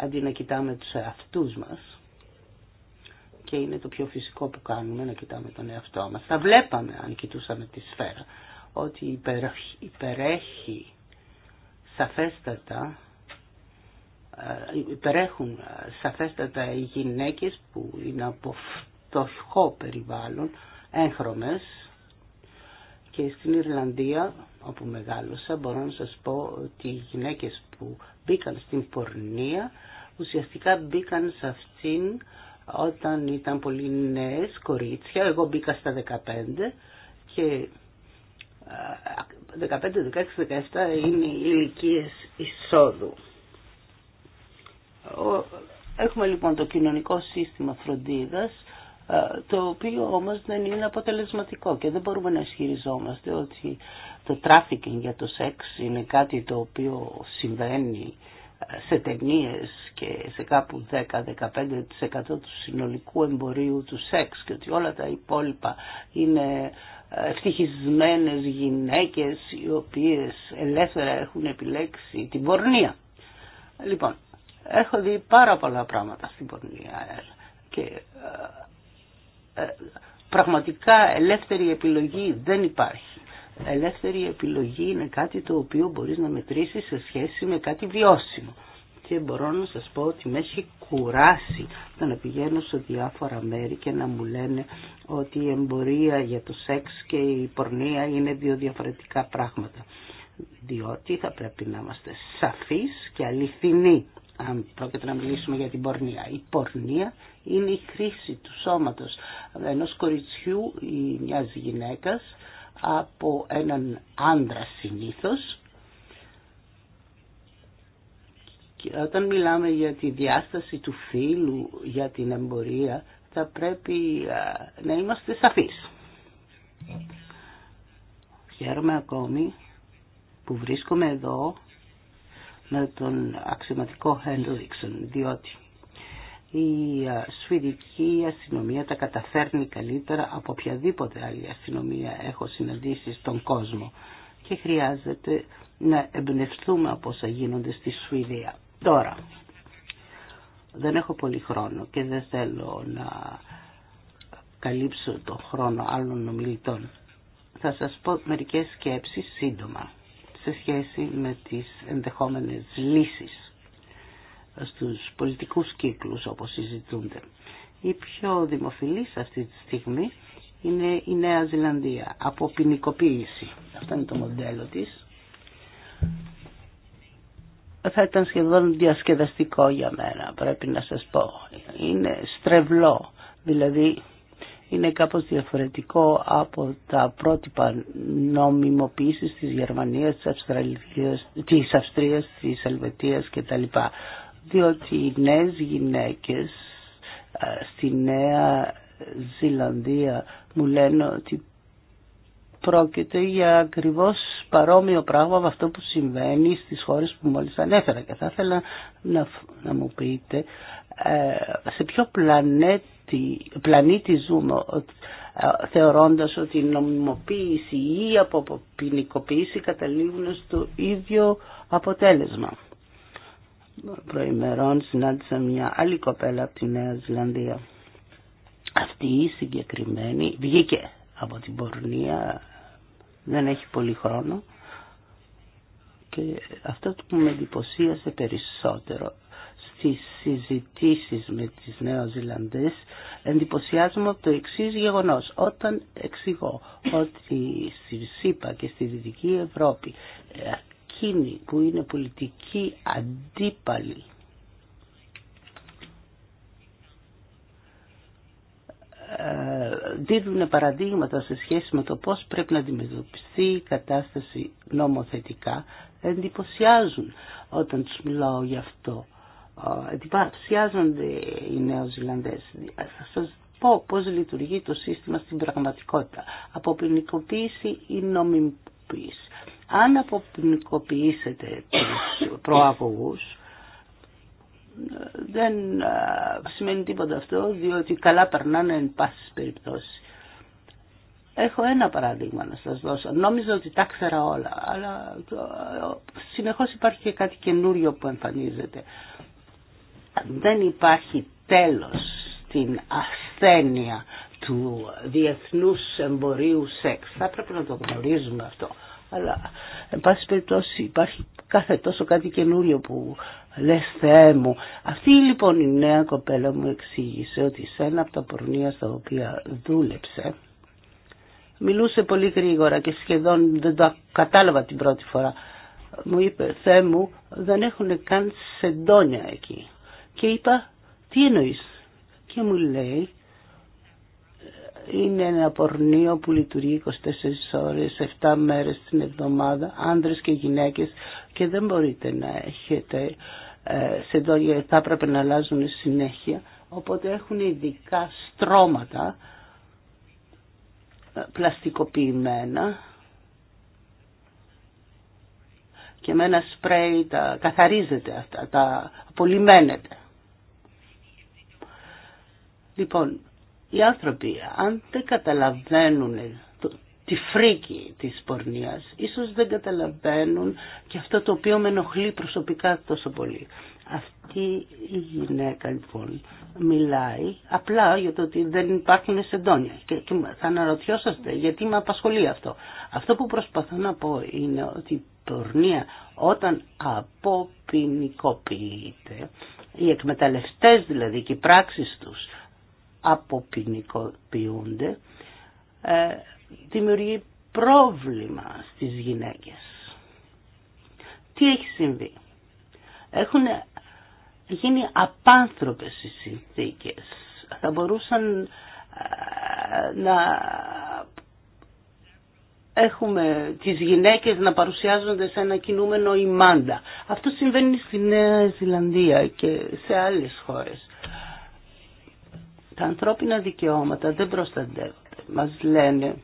αντί να κοιτάμε τους εαυτούς μας και είναι το πιο φυσικό που κάνουμε να κοιτάμε τον εαυτό μας. Θα βλέπαμε αν κοιτούσαμε τη σφαίρα ότι υπερέχει σαφέστατα ε, υπερέχουν ε, σαφέστατα οι γυναίκες που είναι από φτωχό περιβάλλον, έγχρωμες και στην Ιρλανδία όπου μεγάλωσα μπορώ να σας πω ότι οι γυναίκες που μπήκαν στην πορνεία ουσιαστικά μπήκαν σε αυτήν όταν ήταν πολύ νέες κορίτσια, εγώ μπήκα στα 15 και 15, 16, 17 είναι οι ηλικίες εισόδου. Έχουμε λοιπόν το κοινωνικό σύστημα φροντίδας, ε, το οποίο όμως δεν είναι αποτελεσματικό και δεν μπορούμε να ισχυριζόμαστε ότι το τράφικινγκ για το σεξ είναι κάτι το οποίο συμβαίνει ε, σε ταινίε και σε κάπου 10-15% του συνολικού εμπορίου του σεξ και ότι όλα τα υπόλοιπα είναι ε, ευτυχισμένες γυναίκες οι οποίες ελεύθερα έχουν επιλέξει την πορνεία. Λοιπόν, Έχω δει πάρα πολλά πράγματα στην πορνεία και ε, ε, πραγματικά ελεύθερη επιλογή δεν υπάρχει. Ελεύθερη επιλογή είναι κάτι το οποίο μπορείς να μετρήσεις σε σχέση με κάτι βιώσιμο. Και μπορώ να σας πω ότι με έχει κουράσει το να πηγαίνω σε διάφορα μέρη και να μου λένε ότι η εμπορία για το σεξ και η πορνεία είναι δύο διαφορετικά πράγματα. Διότι θα πρέπει να είμαστε σαφείς και αληθινοί αν πρόκειται να μιλήσουμε για την πορνεία. Η πορνεία είναι η χρήση του σώματος ενός κοριτσιού ή μιας γυναίκας από έναν άντρα συνήθως και όταν μιλάμε για τη διάσταση του φίλου για την εμπορία θα πρέπει να είμαστε σαφείς. Χαίρομαι ακόμη που βρίσκομαι εδώ με τον αξιωματικό Χέντριξον, διότι η σουηδική αστυνομία τα καταφέρνει καλύτερα από οποιαδήποτε άλλη αστυνομία έχω συναντήσει στον κόσμο και χρειάζεται να εμπνευστούμε από όσα γίνονται στη Σουηδία. Τώρα, δεν έχω πολύ χρόνο και δεν θέλω να καλύψω τον χρόνο άλλων ομιλητών. Θα σας πω μερικές σκέψεις σύντομα σε σχέση με τις ενδεχόμενες λύσεις στους πολιτικούς κύκλους όπως συζητούνται. Η πιο δημοφιλής αυτή τη στιγμή είναι η Νέα Ζηλανδία από ποινικοποίηση. Αυτό είναι το μοντέλο της. Θα ήταν σχεδόν διασκεδαστικό για μένα, πρέπει να σας πω. Είναι στρεβλό, δηλαδή είναι κάπως διαφορετικό από τα πρότυπα νομιμοποίησης της Γερμανίας, της, Αυστραλίας, της Αυστρίας, της Ελβετίας κτλ. Διότι οι νέες γυναίκες ε, στη Νέα Ζηλανδία μου λένε ότι πρόκειται για ακριβώς παρόμοιο πράγμα με αυτό που συμβαίνει στις χώρες που μόλις ανέφερα. Και θα ήθελα να, να μου πείτε ε, σε ποιο πλανέτη ότι πλανήτη ζούμε θεωρώντας ότι η νομιμοποίηση ή η αποποινικοποίηση καταλήγουν στο ίδιο αποτέλεσμα. Προημερών συνάντησα μια άλλη κοπέλα από τη Νέα Ζηλανδία. Αυτή η συγκεκριμένη βγήκε από την πορνεία, δεν έχει πολύ χρόνο και αυτό που με εντυπωσίασε περισσότερο στις συζητήσεις με τις Νέο Ζηλανδές εντυπωσιάζομαι από το εξή γεγονός. Όταν εξηγώ ότι στη ΣΥΠΑ και στη Δυτική Ευρώπη ε, εκείνοι που είναι πολιτικοί αντίπαλοι ε, δίδουν παραδείγματα σε σχέση με το πώς πρέπει να αντιμετωπιστεί η κατάσταση νομοθετικά, εντυπωσιάζουν όταν τους μιλάω γι' αυτό τι οι Νέο Ζηλανδές. Θα σας πω πώς λειτουργεί το σύστημα στην πραγματικότητα. Αποποινικοποίηση ή νομιμοποίηση. Αν αποποινικοποιήσετε τους προαγωγούς, δεν σημαίνει τίποτα αυτό, διότι καλά περνάνε εν πάση περιπτώσει. Έχω ένα παράδειγμα να σας δώσω. Νόμιζα ότι τα ξέρα όλα, αλλά συνεχώς υπάρχει και κάτι καινούριο που εμφανίζεται δεν υπάρχει τέλος στην ασθένεια του διεθνούς εμπορίου σεξ. Θα πρέπει να το γνωρίζουμε αυτό. Αλλά, εν πάση περιπτώσει, υπάρχει κάθε τόσο κάτι καινούριο που λες Θεέ μου. Αυτή λοιπόν η νέα κοπέλα μου εξήγησε ότι σε ένα από τα πορνεία στα οποία δούλεψε, μιλούσε πολύ γρήγορα και σχεδόν δεν το κατάλαβα την πρώτη φορά, μου είπε «Θεέ μου, δεν έχουν καν σεντόνια εκεί» και είπα τι εννοεί. και μου λέει είναι ένα πορνείο που λειτουργεί 24 ώρες, 7 μέρες την εβδομάδα, άνδρες και γυναίκες και δεν μπορείτε να έχετε ε, σε δόντια, θα έπρεπε να αλλάζουν συνέχεια. Οπότε έχουν ειδικά στρώματα ε, πλαστικοποιημένα και με ένα σπρέι τα καθαρίζεται αυτά, τα απολυμένεται. Λοιπόν, οι άνθρωποι αν δεν καταλαβαίνουν τη φρίκη της πορνείας, ίσως δεν καταλαβαίνουν και αυτό το οποίο με ενοχλεί προσωπικά τόσο πολύ. Αυτή η γυναίκα λοιπόν μιλάει απλά για το ότι δεν υπάρχουν σεντόνια και, και θα αναρωτιόσαστε γιατί με απασχολεί αυτό. Αυτό που προσπαθώ να πω είναι ότι η πορνεία όταν αποποινικοποιείται, οι εκμεταλλευτές δηλαδή και οι πράξεις τους αποποινικοποιούνται ε, δημιουργεί πρόβλημα στις γυναίκες. Τι έχει συμβεί. Έχουν γίνει απάνθρωπες οι συνθήκες. Θα μπορούσαν ε, να έχουμε τις γυναίκες να παρουσιάζονται σε ένα κινούμενο ημάντα. Αυτό συμβαίνει στη Νέα Ζηλανδία και σε άλλες χώρες. Τα ανθρώπινα δικαιώματα δεν προστατεύονται. Μας λένε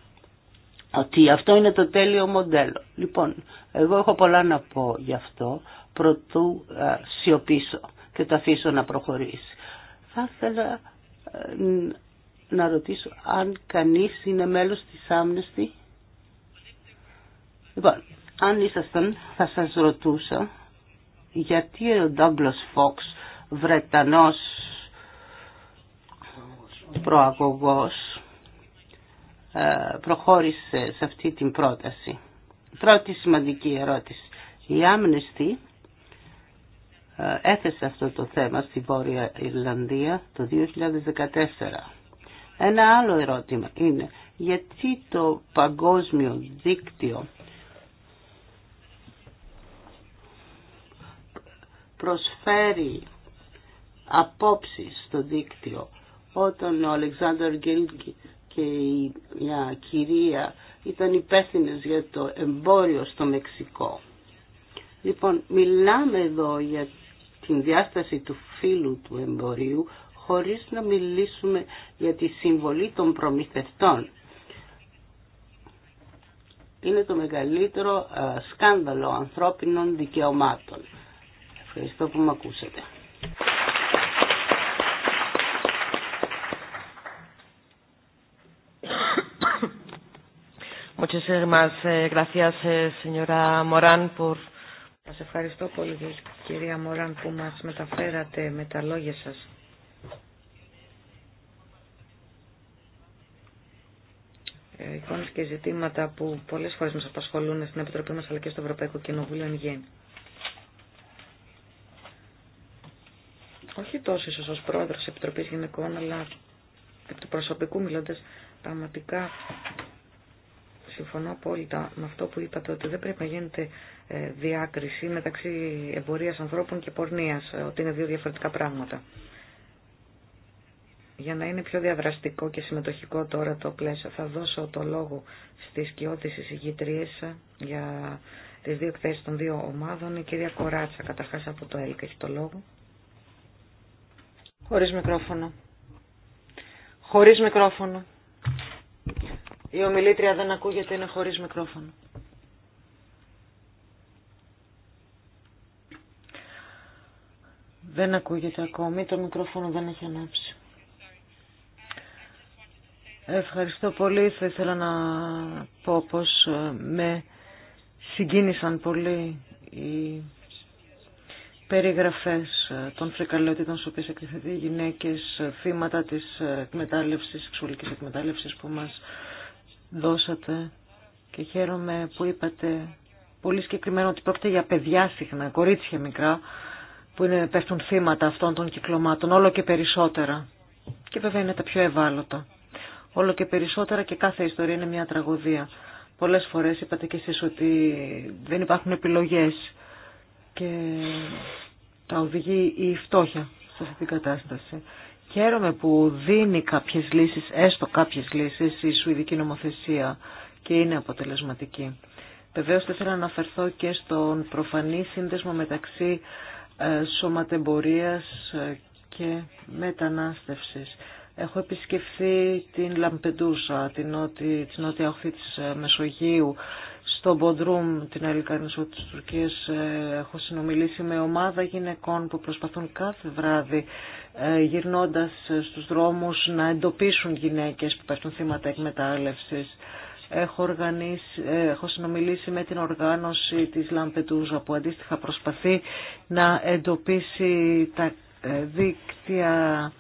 ότι αυτό είναι το τέλειο μοντέλο. Λοιπόν, εγώ έχω πολλά να πω γι' αυτό, προτού σιωπήσω και το αφήσω να προχωρήσει. Θα ήθελα να ρωτήσω αν κανείς είναι μέλος της Άμνεστη. Λοιπόν, αν ήσασταν θα σας ρωτούσα γιατί ο Ντόγκλος Φόξ, Βρετανός προαγωγός ε, προχώρησε σε αυτή την πρόταση. Πρώτη σημαντική ερώτηση. Η Άμνηστη ε, έθεσε αυτό το θέμα στη Βόρεια Ιρλανδία το 2014. Ένα άλλο ερώτημα είναι γιατί το παγκόσμιο δίκτυο προσφέρει απόψεις στο δίκτυο όταν ο Αλεξάνδρ Γκίλ και η μια κυρία ήταν υπεύθυνε για το εμπόριο στο Μεξικό. Λοιπόν, μιλάμε εδώ για την διάσταση του φύλου του εμπορίου χωρίς να μιλήσουμε για τη συμβολή των προμηθευτών. Είναι το μεγαλύτερο σκάνδαλο ανθρώπινων δικαιωμάτων. Ευχαριστώ που με ακούσατε. Muchísimas eh, eh, ευχαριστώ πολύ, κυρία Μωράν, που μα μεταφέρατε με τα λόγια σα. Ε, Εικόνε και ζητήματα που πολλέ φορέ μα απασχολούν στην Επιτροπή μα αλλά και στο Ευρωπαϊκό Κοινοβούλιο εν γέννη. Όχι τόσο ίσω ω πρόεδρο της Επιτροπής Γυναικών αλλά εκ του προσωπικού μιλώντα πραγματικά συμφωνώ απόλυτα με αυτό που είπατε ότι δεν πρέπει να γίνεται ε, διάκριση μεταξύ εμπορίας ανθρώπων και πορνείας, ε, ότι είναι δύο διαφορετικά πράγματα. Για να είναι πιο διαδραστικό και συμμετοχικό τώρα το πλαίσιο, θα δώσω το λόγο στις κοιότητες εισηγητρίες για τις δύο εκθέσεις των δύο ομάδων. Η κυρία Κοράτσα, καταρχάς από το ΕΛΚ, έχει το λόγο. Χωρίς μικρόφωνο. Χωρίς μικρόφωνο. Η ομιλήτρια δεν ακούγεται, είναι χωρίς μικρόφωνο. Δεν ακούγεται ακόμη, το μικρόφωνο δεν έχει ανάψει. Ευχαριστώ πολύ. Θα ήθελα να πω πως ε, με συγκίνησαν πολύ οι περιγραφές ε, των φρικαλαιότητων στις οποίες εκτιθέτει οι γυναίκες, ε, θύματα της εκμετάλλευσης, σεξουαλικής εκμετάλλευσης που μας δώσατε και χαίρομαι που είπατε πολύ συγκεκριμένο ότι πρόκειται για παιδιά συχνά, κορίτσια μικρά, που είναι, πέφτουν θύματα αυτών των κυκλωμάτων, όλο και περισσότερα. Και βέβαια είναι τα πιο ευάλωτα. Όλο και περισσότερα και κάθε ιστορία είναι μια τραγωδία. Πολλές φορές είπατε και εσείς ότι δεν υπάρχουν επιλογές και τα οδηγεί η φτώχεια σε αυτή την κατάσταση. Χαίρομαι που δίνει κάποιες λύσεις, έστω κάποιες λύσεις, η Σουηδική νομοθεσία και είναι αποτελεσματική. Βεβαίως θα ήθελα να αναφερθώ και στον προφανή σύνδεσμο μεταξύ ε, σωματεμπορίας ε, και μετανάστευσης. Έχω επισκεφθεί την Λαμπεντούσα, την νότια οχθή της ε, Μεσογείου, στο Μποντρούμ, την άλλη καρνισό της Τουρκίας, ε, έχω συνομιλήσει με ομάδα γυναικών που προσπαθούν κάθε βράδυ ε, γυρνώντας ε, στους δρόμους να εντοπίσουν γυναίκες που πέφτουν θύματα εκμετάλλευσης. Έχω, έχω συνομιλήσει με την οργάνωση της Λαμπετούζα που αντίστοιχα προσπαθεί να εντοπίσει τα δίκτυα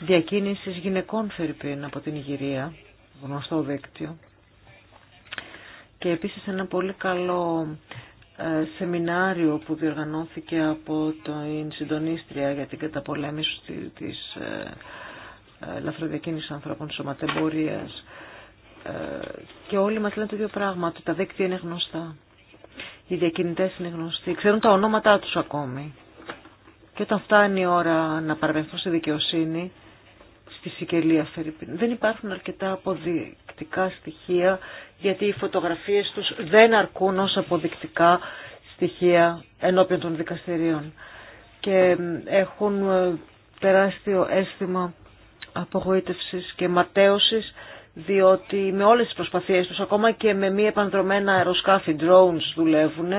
διακίνησης γυναικών Φερρυπίν από την Ιγυρία, γνωστό δίκτυο και επίσης ένα πολύ καλό ε, σεμινάριο που διοργανώθηκε από την συντονίστρια για την καταπολέμηση της ε, ε, λαφροδιακίνησης ανθρώπων σωματεμπορίας και όλοι μας λένε το ίδιο πράγμα, ότι τα δίκτυα είναι γνωστά. Οι διακινητές είναι γνωστοί, ξέρουν τα ονόματά τους ακόμη. Και όταν φτάνει η ώρα να παραμεθούν στη δικαιοσύνη, στη Σικελία δεν υπάρχουν αρκετά αποδει αποδεικτικά στοιχεία, γιατί οι φωτογραφίες τους δεν αρκούν ως αποδεικτικά στοιχεία ενώπιον των δικαστηρίων. Και έχουν ε, τεράστιο αίσθημα απογοήτευσης και ματέωσης, διότι με όλες τις προσπαθίες τους, ακόμα και με μη επανδρομένα αεροσκάφη, drones δουλεύουν,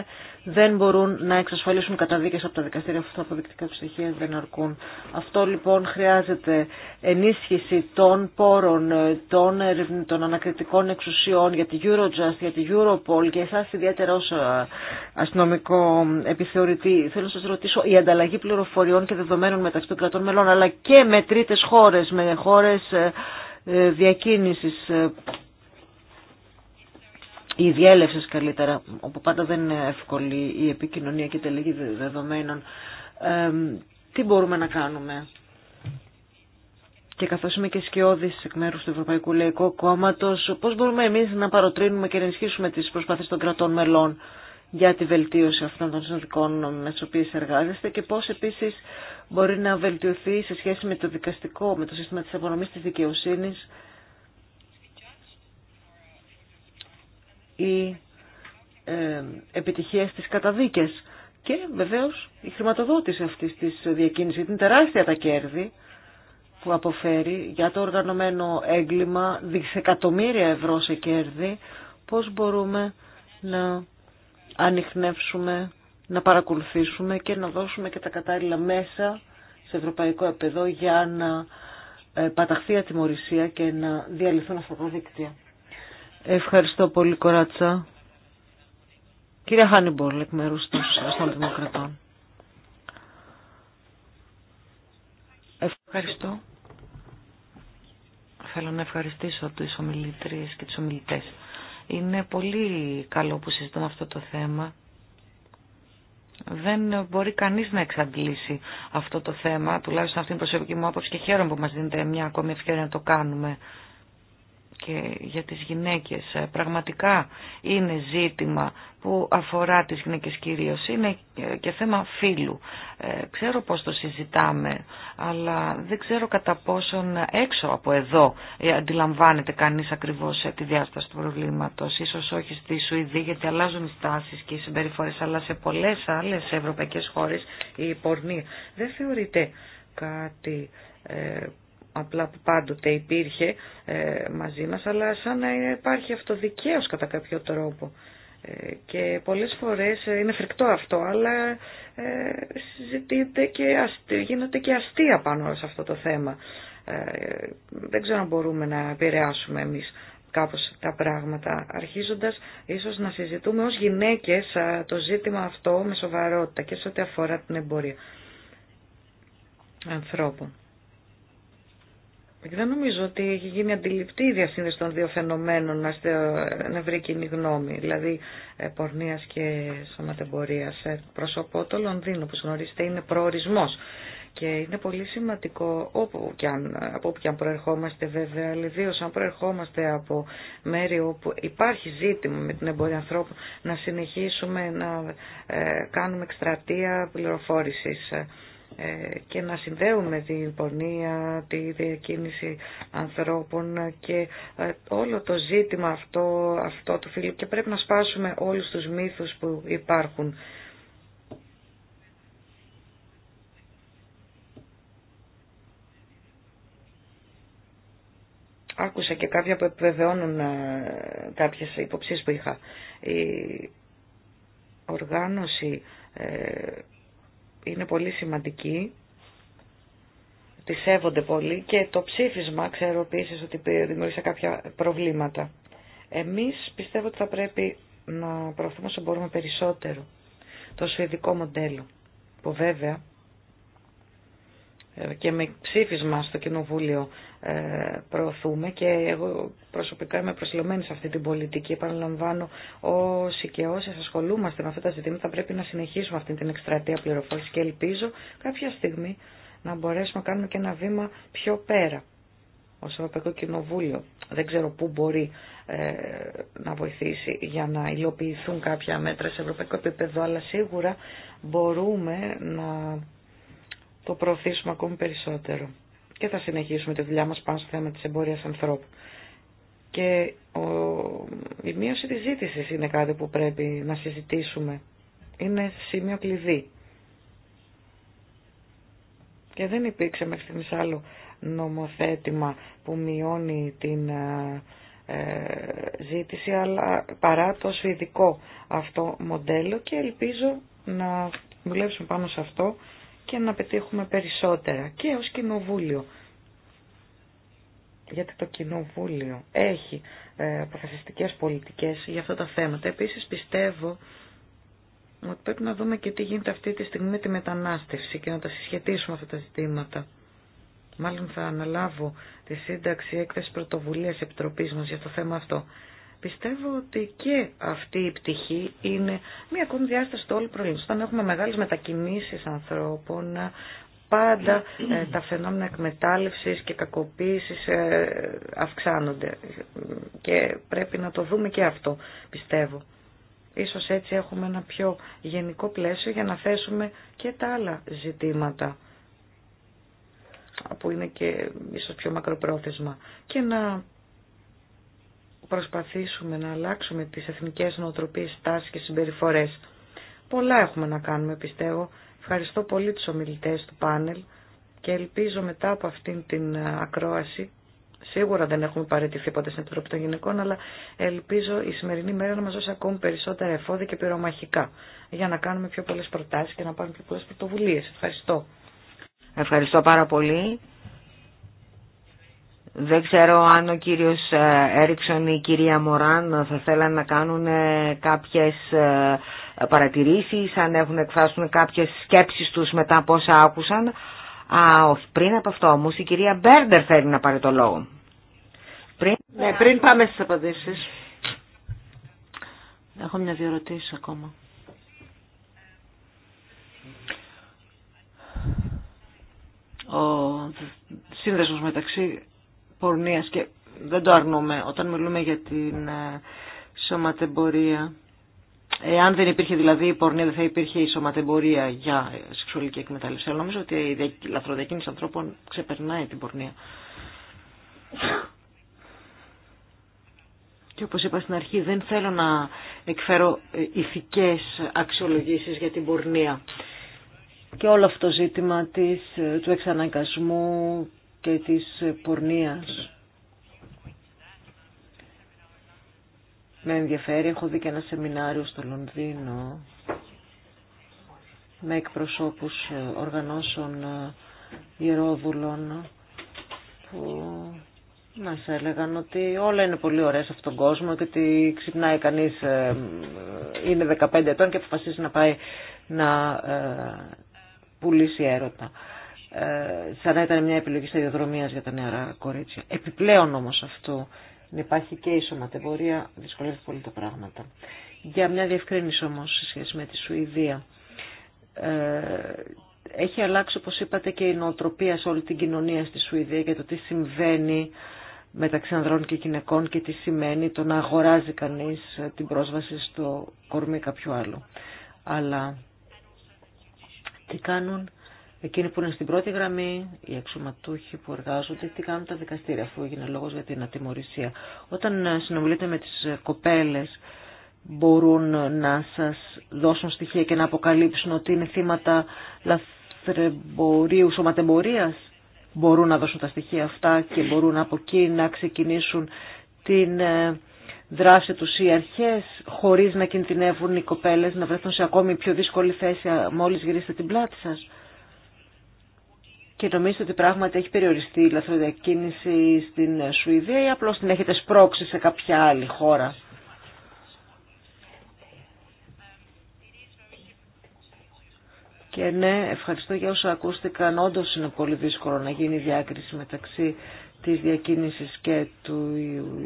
δεν μπορούν να εξασφαλίσουν καταδίκες από τα δικαστήρια αφού τα αποδεικτικά του στοιχεία δεν αρκούν. Αυτό λοιπόν χρειάζεται ενίσχυση των πόρων, των, των ανακριτικών εξουσιών για τη Eurojust, για τη Europol και εσάς ιδιαίτερα ως ε, αστυνομικό επιθεωρητή. Θέλω να σας ρωτήσω, η ανταλλαγή πληροφοριών και δεδομένων μεταξύ των κρατών μελών αλλά και με τρίτες χώρες, με χώρες ε, ε, διακίνησης η διέλευση καλύτερα, όπου πάντα δεν είναι εύκολη η επικοινωνία και η τελική δεδομένων. Ε, τι μπορούμε να κάνουμε. Και καθώς είμαι και σκιώδης εκ μέρους του Ευρωπαϊκού Λαϊκού Κόμματος, πώς μπορούμε εμείς να παροτρύνουμε και να ενισχύσουμε τις προσπάθειες των κρατών μελών για τη βελτίωση αυτών των συνοδικών με τις οποίες εργάζεστε και πώς επίσης μπορεί να βελτιωθεί σε σχέση με το δικαστικό, με το σύστημα της απονομής της δικαιοσύνης, οι ε, επιτυχίες της καταδίκες. Και βεβαίως η χρηματοδότηση αυτής της διακίνησης είναι τεράστια τα κέρδη που αποφέρει για το οργανωμένο έγκλημα, δισεκατομμύρια ευρώ σε κέρδη, πώς μπορούμε να ανοιχνεύσουμε, να παρακολουθήσουμε και να δώσουμε και τα κατάλληλα μέσα σε ευρωπαϊκό επίπεδο για να ε, παταχθεί ατιμορρησία και να διαλυθούν αυτά τα δίκτυα. Ευχαριστώ πολύ, Κοράτσα. Κύριε Χάνιμπολ, εκ μέρου των Δημοκρατών. Ευχαριστώ. Θέλω να ευχαριστήσω τι ομιλητρίε και του ομιλητέ. Είναι πολύ καλό που συζητούμε αυτό το θέμα. Δεν μπορεί κανείς να εξαντλήσει αυτό το θέμα, τουλάχιστον αυτή την η προσωπική μου άποψη και χαίρομαι που μας δίνετε μια ακόμη ευκαιρία να το κάνουμε και για τις γυναίκες ε, πραγματικά είναι ζήτημα που αφορά τις γυναίκες κυρίως, είναι ε, και θέμα φίλου. Ε, ξέρω πώς το συζητάμε, αλλά δεν ξέρω κατά πόσον έξω από εδώ αντιλαμβάνεται κανείς ακριβώς τη διάσταση του προβλήματος. Ίσως όχι στη Σουηδή γιατί αλλάζουν οι στάσεις και οι συμπεριφορές, αλλά σε πολλές άλλες ευρωπαϊκές χώρες η πορνή δεν θεωρείται κάτι απλά που πάντοτε υπήρχε ε, μαζί μας, αλλά σαν να υπάρχει αυτοδικαίως κατά κάποιο τρόπο. Ε, και πολλές φορές ε, είναι φρικτό αυτό, αλλά συζητείται και αστεί, και αστεία πάνω σε αυτό το θέμα. Δεν ξέρω αν μπορούμε να επηρεάσουμε εμείς κάπως τα πράγματα, αρχίζοντας ίσως να συζητούμε ως γυναίκες το ζήτημα αυτό με σοβαρότητα και σε ό,τι αφορά την εμπορία ανθρώπων. Δεν νομίζω ότι έχει γίνει αντιληπτή η διασύνδεση των δύο φαινομένων να βρει κοινή γνώμη, δηλαδή ε, πορνείας και σωματεμπορίας. Ε, Προσωπό το Λονδίνο, που γνωρίζετε, είναι προορισμός και είναι πολύ σημαντικό όπου και από όπου και αν προερχόμαστε βέβαια, αλλά αν προερχόμαστε από μέρη όπου υπάρχει ζήτημα με την εμπορία ανθρώπων, να συνεχίσουμε να ε, κάνουμε εκστρατεία πληροφόρησης. Ε, και να συνδέουμε την πονία, τη διακίνηση ανθρώπων και ε, όλο το ζήτημα αυτό, αυτό του φίλου και πρέπει να σπάσουμε όλους τους μύθους που υπάρχουν. Άκουσα και κάποια που επιβεβαιώνουν ε, κάποιες υποψίες που είχα. Η οργάνωση είναι πολύ σημαντική, τη σέβονται πολύ και το ψήφισμα ξέρω επίση ότι δημιούργησε κάποια προβλήματα. Εμείς πιστεύω ότι θα πρέπει να προωθούμε όσο μπορούμε περισσότερο το σουηδικό μοντέλο, που βέβαια ε, και με ψήφισμα στο Κοινοβούλιο ε, προωθούμε και εγώ προσωπικά είμαι προσλημμένη σε αυτή την πολιτική. Επαναλαμβάνω, όσοι και όσε ασχολούμαστε με αυτά τα ζητήματα πρέπει να συνεχίσουμε αυτή την εκστρατεία πληροφόρηση και ελπίζω κάποια στιγμή να μπορέσουμε να κάνουμε και ένα βήμα πιο πέρα ω Ευρωπαϊκό Κοινοβούλιο. Δεν ξέρω πού μπορεί ε, να βοηθήσει για να υλοποιηθούν κάποια μέτρα σε ευρωπαϊκό επίπεδο, αλλά σίγουρα μπορούμε να το προωθήσουμε ακόμη περισσότερο. Και θα συνεχίσουμε τη δουλειά μας πάνω στο θέμα της εμπόριας ανθρώπου. Και ο, η μείωση της ζήτησης είναι κάτι που πρέπει να συζητήσουμε. Είναι σημείο κλειδί. Και δεν υπήρξε μέχρι στιγμής άλλο νομοθέτημα που μειώνει την ε, ε, ζήτηση, αλλά παρά το σφιδικό αυτό μοντέλο και ελπίζω να δουλέψουμε πάνω σε αυτό και να πετύχουμε περισσότερα και ως κοινοβούλιο. Γιατί το κοινοβούλιο έχει ε, αποφασιστικές πολιτικές για αυτά τα θέματα. Επίσης πιστεύω ότι πρέπει να δούμε και τι γίνεται αυτή τη στιγμή με τη μετανάστευση και να τα συσχετίσουμε αυτά τα ζητήματα. Μάλλον θα αναλάβω τη σύνταξη έκθεση πρωτοβουλίας επιτροπής μας για το θέμα αυτό. Πιστεύω ότι και αυτή η πτυχή είναι μια ακόμη διάσταση του όλου προβλήματος. Όταν έχουμε μεγάλες μετακινήσεις ανθρώπων, πάντα ε, τα φαινόμενα εκμετάλλευσης και κακοποίησης ε, αυξάνονται και πρέπει να το δούμε και αυτό πιστεύω. Ίσως έτσι έχουμε ένα πιο γενικό πλαίσιο για να θέσουμε και τα άλλα ζητήματα που είναι και ίσως πιο μακροπρόθεσμα και να προσπαθήσουμε να αλλάξουμε τις εθνικές νοοτροπίες, τάσεις και συμπεριφορές. Πολλά έχουμε να κάνουμε πιστεύω. Ευχαριστώ πολύ τους ομιλητές του πάνελ και ελπίζω μετά από αυτήν την ε, ακρόαση Σίγουρα δεν έχουμε παραιτηθεί ποτέ στην Επιτροπή των Γυναικών, αλλά ελπίζω η σημερινή μέρα να μας δώσει ακόμη περισσότερα εφόδια και πυρομαχικά για να κάνουμε πιο πολλές προτάσεις και να πάρουμε πιο πολλές πρωτοβουλίες. Ευχαριστώ. Ευχαριστώ πάρα πολύ. Δεν ξέρω αν ο κύριος ε, Έριξον ή η κυρία Μωράν θα θέλαν να κάνουν ε, κάποιες ε, παρατηρήσεις, αν έχουν εκφράσουν κάποιες σκέψεις τους μετά από όσα άκουσαν. Α, όχι, πριν από αυτό όμως η κυρία Μπέρντερ θέλει να κανουν καποιες παρατηρησεις αν εχουν εκφρασουν καποιες σκεψεις τους μετα απο οσα ακουσαν α πριν απο αυτο ομως η κυρια μπερντερ θελει να παρει το λόγο. Πριν... Ναι, πριν πάμε στις απαντήσεις. Έχω μια δύο ερωτήσεις ακόμα. Ο σύνδεσμος μεταξύ πορνείας και δεν το αρνούμε όταν μιλούμε για την ε, σωματεμπορία. Εάν δεν υπήρχε δηλαδή η πορνεία δεν θα υπήρχε η σωματεμπορία για σεξουαλική εκμετάλλευση. Αλλά νομίζω ότι η λαθροδιακίνηση ανθρώπων ξεπερνάει την πορνεία. Και όπως είπα στην αρχή δεν θέλω να εκφέρω ε, ηθικές αξιολογήσεις για την πορνεία. Και όλο αυτό το ζήτημα της, ε, του εξαναγκασμού, και της πορνείας. Με ενδιαφέρει, έχω δει και ένα σεμινάριο στο Λονδίνο με εκπροσώπους οργανώσεων ιερόδουλων που μας έλεγαν ότι όλα είναι πολύ ωραία σε αυτόν τον κόσμο και ότι ξυπνάει κανείς, ε, είναι 15 ετών και αποφασίζει να πάει να ε, πουλήσει έρωτα. Ε, σαν να ήταν μια επιλογή σταδιοδρομίας για τα νεαρά κορίτσια. Επιπλέον όμως αυτό να υπάρχει και η σωματεμπορία δυσκολεύει πολύ τα πράγματα. Για μια διευκρίνηση όμως σε σχέση με τη Σουηδία. Ε, έχει αλλάξει όπως είπατε και η νοοτροπία σε όλη την κοινωνία στη Σουηδία για το τι συμβαίνει μεταξύ ανδρών και γυναικών και τι σημαίνει το να αγοράζει κανείς την πρόσβαση στο κορμί κάποιου άλλου. Αλλά τι κάνουν Εκείνοι που είναι στην πρώτη γραμμή, οι αξιωματούχοι που εργάζονται, τι κάνουν τα δικαστήρια, αφού έγινε λόγος για την ατιμορρησία. Όταν ε, συνομιλείτε με τι ε, κοπέλε μπορούν να σα δώσουν στοιχεία και να αποκαλύψουν ότι είναι θύματα λαθρεμπορίου, σωματεμπορίας. Μπορούν να δώσουν τα στοιχεία αυτά και μπορούν από εκεί να ξεκινήσουν την ε, δράση του οι αρχέ χωρί να κινδυνεύουν οι κοπέλε, να βρεθούν σε ακόμη πιο δύσκολη θέση μόλι γυρίσετε την πλάτη σα και νομίζετε ότι πράγματι έχει περιοριστεί η λαθροδιακίνηση στην Σουηδία ή απλώς την έχετε σπρώξει σε κάποια άλλη χώρα. Και ναι, ευχαριστώ για όσα ακούστηκαν. Όντω είναι πολύ δύσκολο να γίνει διάκριση μεταξύ της διακίνησης και του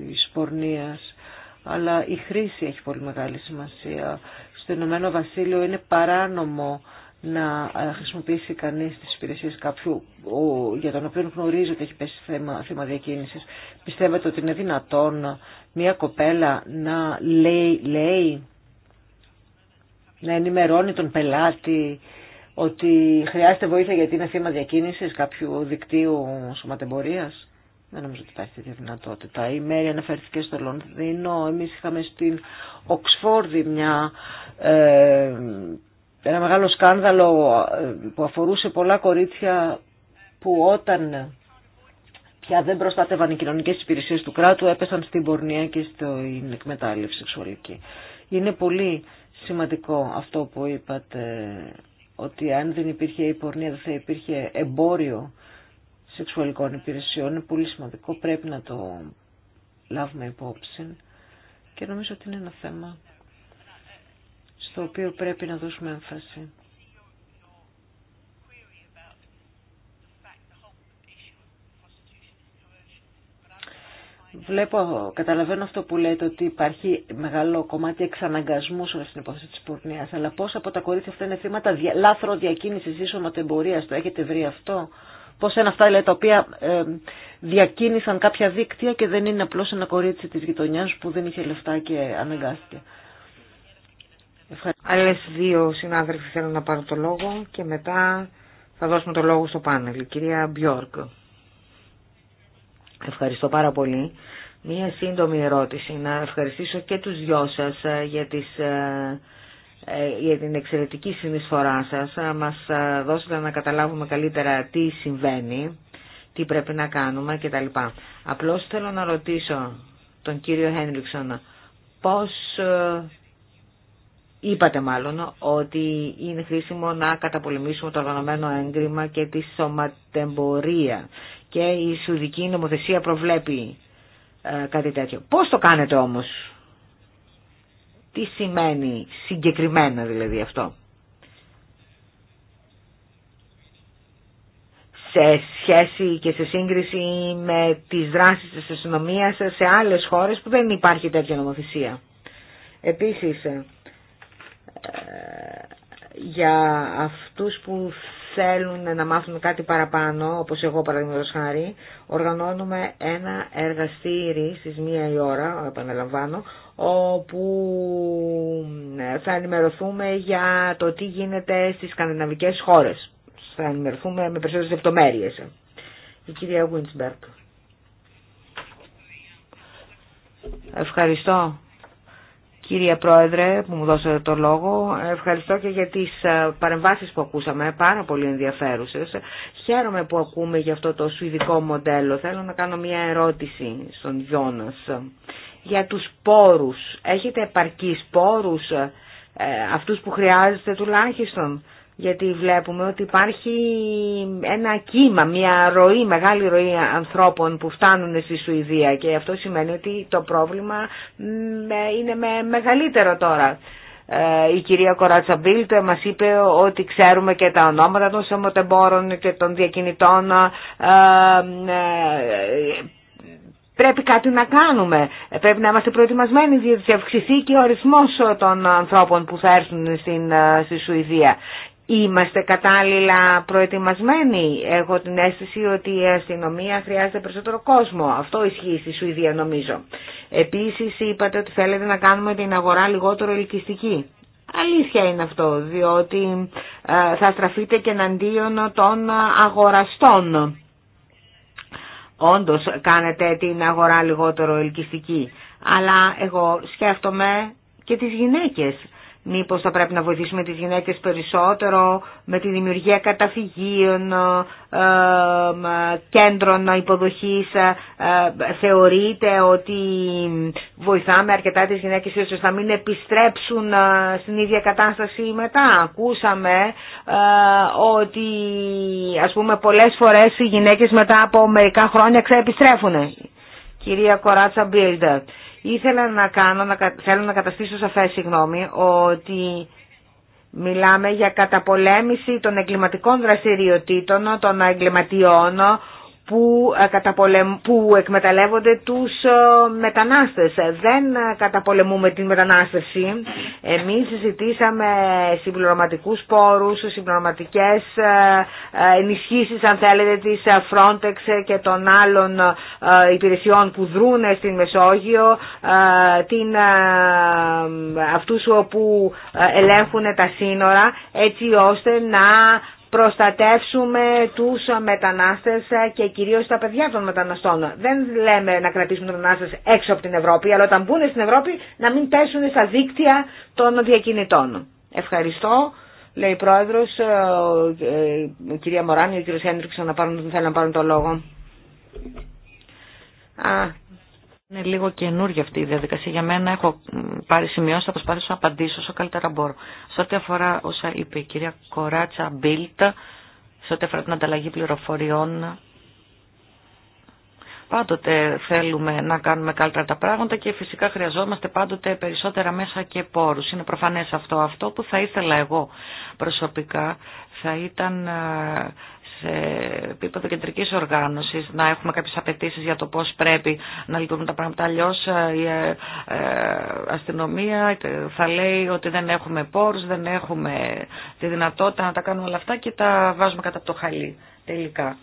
εισπορνίας. Αλλά η χρήση έχει πολύ μεγάλη σημασία. Στο Ηνωμένο Βασίλειο είναι παράνομο να ε, χρησιμοποιήσει κανείς τις υπηρεσίες κάποιου για τον οποίο γνωρίζει ότι έχει πέσει θέμα, θέμα διακίνησης. Πιστεύετε ότι είναι δυνατόν μια κοπέλα να λέει, λέει να ενημερώνει τον πελάτη ότι χρειάζεται βοήθεια γιατί είναι θέμα διακίνησης κάποιου δικτύου σωματεμπορίας. Δεν νομίζω ότι υπάρχει τέτοια δυνατότητα. Η Μέρη αναφέρθηκε στο Λονδίνο. Εμείς είχαμε στην Οξφόρδη μια ε, ένα μεγάλο σκάνδαλο ε, που αφορούσε πολλά κορίτσια που όταν πια δεν προστάτευαν οι κοινωνικές υπηρεσίες του κράτου έπεσαν στην πορνεία και στην εκμετάλλευση σεξουαλική. Είναι πολύ σημαντικό αυτό που είπατε ότι αν δεν υπήρχε η πορνεία δεν θα υπήρχε εμπόριο σεξουαλικών υπηρεσιών. Είναι πολύ σημαντικό, πρέπει να το λάβουμε υπόψη και νομίζω ότι είναι ένα θέμα στο οποίο πρέπει να δώσουμε έμφαση. Βλέπω, καταλαβαίνω αυτό που λέτε ότι υπάρχει μεγάλο κομμάτι εξαναγκασμού σε στην υπόθεση τη πορνεία. Αλλά πώ από τα κορίτσια αυτά είναι θύματα δια, λάθρο διακίνηση ή σωματεμπορία, το έχετε βρει αυτό. πώ είναι αυτά δηλαδή, τα οποία διακίνησαν κάποια δίκτυα και δεν είναι απλώ ένα κορίτσι τη γειτονιά που δεν είχε λεφτά και αναγκάστηκε. Άλλες δύο συνάδελφοι θέλουν να πάρουν το λόγο και μετά θα δώσουμε το λόγο στο πάνελ. κυρία Μπιόρκ. Ευχαριστώ πάρα πολύ. Μία σύντομη ερώτηση. Να ευχαριστήσω και τους δυο σας ε, για, ε, ε, για την εξαιρετική συνεισφορά σας. Μας δώσετε να καταλάβουμε καλύτερα τι συμβαίνει, τι πρέπει να κάνουμε κτλ. Απλώς θέλω να ρωτήσω τον κύριο Χένριξον πώς Είπατε μάλλον ότι είναι χρήσιμο να καταπολεμήσουμε το οργανωμένο έγκριμα και τη σωματεμπορία και η σουδική νομοθεσία προβλέπει ε, κάτι τέτοιο. Πώς το κάνετε όμως, τι σημαίνει συγκεκριμένα δηλαδή αυτό. σε σχέση και σε σύγκριση με τις δράσεις της αστυνομία σε άλλες χώρες που δεν υπάρχει τέτοια νομοθεσία. Επίσης, για αυτούς που θέλουν να μάθουν κάτι παραπάνω, όπως εγώ παραδείγματος χάρη, οργανώνουμε ένα εργαστήρι στις μία η ώρα, επαναλαμβάνω, όπου ε, θα ενημερωθούμε για το τι γίνεται στις σκανδιναβικές χώρες. Θα ενημερωθούμε με περισσότερες λεπτομέρειες. Η κυρία Γουίντσμπερκ. Ευχαριστώ. Κύριε Πρόεδρε που μου δώσατε το λόγο, ευχαριστώ και για τις παρεμβάσεις που ακούσαμε, πάρα πολύ ενδιαφέρουσες. Χαίρομαι που ακούμε για αυτό το σουηδικό μοντέλο. Θέλω να κάνω μια ερώτηση στον Γιώνας. Για τους πόρους, έχετε επαρκείς πόρους, ε, αυτούς που χρειάζεστε τουλάχιστον γιατί βλέπουμε ότι υπάρχει ένα κύμα, μια ροή, μεγάλη ροή ανθρώπων που φτάνουν στη Σουηδία και αυτό σημαίνει ότι το πρόβλημα ε, είναι μεγαλύτερο τώρα. Ε, η κυρία Κοράτσα Μπίλτ μας είπε ότι ξέρουμε και τα ονόματα των σωματεμπόρων και των διακινητών ε, πρέπει κάτι να κάνουμε. Πρέπει να είμαστε προετοιμασμένοι διότι αυξηθεί και ο αριθμός των ανθρώπων που θα έρθουν στην, στη Σουηδία. Είμαστε κατάλληλα προετοιμασμένοι. Έχω την αίσθηση ότι η αστυνομία χρειάζεται περισσότερο κόσμο. Αυτό ισχύει στη Σουηδία νομίζω. Επίσης είπατε ότι θέλετε να κάνουμε την αγορά λιγότερο ελκυστική. Αλήθεια είναι αυτό, διότι ε, θα στραφείτε και εναντίον των αγοραστών. Όντως κάνετε την αγορά λιγότερο ελκυστική. Αλλά εγώ σκέφτομαι και τις γυναίκες Μήπως θα πρέπει να βοηθήσουμε τις γυναίκες περισσότερο με τη δημιουργία καταφυγίων, ε, ε, κέντρων υποδοχής. Ε, θεωρείτε ότι βοηθάμε αρκετά τις γυναίκες ώστε να μην επιστρέψουν στην ίδια κατάσταση μετά. Ακούσαμε ότι ας πούμε πολλές φορές οι γυναίκες μετά από μερικά χρόνια ξαεπιστρέφουν. Κυρία Κοράτσα Μπίλντερ. Ήθελα να κάνω, να, θέλω να καταστήσω σαφέ, συγγνώμη, ότι μιλάμε για καταπολέμηση των εγκληματικών δραστηριοτήτων, των εγκληματιών, που, ε, που εκμεταλλεύονται τους ε, μετανάστες. Δεν ε, καταπολεμούμε την μετανάστευση. Εμείς συζητήσαμε συμπληρωματικούς πόρους, συμπληρωματικές ενισχύσεις, αν θέλετε, της Frontex και των άλλων υπηρεσιών που δρούν στην Μεσόγειο, την, αυτούς που ελέγχουν τα σύνορα, έτσι ώστε να προστατεύσουμε τους μετανάστες και κυρίως τα παιδιά των μεταναστών. Δεν λέμε να κρατήσουμε τους μετανάστες έξω από την Ευρώπη, αλλά όταν μπουν στην Ευρώπη να μην πέσουν στα δίκτυα των διακινητών. Ευχαριστώ. Λέει η Πρόεδρος, ε, ε, η κυρία Μωράνη, ο κύριος Χέντριξον να θέλουν να πάρουν το λόγο. Α, είναι λίγο καινούργια αυτή η διαδικασία. Για μένα έχω πάρει σημειώσει, θα προσπαθήσω να απαντήσω όσο καλύτερα μπορώ. Σε ό,τι αφορά όσα είπε η κυρία Κοράτσα Μπίλτα, σε ό,τι αφορά την ανταλλαγή πληροφοριών, πάντοτε θέλουμε να κάνουμε καλύτερα τα πράγματα και φυσικά χρειαζόμαστε πάντοτε περισσότερα μέσα και πόρου. Είναι προφανέ αυτό. Αυτό που θα ήθελα εγώ προσωπικά θα ήταν ε, σε επίπεδο κεντρική οργάνωση να έχουμε κάποιε απαιτήσει για το πώ πρέπει να λειτουργούν τα πράγματα. Αλλιώ ε, η ε, ε, αστυνομία θα λέει ότι δεν έχουμε πόρου, δεν έχουμε τη δυνατότητα να τα κάνουμε όλα αυτά και τα βάζουμε κατά το χαλί τελικά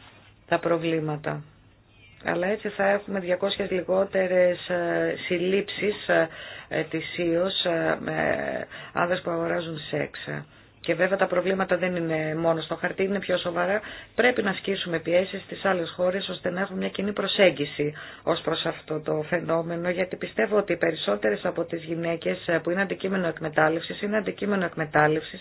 τα προβλήματα. Αλλά έτσι θα έχουμε 200 λιγότερες συλλήψεις τη με άνδρες που αγοράζουν σεξ. Και βέβαια τα προβλήματα δεν είναι μόνο στο χαρτί, είναι πιο σοβαρά. Πρέπει να ασκήσουμε πιέσει στις άλλε χώρε ώστε να έχουμε μια κοινή προσέγγιση ω προ αυτό το φαινόμενο. Γιατί πιστεύω ότι περισσότερες περισσότερε από τι γυναίκε που είναι αντικείμενο εκμετάλλευση είναι αντικείμενο εκμετάλλευση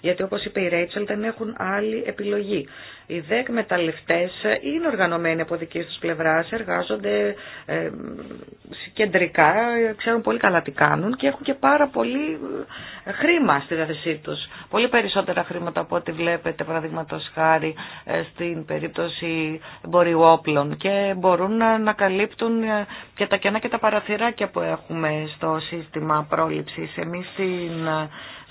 γιατί όπως είπε η Ρέιτσελ δεν έχουν άλλη επιλογή. Οι δε εκμεταλλευτές είναι οργανωμένοι από δική τους πλευρά εργάζονται ε, κεντρικά, ξέρουν πολύ καλά τι κάνουν και έχουν και πάρα πολύ ε, χρήμα στη διάθεσή τους. Πολύ περισσότερα χρήματα από ό,τι βλέπετε, παραδείγματο χάρη, ε, στην περίπτωση όπλων και μπορούν να καλύπτουν ε, και τα κενά και τα παραθυράκια που έχουμε στο σύστημα πρόληψης. Εμείς στην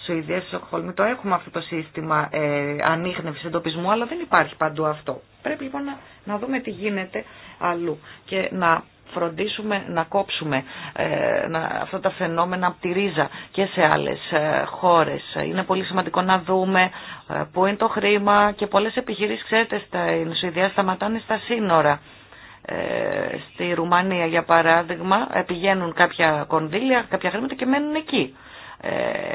Σουηδία, στη το έχουμε αυτό το σύστημα ε, ανείχνευση εντοπισμού, αλλά δεν υπάρχει παντού αυτό. Πρέπει λοιπόν να, να δούμε τι γίνεται αλλού και να φροντίσουμε να κόψουμε ε, να, αυτά τα φαινόμενα από τη ρίζα και σε άλλες ε, χώρες. Είναι πολύ σημαντικό να δούμε ε, πού είναι το χρήμα και πολλές επιχειρήσεις, ξέρετε, στα Σουηδία σταματάνε στα σύνορα. Ε, στη Ρουμανία, για παράδειγμα, πηγαίνουν κάποια κονδύλια, κάποια χρήματα και μένουν εκεί. Ε,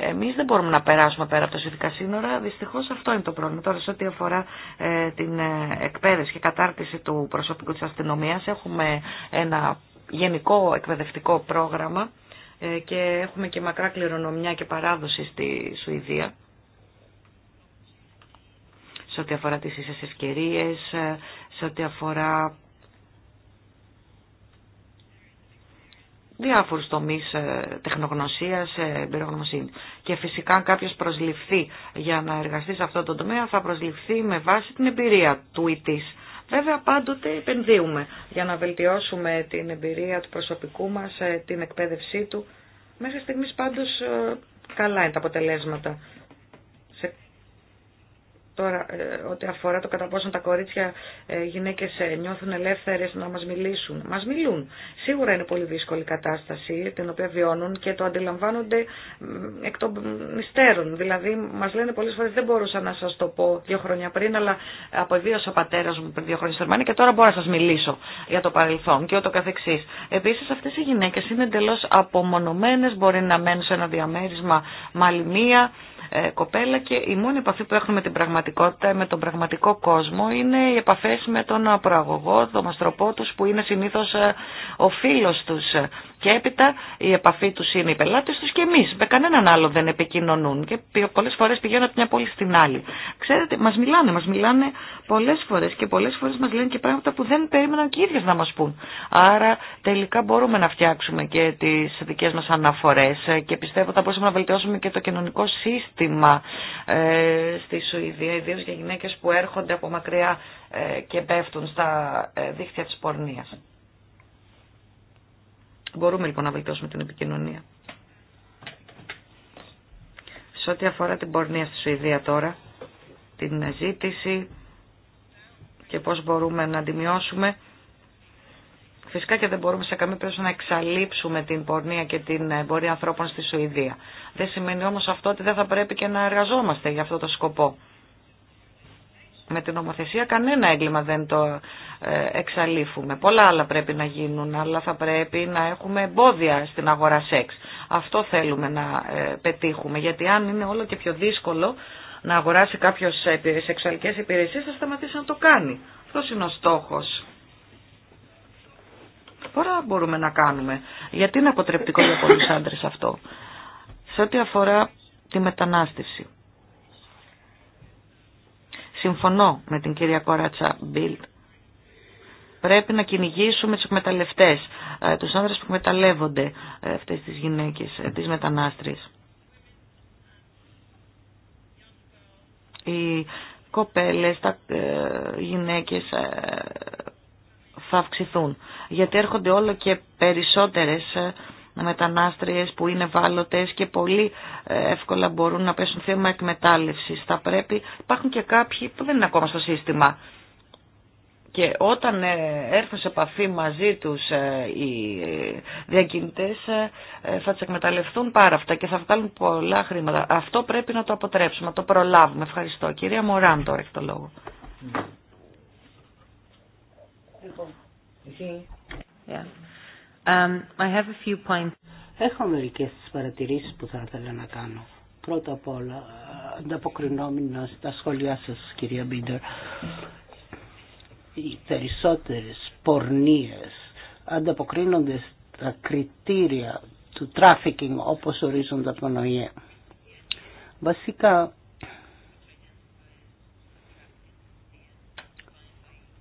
εμείς δεν μπορούμε να περάσουμε πέρα από τα σχετικά σύνορα. Δυστυχώς αυτό είναι το πρόβλημα. Τώρα σε ό,τι αφορά ε, την ε, εκπαίδευση και κατάρτιση του προσωπικού της αστυνομίας έχουμε ένα γενικό εκπαιδευτικό πρόγραμμα και έχουμε και μακρά κληρονομιά και παράδοση στη Σουηδία σε ό,τι αφορά τις ίσες ευκαιρίες, σε ό,τι αφορά διάφορους τομείς ε, τεχνογνωσίας, ε, εμπειρογνωσίνη. Και φυσικά αν κάποιος προσληφθεί για να εργαστεί σε αυτό το τομέα θα προσληφθεί με βάση την εμπειρία του ή της. Βέβαια πάντοτε επενδύουμε για να βελτιώσουμε την εμπειρία του προσωπικού μας, ε, την εκπαίδευσή του. Μέχρι στιγμής πάντως καλά είναι τα αποτελέσματα. Τώρα, ε, ό,τι αφορά το κατά πόσο τα κορίτσια ε, γυναίκες ε, νιώθουν ελεύθερες να μας μιλήσουν. Μας μιλούν. Σίγουρα είναι πολύ δύσκολη κατάσταση την οποία βιώνουν και το αντιλαμβάνονται εκ των μυστέρων. Δηλαδή, μας λένε πολλές φορές δεν μπορούσα να σας το πω δύο χρόνια πριν, αλλά αποβίωσε ο πατέρας μου πριν δύο χρόνια στη Γερμανία και τώρα μπορώ να σας μιλήσω για το παρελθόν και ούτω καθεξής. Επίσης, αυτές οι γυναίκες είναι εντελώς απομονωμένες, μπορεί να μένουν σε ένα διαμέρισμα μαλμια κοπέλα και η μόνη επαφή που έχουμε την πραγματικότητα με τον πραγματικό κόσμο είναι οι επαφές με τον προαγωγό, τον που είναι συνήθως ε, ο φίλος τους και έπειτα η επαφή του είναι οι πελάτε του και εμεί. Με κανέναν άλλο δεν επικοινωνούν. Και πολλέ φορέ πηγαίνουν από μια πόλη στην άλλη. Ξέρετε, μα μιλάνε, μα μιλάνε πολλέ φορέ και πολλέ φορέ μα λένε και πράγματα που δεν περίμεναν και οι ίδιε να μα πούν. Άρα τελικά μπορούμε να φτιάξουμε και τι δικέ μα αναφορέ και πιστεύω θα μπορούσαμε να βελτιώσουμε και το κοινωνικό σύστημα ε, στη Σουηδία, ιδίω για γυναίκε που έρχονται από μακριά ε, και πέφτουν στα ε, δίχτυα τη πορνεία. Μπορούμε λοιπόν να βελτιώσουμε την επικοινωνία. Σε ό,τι αφορά την πορνεία στη Σουηδία τώρα, την ζήτηση και πώς μπορούμε να τη μειώσουμε. Φυσικά και δεν μπορούμε σε καμία περίπτωση να εξαλείψουμε την πορνεία και την εμπορία ανθρώπων στη Σουηδία. Δεν σημαίνει όμως αυτό ότι δεν θα πρέπει και να εργαζόμαστε για αυτό το σκοπό με την νομοθεσία κανένα έγκλημα δεν το ε, εξαλείφουμε. Πολλά άλλα πρέπει να γίνουν, αλλά θα πρέπει να έχουμε εμπόδια στην αγορά σεξ. Αυτό θέλουμε να ε, πετύχουμε, γιατί αν είναι όλο και πιο δύσκολο να αγοράσει κάποιος σεξουαλικές υπηρεσίες θα σταματήσει να το κάνει. Αυτός είναι ο στόχος. Τώρα μπορούμε να κάνουμε. Γιατί είναι αποτρεπτικό για πολλούς άντρες αυτό. Σε ό,τι αφορά τη μετανάστευση. Συμφωνώ με την κυρία Κοράτσα Μπίλτ. Πρέπει να κυνηγήσουμε τους εκμεταλλευτές, ε, τους άνδρες που εκμεταλλεύονται ε, αυτές τις γυναίκες, ε, τις μετανάστριες. Οι κοπέλες, τα γυναίκες θα αυξηθούν, γιατί έρχονται όλο και περισσότερες μετανάστριες που είναι βάλωτες και πολύ ε, εύκολα μπορούν να πέσουν θέμα εκμετάλλευσης. Θα πρέπει, υπάρχουν και κάποιοι που δεν είναι ακόμα στο σύστημα. Και όταν ε, έρθουν σε επαφή μαζί τους ε, οι διακινητές θα τις εκμεταλλευτούν πάρα αυτά και θα βγάλουν πολλά χρήματα. Αυτό πρέπει να το αποτρέψουμε, να το προλάβουμε. Ευχαριστώ. Κυρία Μωράν τώρα έχει το λόγο. Λοιπόν, εσύ. Yeah. Um, I Έχω μερικές παρατηρήσεις που θα ήθελα να κάνω. Πρώτα απ' όλα, ανταποκρινόμενα στα σχόλιά σα, κυρία Μπίντερ, οι περισσότερε πορνίες ανταποκρίνονται στα κριτήρια του τράφικινγκ όπω ορίζονται από τον ΟΗΕ. Βασικά,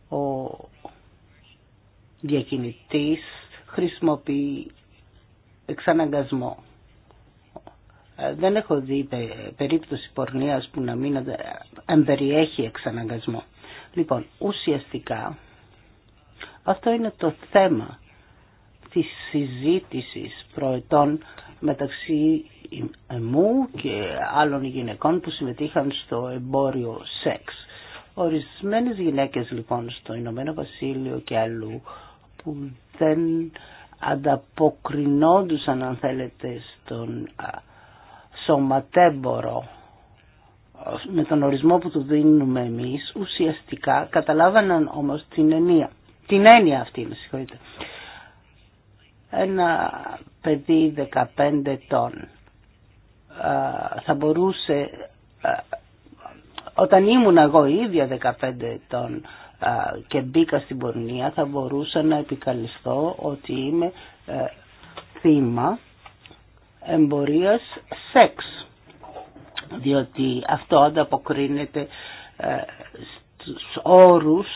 ο διακινητής χρησιμοποιεί εξαναγκασμό. Ε, δεν έχω δει περίπτωση πορνείας που να μην εμπεριέχει εξαναγκασμό. Λοιπόν, ουσιαστικά αυτό είναι το θέμα της συζήτησης προετών μεταξύ μου και άλλων γυναικών που συμμετείχαν στο εμπόριο σεξ. Ορισμένες γυναίκες λοιπόν στο Ηνωμένο Βασίλειο και αλλού που δεν ανταποκρινόντουσαν αν θέλετε στον σωματέμπορο με τον ορισμό που του δίνουμε εμείς ουσιαστικά καταλάβαναν όμως την έννοια, την έννοια αυτή με συγχωρείτε ένα παιδί 15 ετών θα μπορούσε όταν ήμουν εγώ ίδια 15 ετών ε, και μπήκα στην πορνεία θα μπορούσα να επικαλυστώ ότι είμαι ε, θύμα εμπορίας σεξ διότι αυτό ανταποκρίνεται ε, στους όρους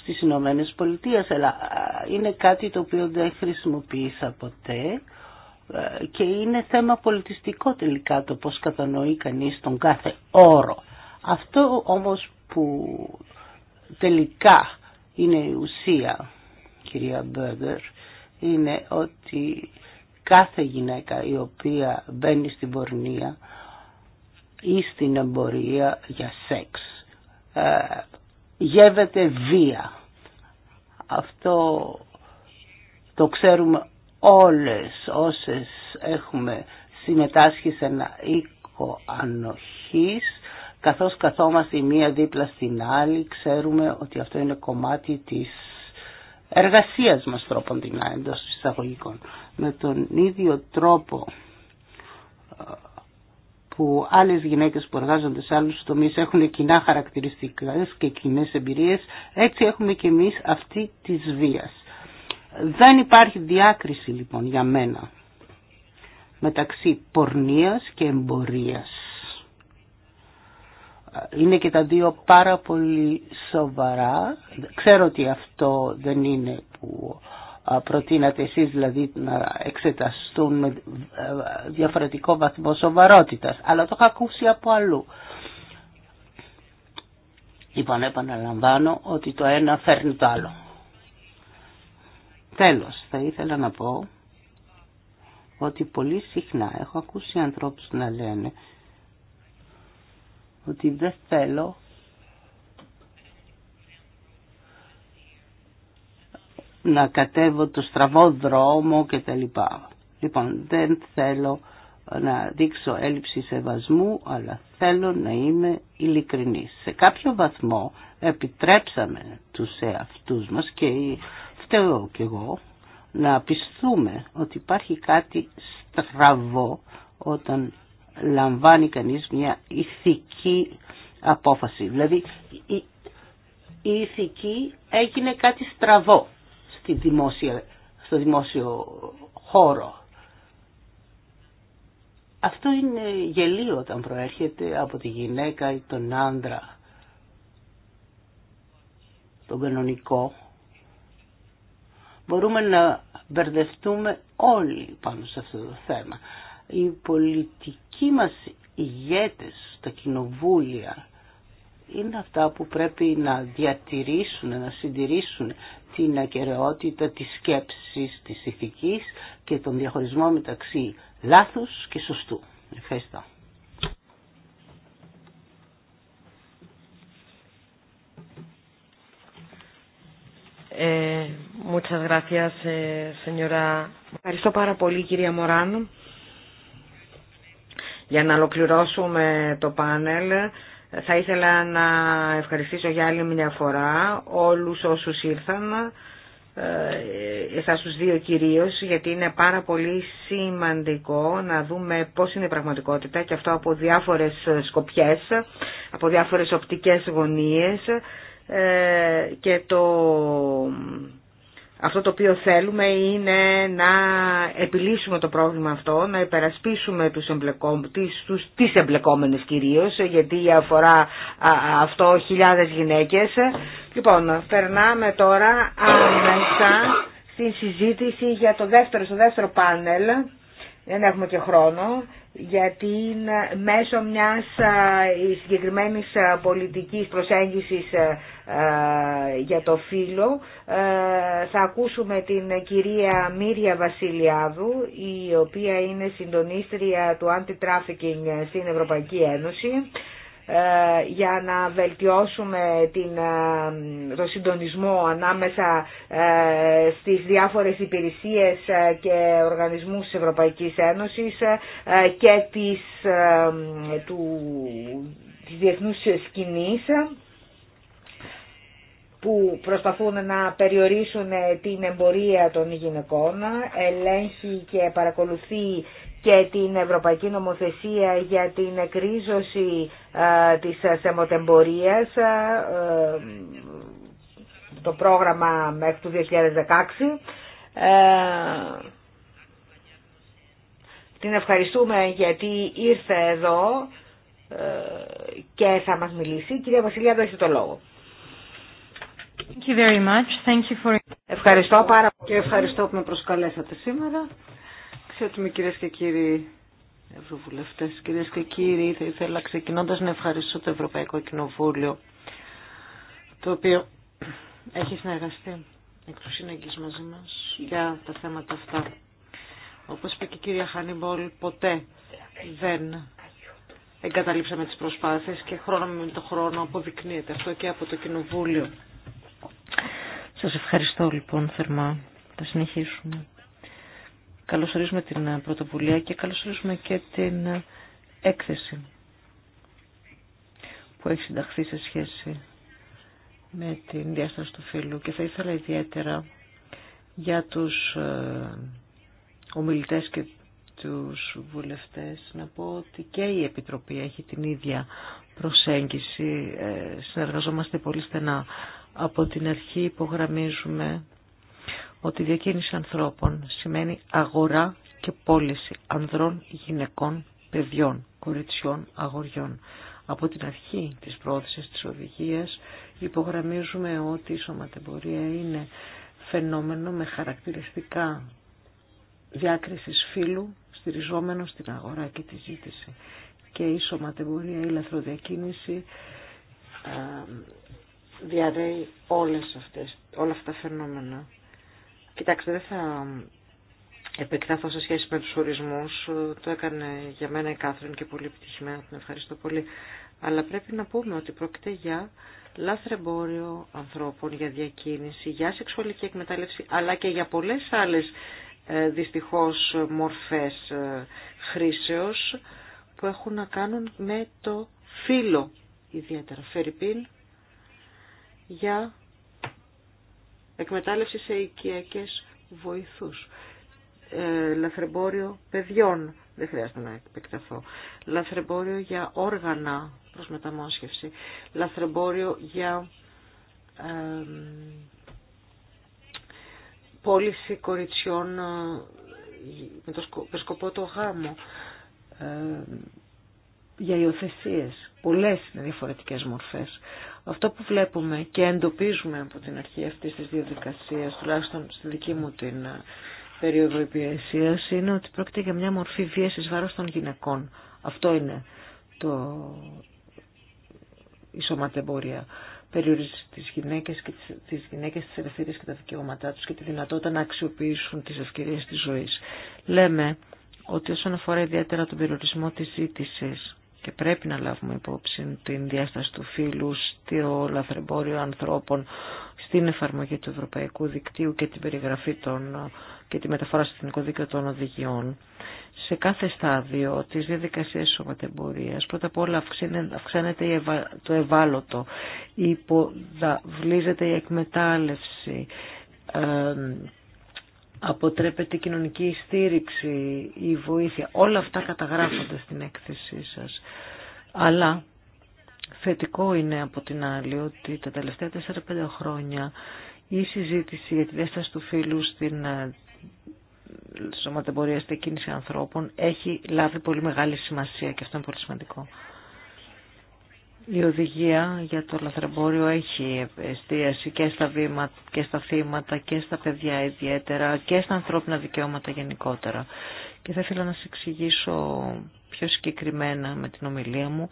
στις Ηνωμένες Πολιτείες αλλά είναι κάτι το οποίο δεν χρησιμοποίησα ποτέ και είναι θέμα πολιτιστικό τελικά το πώς κατανοεί κανείς τον κάθε όρο. Αυτό όμως που τελικά είναι η ουσία, κυρία Μπέργκερ, είναι ότι κάθε γυναίκα η οποία μπαίνει στην πορνεία ή στην εμπορία για σεξ ε, γεύεται βία. Αυτό το ξέρουμε όλες όσες έχουμε συμμετάσχει σε ένα οίκο ανοχής καθώς καθόμαστε η μία δίπλα στην άλλη, ξέρουμε ότι αυτό είναι κομμάτι της εργασίας μας τρόπον την εντός εισαγωγικών. Με τον ίδιο τρόπο ε, που άλλες γυναίκες που εργάζονται σε άλλους τομείς έχουν κοινά χαρακτηριστικά και κοινέ εμπειρίες, έτσι έχουμε και εμείς αυτή της βίας. Δεν υπάρχει διάκριση λοιπόν για μένα μεταξύ πορνείας και εμπορίας είναι και τα δύο πάρα πολύ σοβαρά. Ξέρω ότι αυτό δεν είναι που προτείνατε εσείς δηλαδή να εξεταστούν με διαφορετικό βαθμό σοβαρότητας, αλλά το έχω ακούσει από αλλού. Λοιπόν, επαναλαμβάνω ότι το ένα φέρνει το άλλο. Τέλος, θα ήθελα να πω ότι πολύ συχνά έχω ακούσει ανθρώπους να λένε ότι δεν θέλω να κατέβω το στραβό δρόμο και τα λοιπά. Λοιπόν, δεν θέλω να δείξω έλλειψη σεβασμού, αλλά θέλω να είμαι ειλικρινής. Σε κάποιο βαθμό επιτρέψαμε τους εαυτούς μας και φταίω κι εγώ να πιστούμε ότι υπάρχει κάτι στραβό όταν λαμβάνει κανείς μια ηθική απόφαση. Δηλαδή η, η ηθική έγινε κάτι στραβό στη δημόσια, στο δημόσιο χώρο. Αυτό είναι γελίο όταν προέρχεται από τη γυναίκα ή τον άντρα, τον κανονικό. Μπορούμε να μπερδευτούμε όλοι πάνω σε αυτό το θέμα οι πολιτικοί μας ηγέτες τα κοινοβούλια είναι αυτά που πρέπει να διατηρήσουν, να συντηρήσουν την ακεραιότητα της σκέψης, της ηθικής και τον διαχωρισμό μεταξύ λάθους και σωστού. Ευχαριστώ. Ε, muchas gracias, eh, señora. Ευχαριστώ πάρα πολύ κυρία Μωράνου. Για να ολοκληρώσουμε το πάνελ, θα ήθελα να ευχαριστήσω για άλλη μια φορά όλους όσους ήρθαν, ε, εσάς τους δύο κυρίως, γιατί είναι πάρα πολύ σημαντικό να δούμε πώς είναι η πραγματικότητα και αυτό από διάφορες σκοπιές, από διάφορες οπτικές γωνίες ε, και το αυτό το οποίο θέλουμε είναι να επιλύσουμε το πρόβλημα αυτό, να υπερασπίσουμε τους εμπλεκό, τις, τους, τις εμπλεκόμενες κυρίως, γιατί αφορά αυτό χιλιάδες γυναίκες. Λοιπόν, περνάμε τώρα άμεσα στην συζήτηση για το δεύτερο, στο δεύτερο πάνελ δεν έχουμε και χρόνο, γιατί ε, μέσω μιας ε, συγκεκριμένης ε, πολιτικής προσέγγισης για το φύλλο θα ακούσουμε την κυρία Μύρια Βασιλιάδου, η οποία είναι συντονίστρια του Anti-Trafficking στην Ευρωπαϊκή Ένωση ε, για να βελτιώσουμε την, ε, το συντονισμό ανάμεσα ε, στις διάφορες υπηρεσίες και οργανισμούς της Ευρωπαϊκής Ένωσης και της, του, της διεθνούς σκηνής που προσπαθούν να περιορίσουν την εμπορία των γυναικών, ελέγχει και παρακολουθεί και την Ευρωπαϊκή Νομοθεσία για την εκρίζωση της θεμοτεμπορίας, το πρόγραμμα μέχρι το 2016. Την ευχαριστούμε γιατί ήρθε εδώ και θα μας μιλήσει. Κυρία Βασιλιάδου, έχετε το λόγο. Thank you very much. Thank you Ευχαριστώ πάρα πολύ και ευχαριστώ που με προσκαλέσατε σήμερα. Ευχαριστούμε κύριε και κύριοι ευρωβουλευτές, κυρίε και κύριοι, θα ήθελα ξεκινώντα να ευχαριστήσω το Ευρωπαϊκό Κοινοβούλιο, το οποίο έχει συνεργαστεί εκ του μαζί μα για τα θέματα αυτά. Όπω είπε και η κυρία Χανιμπόλ, ποτέ δεν εγκαταλείψαμε τι προσπάθειες και χρόνο με το χρόνο αποδεικνύεται αυτό και από το Κοινοβούλιο. Σα ευχαριστώ λοιπόν θερμά. Θα συνεχίσουμε. Καλωσορίζουμε την ε, πρωτοβουλία και καλωσορίζουμε και την ε, έκθεση που έχει συνταχθεί σε σχέση με την διάσταση του φίλου και θα ήθελα ιδιαίτερα για τους ε, ομιλητές και τους βουλευτές να πω ότι και η Επιτροπή έχει την ίδια προσέγγιση. Συνεργαζόμαστε πολύ στενά. Από την αρχή υπογραμμίζουμε ότι η διακίνηση ανθρώπων σημαίνει αγορά και πώληση ανδρών, γυναικών, παιδιών, κοριτσιών, αγοριών. Από την αρχή της πρόθεσης της οδηγίας υπογραμμίζουμε ότι η σωματεμπορία είναι φαινόμενο με χαρακτηριστικά διάκρισης φύλου στηριζόμενο στην αγορά και τη ζήτηση. Και η σωματεμπορία, η λαθροδιακίνηση διαρρέει όλες αυτές, όλα αυτά τα φαινόμενα. Κοιτάξτε, δεν θα επεκτάθω σε σχέση με τους ορισμούς. Το έκανε για μένα η Κάθριν και πολύ επιτυχημένα. Την ευχαριστώ πολύ. Αλλά πρέπει να πούμε ότι πρόκειται για λάθρεμπόριο ανθρώπων, για διακίνηση, για σεξουαλική εκμετάλλευση, αλλά και για πολλές άλλες ε, δυστυχώς μορφές ε, χρήσεως που έχουν να κάνουν με το φύλλο ιδιαίτερα. για εκμετάλλευση σε οικιακές βοηθούς, ε, λαθρεμπόριο παιδιών, δεν χρειάζεται να επεκταθώ, λαθρεμπόριο για όργανα προς μεταμόσχευση, λαθρεμπόριο για ε, πώληση κοριτσιών ε, με το σκοπό το γάμο, ε, για υιοθεσίες. Πολλές είναι διαφορετικές μορφές. Αυτό που βλέπουμε και εντοπίζουμε από την αρχή αυτή τη διαδικασία τουλάχιστον στη δική μου την ε, περίοδο υπηρεσία είναι ότι πρόκειται για μια μορφή βίαση βάρο των γυναικών. Αυτό είναι το... η σωματεμπορία. Περιορίζει τις γυναίκες και τις, γυναίκες τις και τα δικαιώματά του και τη δυνατότητα να αξιοποιήσουν τι ευκαιρίε τη ζωή. Λέμε ότι όσον αφορά ιδιαίτερα τον περιορισμό τη ζήτηση και πρέπει να λάβουμε υπόψη την διάσταση του φύλου στο λαθρεμπόριο ανθρώπων, στην εφαρμογή του Ευρωπαϊκού Δικτύου και την περιγραφή των, και τη μεταφορά στην Εθνικό Δίκαιο των Οδηγιών. Σε κάθε στάδιο της διαδικασίας σωματεμπορία, πρώτα απ' όλα αυξάνεται το ευάλωτο, υποδαβλίζεται η εκμετάλλευση, ε, αποτρέπεται η κοινωνική στήριξη, η βοήθεια. Όλα αυτά καταγράφονται στην έκθεσή σας. Αλλά θετικό είναι από την άλλη ότι τα τελευταία 4-5 χρόνια η συζήτηση για τη διάσταση του φίλου στην ε, σωματεμπορία στην κίνηση ανθρώπων έχει λάβει πολύ μεγάλη σημασία και αυτό είναι πολύ σημαντικό. Η οδηγία για το λαθρεμπόριο έχει εστίαση και στα, βήματα, και στα θύματα και στα παιδιά ιδιαίτερα και στα ανθρώπινα δικαιώματα γενικότερα. Και θα ήθελα να σας εξηγήσω πιο συγκεκριμένα με την ομιλία μου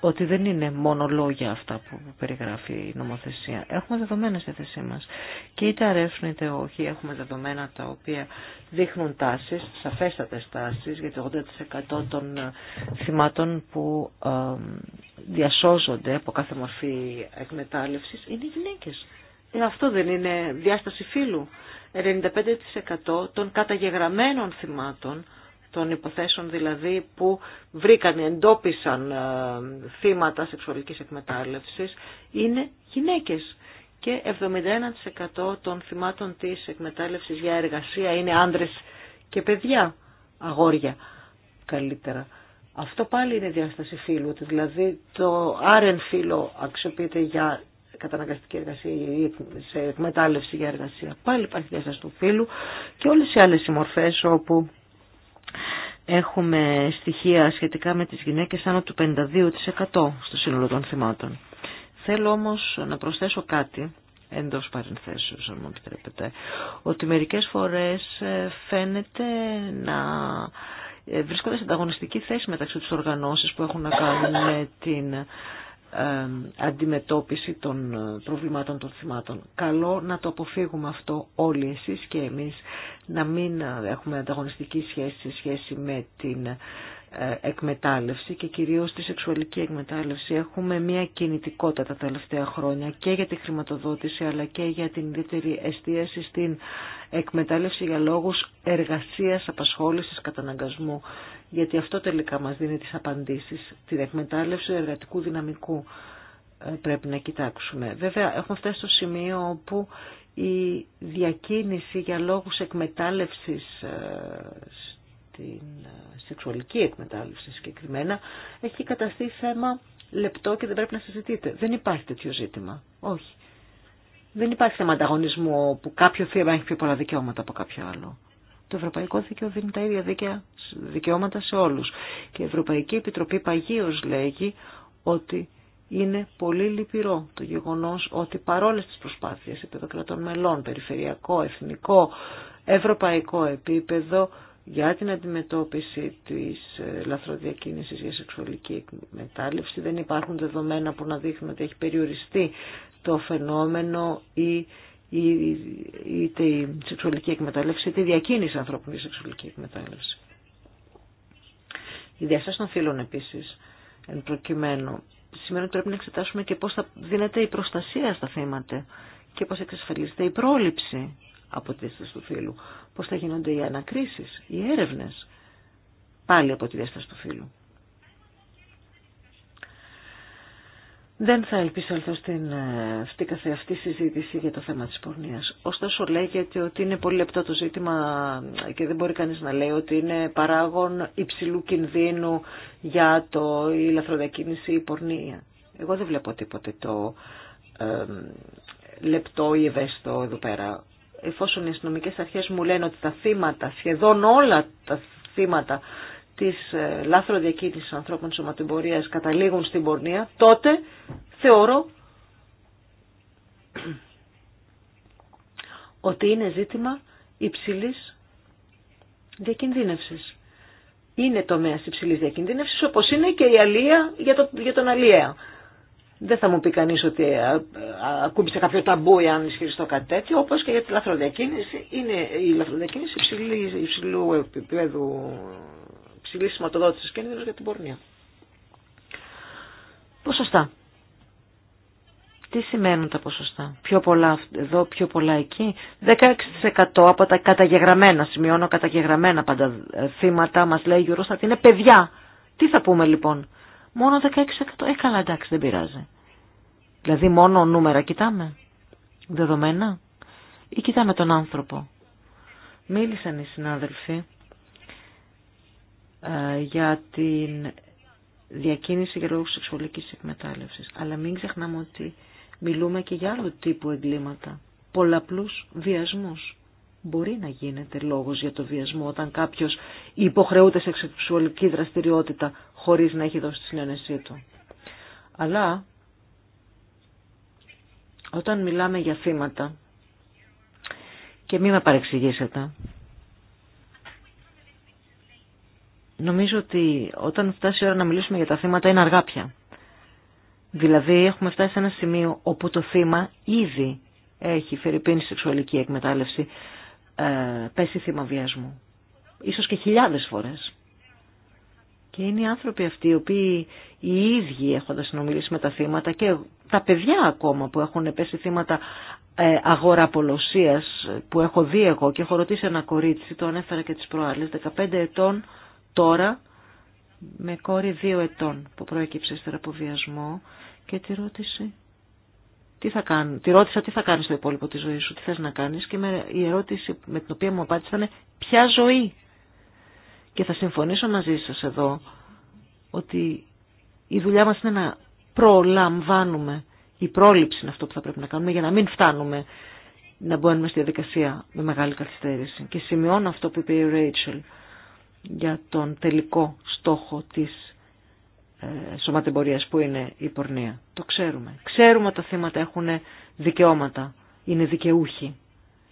ότι δεν είναι μόνο λόγια αυτά που περιγράφει η νομοθεσία. Έχουμε δεδομένα στη θέση μας. Και είτε αρέσουν είτε όχι, έχουμε δεδομένα τα οποία δείχνουν τάσεις, σαφέστατες τάσεις, γιατί 80% των ε, θυμάτων που ε, διασώζονται από κάθε μορφή εκμετάλλευσης είναι γυναίκες. Ε, αυτό δεν είναι διάσταση φύλου. 95% των καταγεγραμμένων θυμάτων των υποθέσεων δηλαδή που βρήκαν, εντόπισαν ε, θύματα σεξουαλικής εκμετάλλευσης είναι γυναίκες και 71% των θυμάτων της εκμετάλλευσης για εργασία είναι άντρες και παιδιά, αγόρια καλύτερα. Αυτό πάλι είναι διάσταση φύλου, δηλαδή το άρεν φύλο αξιοποιείται για καταναγκαστική εργασία ή σε εκμετάλλευση για εργασία. Πάλι υπάρχει διάσταση του φύλου και όλες οι άλλες συμμορφές όπου έχουμε στοιχεία σχετικά με τις γυναίκες άνω του 52% στο σύνολο των θυμάτων. Θέλω όμως να προσθέσω κάτι εντός παρενθέσεως, αν μου επιτρέπετε, ότι μερικές φορές ε, φαίνεται να ε, βρίσκονται σε ανταγωνιστική θέση μεταξύ τους οργανώσεις που έχουν να κάνουν με την ε, αντιμετώπιση των προβλημάτων των θυμάτων. Καλό να το αποφύγουμε αυτό όλοι εσείς και εμείς να μην έχουμε ανταγωνιστική σχέση σε σχέση με την ε, εκμετάλλευση και κυρίως τη σεξουαλική εκμετάλλευση. Έχουμε μια κινητικότητα τα τελευταία χρόνια και για τη χρηματοδότηση αλλά και για την ιδιαίτερη εστίαση στην εκμετάλλευση για λόγους εργασίας, απασχόλησης, καταναγκασμού. Γιατί αυτό τελικά μας δίνει τις απαντήσεις, την εκμετάλλευση εργατικού δυναμικού ε, πρέπει να κοιτάξουμε. Βέβαια έχουμε φτάσει στο σημείο όπου η διακίνηση για λόγους εκμετάλλευσης ε, στην ε, σεξουαλική εκμετάλλευση συγκεκριμένα έχει καταστεί θέμα λεπτό και δεν πρέπει να συζητείτε. Δεν υπάρχει τέτοιο ζήτημα. Όχι. Δεν υπάρχει θέμα ανταγωνισμού που κάποιο θύμα έχει πιο πολλά δικαιώματα από κάποιο άλλο. Το Ευρωπαϊκό Δίκαιο δίνει τα ίδια δίκαια, δικαιώματα σε όλους. Και η Ευρωπαϊκή Επιτροπή παγίως λέγει ότι είναι πολύ λυπηρό το γεγονός ότι παρόλες τις προσπάθειες των κρατών μελών, περιφερειακό, εθνικό, ευρωπαϊκό επίπεδο, για την αντιμετώπιση της ε, λαθροδιακίνησης για σεξουαλική εκμετάλλευση. Δεν υπάρχουν δεδομένα που να δείχνουν ότι έχει περιοριστεί το φαινόμενο ή είτε η σεξουαλική εκμετάλλευση είτε η διακίνηση ανθρώπων για σεξουαλική εκμετάλλευση. Η διαστάση των φύλων επίσης εν προκειμένου σημαίνει ότι πρέπει να εξετάσουμε και πώς θα δίνεται η προστασία στα θύματα και πώς εξασφαλίζεται η πρόληψη από τη διάσταση του φύλου, πώς θα γίνονται οι ανακρίσεις, οι έρευνες πάλι από τη διάσταση του φύλου. Δεν θα ελπίσω στην αυτή ε, καθεαυτή συζήτηση για το θέμα της πορνείας. Ωστόσο λέγεται ότι είναι πολύ λεπτό το ζήτημα και δεν μπορεί κανείς να λέει ότι είναι παράγον υψηλού κινδύνου για το, η λαθροδιακίνηση ή η πορνεία. Εγώ δεν βλέπω τίποτε το λεπτό ή ευαίσθητο εδώ πέρα. Εφόσον οι αστυνομικέ αρχές μου λένε ότι τα θύματα, σχεδόν όλα τα θύματα της ε, λάθρο διακίνησης ανθρώπων σωματιμπορίας καταλήγουν στην πορνεία, τότε θεωρώ ότι είναι ζήτημα υψηλής διακινδύνευσης. Είναι τομέας υψηλής διακινδύνευσης όπως είναι και η αλία για, το, για τον αλία. Δεν θα μου πει κανείς ότι ε, ακούμπησε κάποιο ταμπού εάν ισχυριστώ κάτι τέτοιο, όπως και για τη λαθροδιακίνηση. Είναι η λαθροδιακίνηση υψηλού επίπεδου υψηλής σηματοδότησης κίνδυνο για την πορνεία. Ποσοστά. Τι σημαίνουν τα ποσοστά. Πιο πολλά εδώ, πιο πολλά εκεί. 16% από τα καταγεγραμμένα, σημειώνω καταγεγραμμένα πάντα θύματα, μας λέει η Eurostat, είναι παιδιά. Τι θα πούμε λοιπόν. Μόνο 16%. Ε, καλά εντάξει, δεν πειράζει. Δηλαδή μόνο νούμερα κοιτάμε. Δεδομένα. Ή κοιτάμε τον άνθρωπο. Μίλησαν οι συνάδελφοι ε, για την διακίνηση για λόγους σεξουαλικής εκμετάλλευσης. Αλλά μην ξεχνάμε ότι μιλούμε και για άλλο τύπου εγκλήματα, πολλαπλούς βιασμούς. Μπορεί να γίνεται λόγος για το βιασμό όταν κάποιος υποχρεούται σε σεξουαλική δραστηριότητα χωρίς να έχει δώσει τη συνένεσή του. Αλλά όταν μιλάμε για θύματα, και μην με παρεξηγήσετε, Νομίζω ότι όταν φτάσει η ώρα να μιλήσουμε για τα θύματα είναι αργά πια. Δηλαδή έχουμε φτάσει σε ένα σημείο όπου το θύμα ήδη έχει φερειπίνει σεξουαλική εκμετάλλευση, ε, πέσει θύμα βιασμού. Ίσως και χιλιάδες φορές. Και είναι οι άνθρωποι αυτοί οι οποίοι οι ίδιοι έχοντας συνομιλήσει με τα θύματα και τα παιδιά ακόμα που έχουν πέσει θύματα ε, αγοραπολωσίας που έχω δει εγώ και έχω ρωτήσει ένα κορίτσι, το ανέφερα και τις προάλλες, 15 ετών, τώρα με κόρη δύο ετών που προέκυψε στεραποβιασμό και τη ρώτησε τι θα κάνω. Τη ρώτησα τι θα κάνεις στο υπόλοιπο τη ζωή σου, τι θες να κάνεις και η ερώτηση με την οποία μου απάντησε ήταν ποια ζωή. Και θα συμφωνήσω μαζί σας εδώ ότι η δουλειά μας είναι να προλαμβάνουμε. Η πρόληψη είναι αυτό που θα πρέπει να κάνουμε για να μην φτάνουμε να μπαίνουμε στη διαδικασία με μεγάλη καθυστέρηση. Και σημειώνω αυτό που είπε η Ρέιτσελ για τον τελικό στόχο της ε, σωματεμπορίας που είναι η πορνεία. Το ξέρουμε. Ξέρουμε ότι τα θύματα έχουν δικαιώματα. Είναι δικαιούχοι.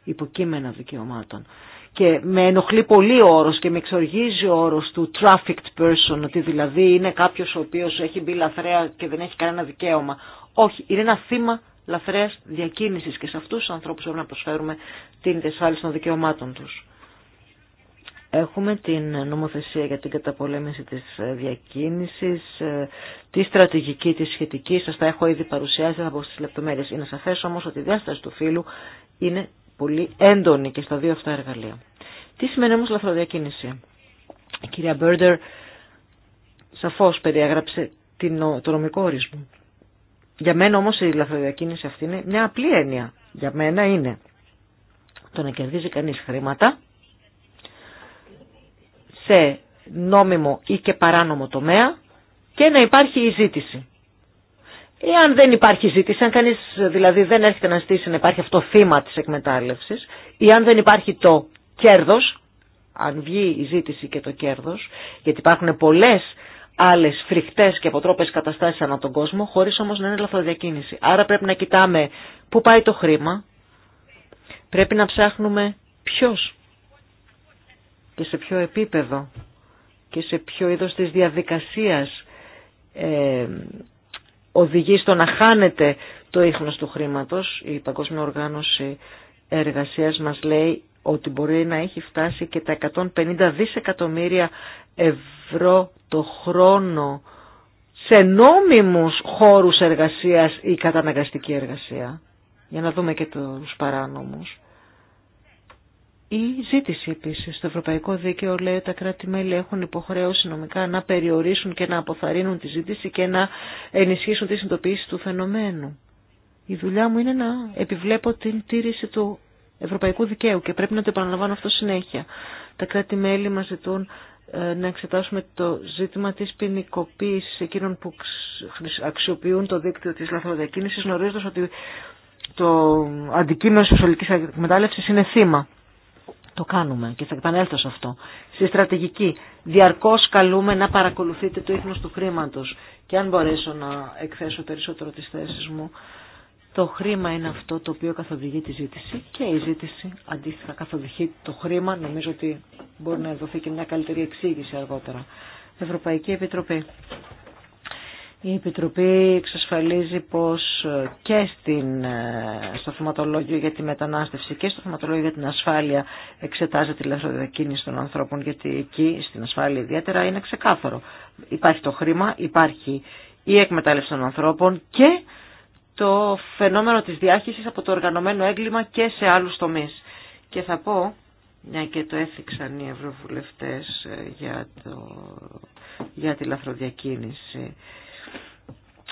Υποκείμενα δικαιωμάτων. Και με ενοχλεί πολύ ο όρος και με εξοργίζει ο όρος του trafficked person, ότι δηλαδή είναι κάποιος ο οποίος έχει μπει λαθρέα και δεν έχει κανένα δικαίωμα. Όχι, είναι ένα θύμα λαθρέας διακίνησης και σε αυτούς τους ανθρώπους πρέπει να προσφέρουμε την εσφάλιση των δικαιωμάτων τους. Έχουμε την νομοθεσία για την καταπολέμηση της διακίνησης, ε, τη στρατηγική της σχετική, σας τα έχω ήδη παρουσιάσει, από τις λεπτομέρειες. Είναι σαφές όμως ότι η διάσταση του φύλου είναι πολύ έντονη και στα δύο αυτά εργαλεία. Τι σημαίνει όμως λαθροδιακίνηση. Η κυρία Μπέρντερ σαφώς περιέγραψε το νομικό ορισμό. Για μένα όμως η λαθροδιακίνηση αυτή είναι μια απλή έννοια. Για μένα είναι το να κερδίζει κανείς χρήματα σε νόμιμο ή και παράνομο τομέα και να υπάρχει η ζήτηση. Εάν δεν υπάρχει ζήτηση, αν κανείς δηλαδή δεν έρχεται να στήσει να υπάρχει αυτό θύμα της εκμετάλλευσης, ή αν δεν υπάρχει το κέρδος, αν βγει η ζήτηση και το κέρδος, γιατί υπάρχουν πολλές άλλες φρικτές και αποτρόπες καταστάσεις ανά τον κόσμο, χωρίς όμως να είναι λαθροδιακίνηση. Άρα πρέπει να κοιτάμε πού πάει το χρήμα, πρέπει να ψάχνουμε ποιος και σε ποιο επίπεδο και σε ποιο είδος της διαδικασίας ε, οδηγεί στο να χάνεται το ίχνος του χρήματος. Η Παγκόσμια Οργάνωση Εργασίας μας λέει ότι μπορεί να έχει φτάσει και τα 150 δισεκατομμύρια ευρώ το χρόνο σε νόμιμους χώρους εργασίας ή καταναγκαστική εργασία. Για να δούμε και τους παράνομους η ζήτηση επίση, στο Ευρωπαϊκό Δίκαιο λέει ότι τα κράτη-μέλη έχουν υποχρέωση νομικά να περιορίσουν και να αποθαρρύνουν τη ζήτηση και να ενισχύσουν τη συνειδητοποίηση του φαινομένου. Η δουλειά μου είναι να επιβλέπω την τήρηση του ευρωπαϊκού δικαίου και πρέπει να το επαναλαμβάνω αυτό συνέχεια. Τα κράτη-μέλη μα ζητούν ε, να εξετάσουμε το ζήτημα τη ποινικοποίηση εκείνων που αξιοποιούν το δίκτυο τη λαθροδιακίνησης γνωρίζοντα ότι το αντικείμενο τη ολική είναι θύμα. Το κάνουμε και θα επανέλθω σε αυτό. Στη στρατηγική. Διαρκώς καλούμε να παρακολουθείτε το ίχνος του χρήματος. Και αν μπορέσω να εκθέσω περισσότερο τις θέσεις μου, το χρήμα είναι αυτό το οποίο καθοδηγεί τη ζήτηση και η ζήτηση αντίστοιχα καθοδηγεί το χρήμα. Νομίζω ότι μπορεί να δοθεί και μια καλύτερη εξήγηση αργότερα. Ευρωπαϊκή Επιτροπή. Η Επιτροπή εξασφαλίζει πως και στην, στο θεματολόγιο για τη μετανάστευση και στο θεματολόγιο για την ασφάλεια εξετάζεται η λαθροδιακίνηση των ανθρώπων γιατί εκεί στην ασφάλεια ιδιαίτερα είναι ξεκάθαρο. Υπάρχει το χρήμα, υπάρχει η εκμετάλλευση των ανθρώπων και το φαινόμενο της διάχυσης από το οργανωμένο έγκλημα και σε άλλους τομείς. Και θα πω, μια και το έθιξαν οι ευρωβουλευτές ε, για, για τη λαθροδιακίνηση,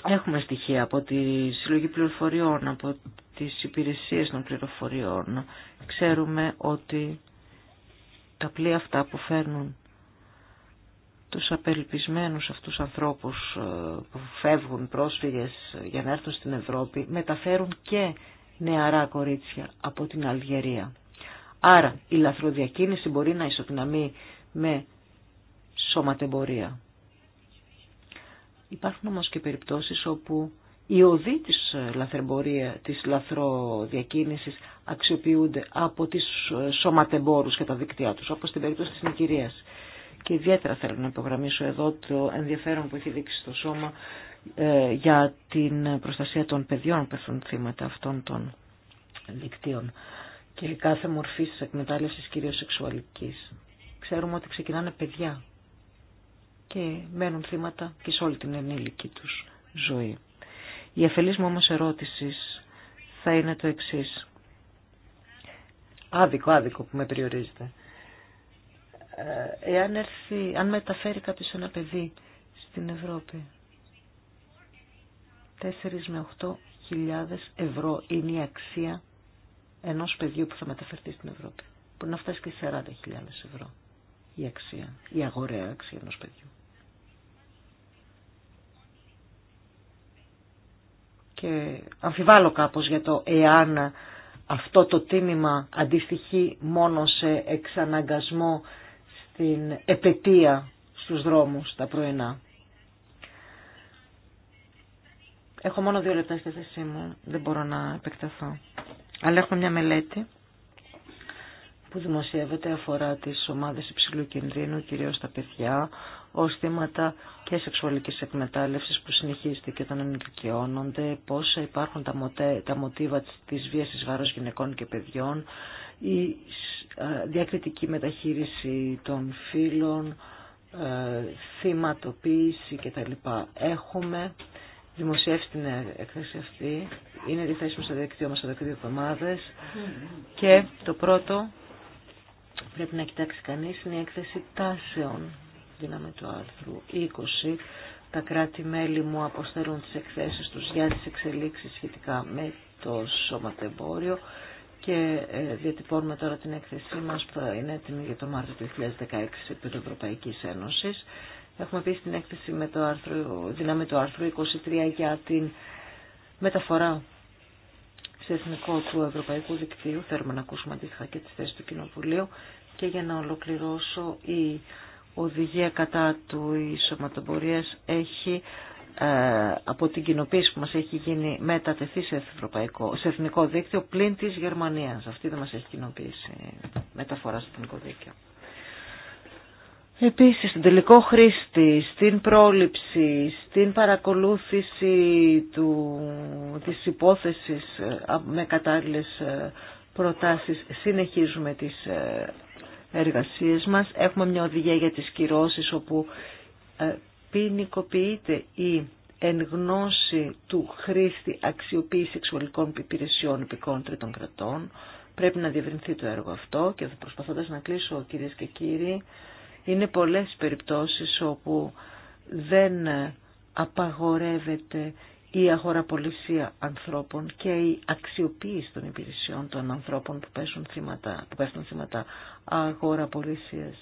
Έχουμε στοιχεία από τη συλλογή πληροφοριών, από τις υπηρεσίες των πληροφοριών. Ξέρουμε ότι τα πλοία αυτά που φέρνουν τους απελπισμένους αυτούς ανθρώπους ε, που φεύγουν πρόσφυγες για να έρθουν στην Ευρώπη μεταφέρουν και νεαρά κορίτσια από την Αλγερία. Άρα η λαθροδιακίνηση μπορεί να ισοδυναμεί με σωματεμπορία. Υπάρχουν όμως και περιπτώσεις όπου οι οδοί της, ε, λαθρεμπορία, της λαθροδιακίνησης αξιοποιούνται από τις ε, σωματεμπόρους και τα δίκτυά τους, όπως στην περίπτωση της νοικηρίας. Και ιδιαίτερα θέλω να υπογραμμίσω εδώ το ενδιαφέρον που έχει δείξει στο σώμα ε, για την προστασία των παιδιών που έχουν θύματα αυτών των δικτύων και κάθε μορφής εκμετάλλευσης κυρίως σεξουαλικής. Ξέρουμε ότι ξεκινάνε παιδιά και μένουν θύματα και σε όλη την ενήλικη τους ζωή. Η αφελής μου όμως ερώτησης θα είναι το εξής. Άδικο, άδικο που με περιορίζετε. Ε, εάν έρθει, αν μεταφέρει κάποιος ένα παιδί στην Ευρώπη, 4 με 8 χιλιάδες ευρώ είναι η αξία ενός παιδιού που θα μεταφερθεί στην Ευρώπη. Μπορεί να φτάσει και 40.000 ευρώ η αξία, η αγοραία αξία ενός παιδιού. και αμφιβάλλω κάπως για το εάν αυτό το τίμημα αντιστοιχεί μόνο σε εξαναγκασμό στην επαιτία στους δρόμους τα πρωινά. Έχω μόνο δύο λεπτά στη θέση μου, δεν μπορώ να επεκταθώ. Αλλά έχω μια μελέτη που δημοσιεύεται αφορά τις ομάδες υψηλού κινδύνου, κυρίως τα παιδιά, ως θύματα και σεξουαλικής εκμετάλλευσης που συνεχίζεται και όταν ενηλικιώνονται, πόσα υπάρχουν τα, τα μοτίβα της βίας της βάρος γυναικών και παιδιών, η ε, διακριτική μεταχείριση των φύλων, ε, θυματοποίηση κτλ. Έχουμε δημοσιεύσει την έκθεση αυτή, είναι διαθέσιμη στο δικτύο μας τα και δύο εβδομάδες και το πρώτο πρέπει να κοιτάξει κανείς είναι η έκθεση τάσεων δύναμη του άρθρου 20 τα κράτη-μέλη μου αποστερούν τις εκθέσεις τους για τις εξελίξεις σχετικά με το σωματεμπόριο και ε, διατυπώνουμε τώρα την έκθεσή μας που είναι έτοιμη για το Μάρτιο του 2016 επί της Ευρωπαϊκής Ένωσης. Έχουμε επίσης την έκθεση με το άρθρο, δυνάμει του άρθρου 23 για την μεταφορά σε εθνικό του Ευρωπαϊκού Δικτύου. Θέλουμε να ακούσουμε αντίστοιχα και τις θέσεις του Κοινοβουλίου και για να ολοκληρώσω η οδηγία κατά του ισοματοπορίας έχει ε, από την κοινοποίηση που μας έχει γίνει μετατεθεί σε, ευρωπαϊκό, σε εθνικό δίκτυο πλην της Γερμανίας. Αυτή δεν μας έχει κοινοποίησει μεταφορά στο εθνικό δίκτυο. Επίσης, στον τελικό χρήστη, στην πρόληψη, στην παρακολούθηση του, της υπόθεσης ε, με κατάλληλες ε, προτάσεις συνεχίζουμε τις εργασίες μας. Έχουμε μια οδηγία για τις κυρώσεις όπου ε, ποινικοποιείται η εν γνώση του χρήστη αξιοποίηση σεξουαλικών υπηρεσιών υπηκών τρίτων κρατών. Πρέπει να διευρυνθεί το έργο αυτό και προσπαθώντας να κλείσω κυρίες και κύριοι, είναι πολλές περιπτώσεις όπου δεν ε, απαγορεύεται η αγοραπολισία ανθρώπων και η αξιοποίηση των υπηρεσιών των ανθρώπων που, πέσουν θύματα, που πέφτουν θύματα αγοραπολισίας.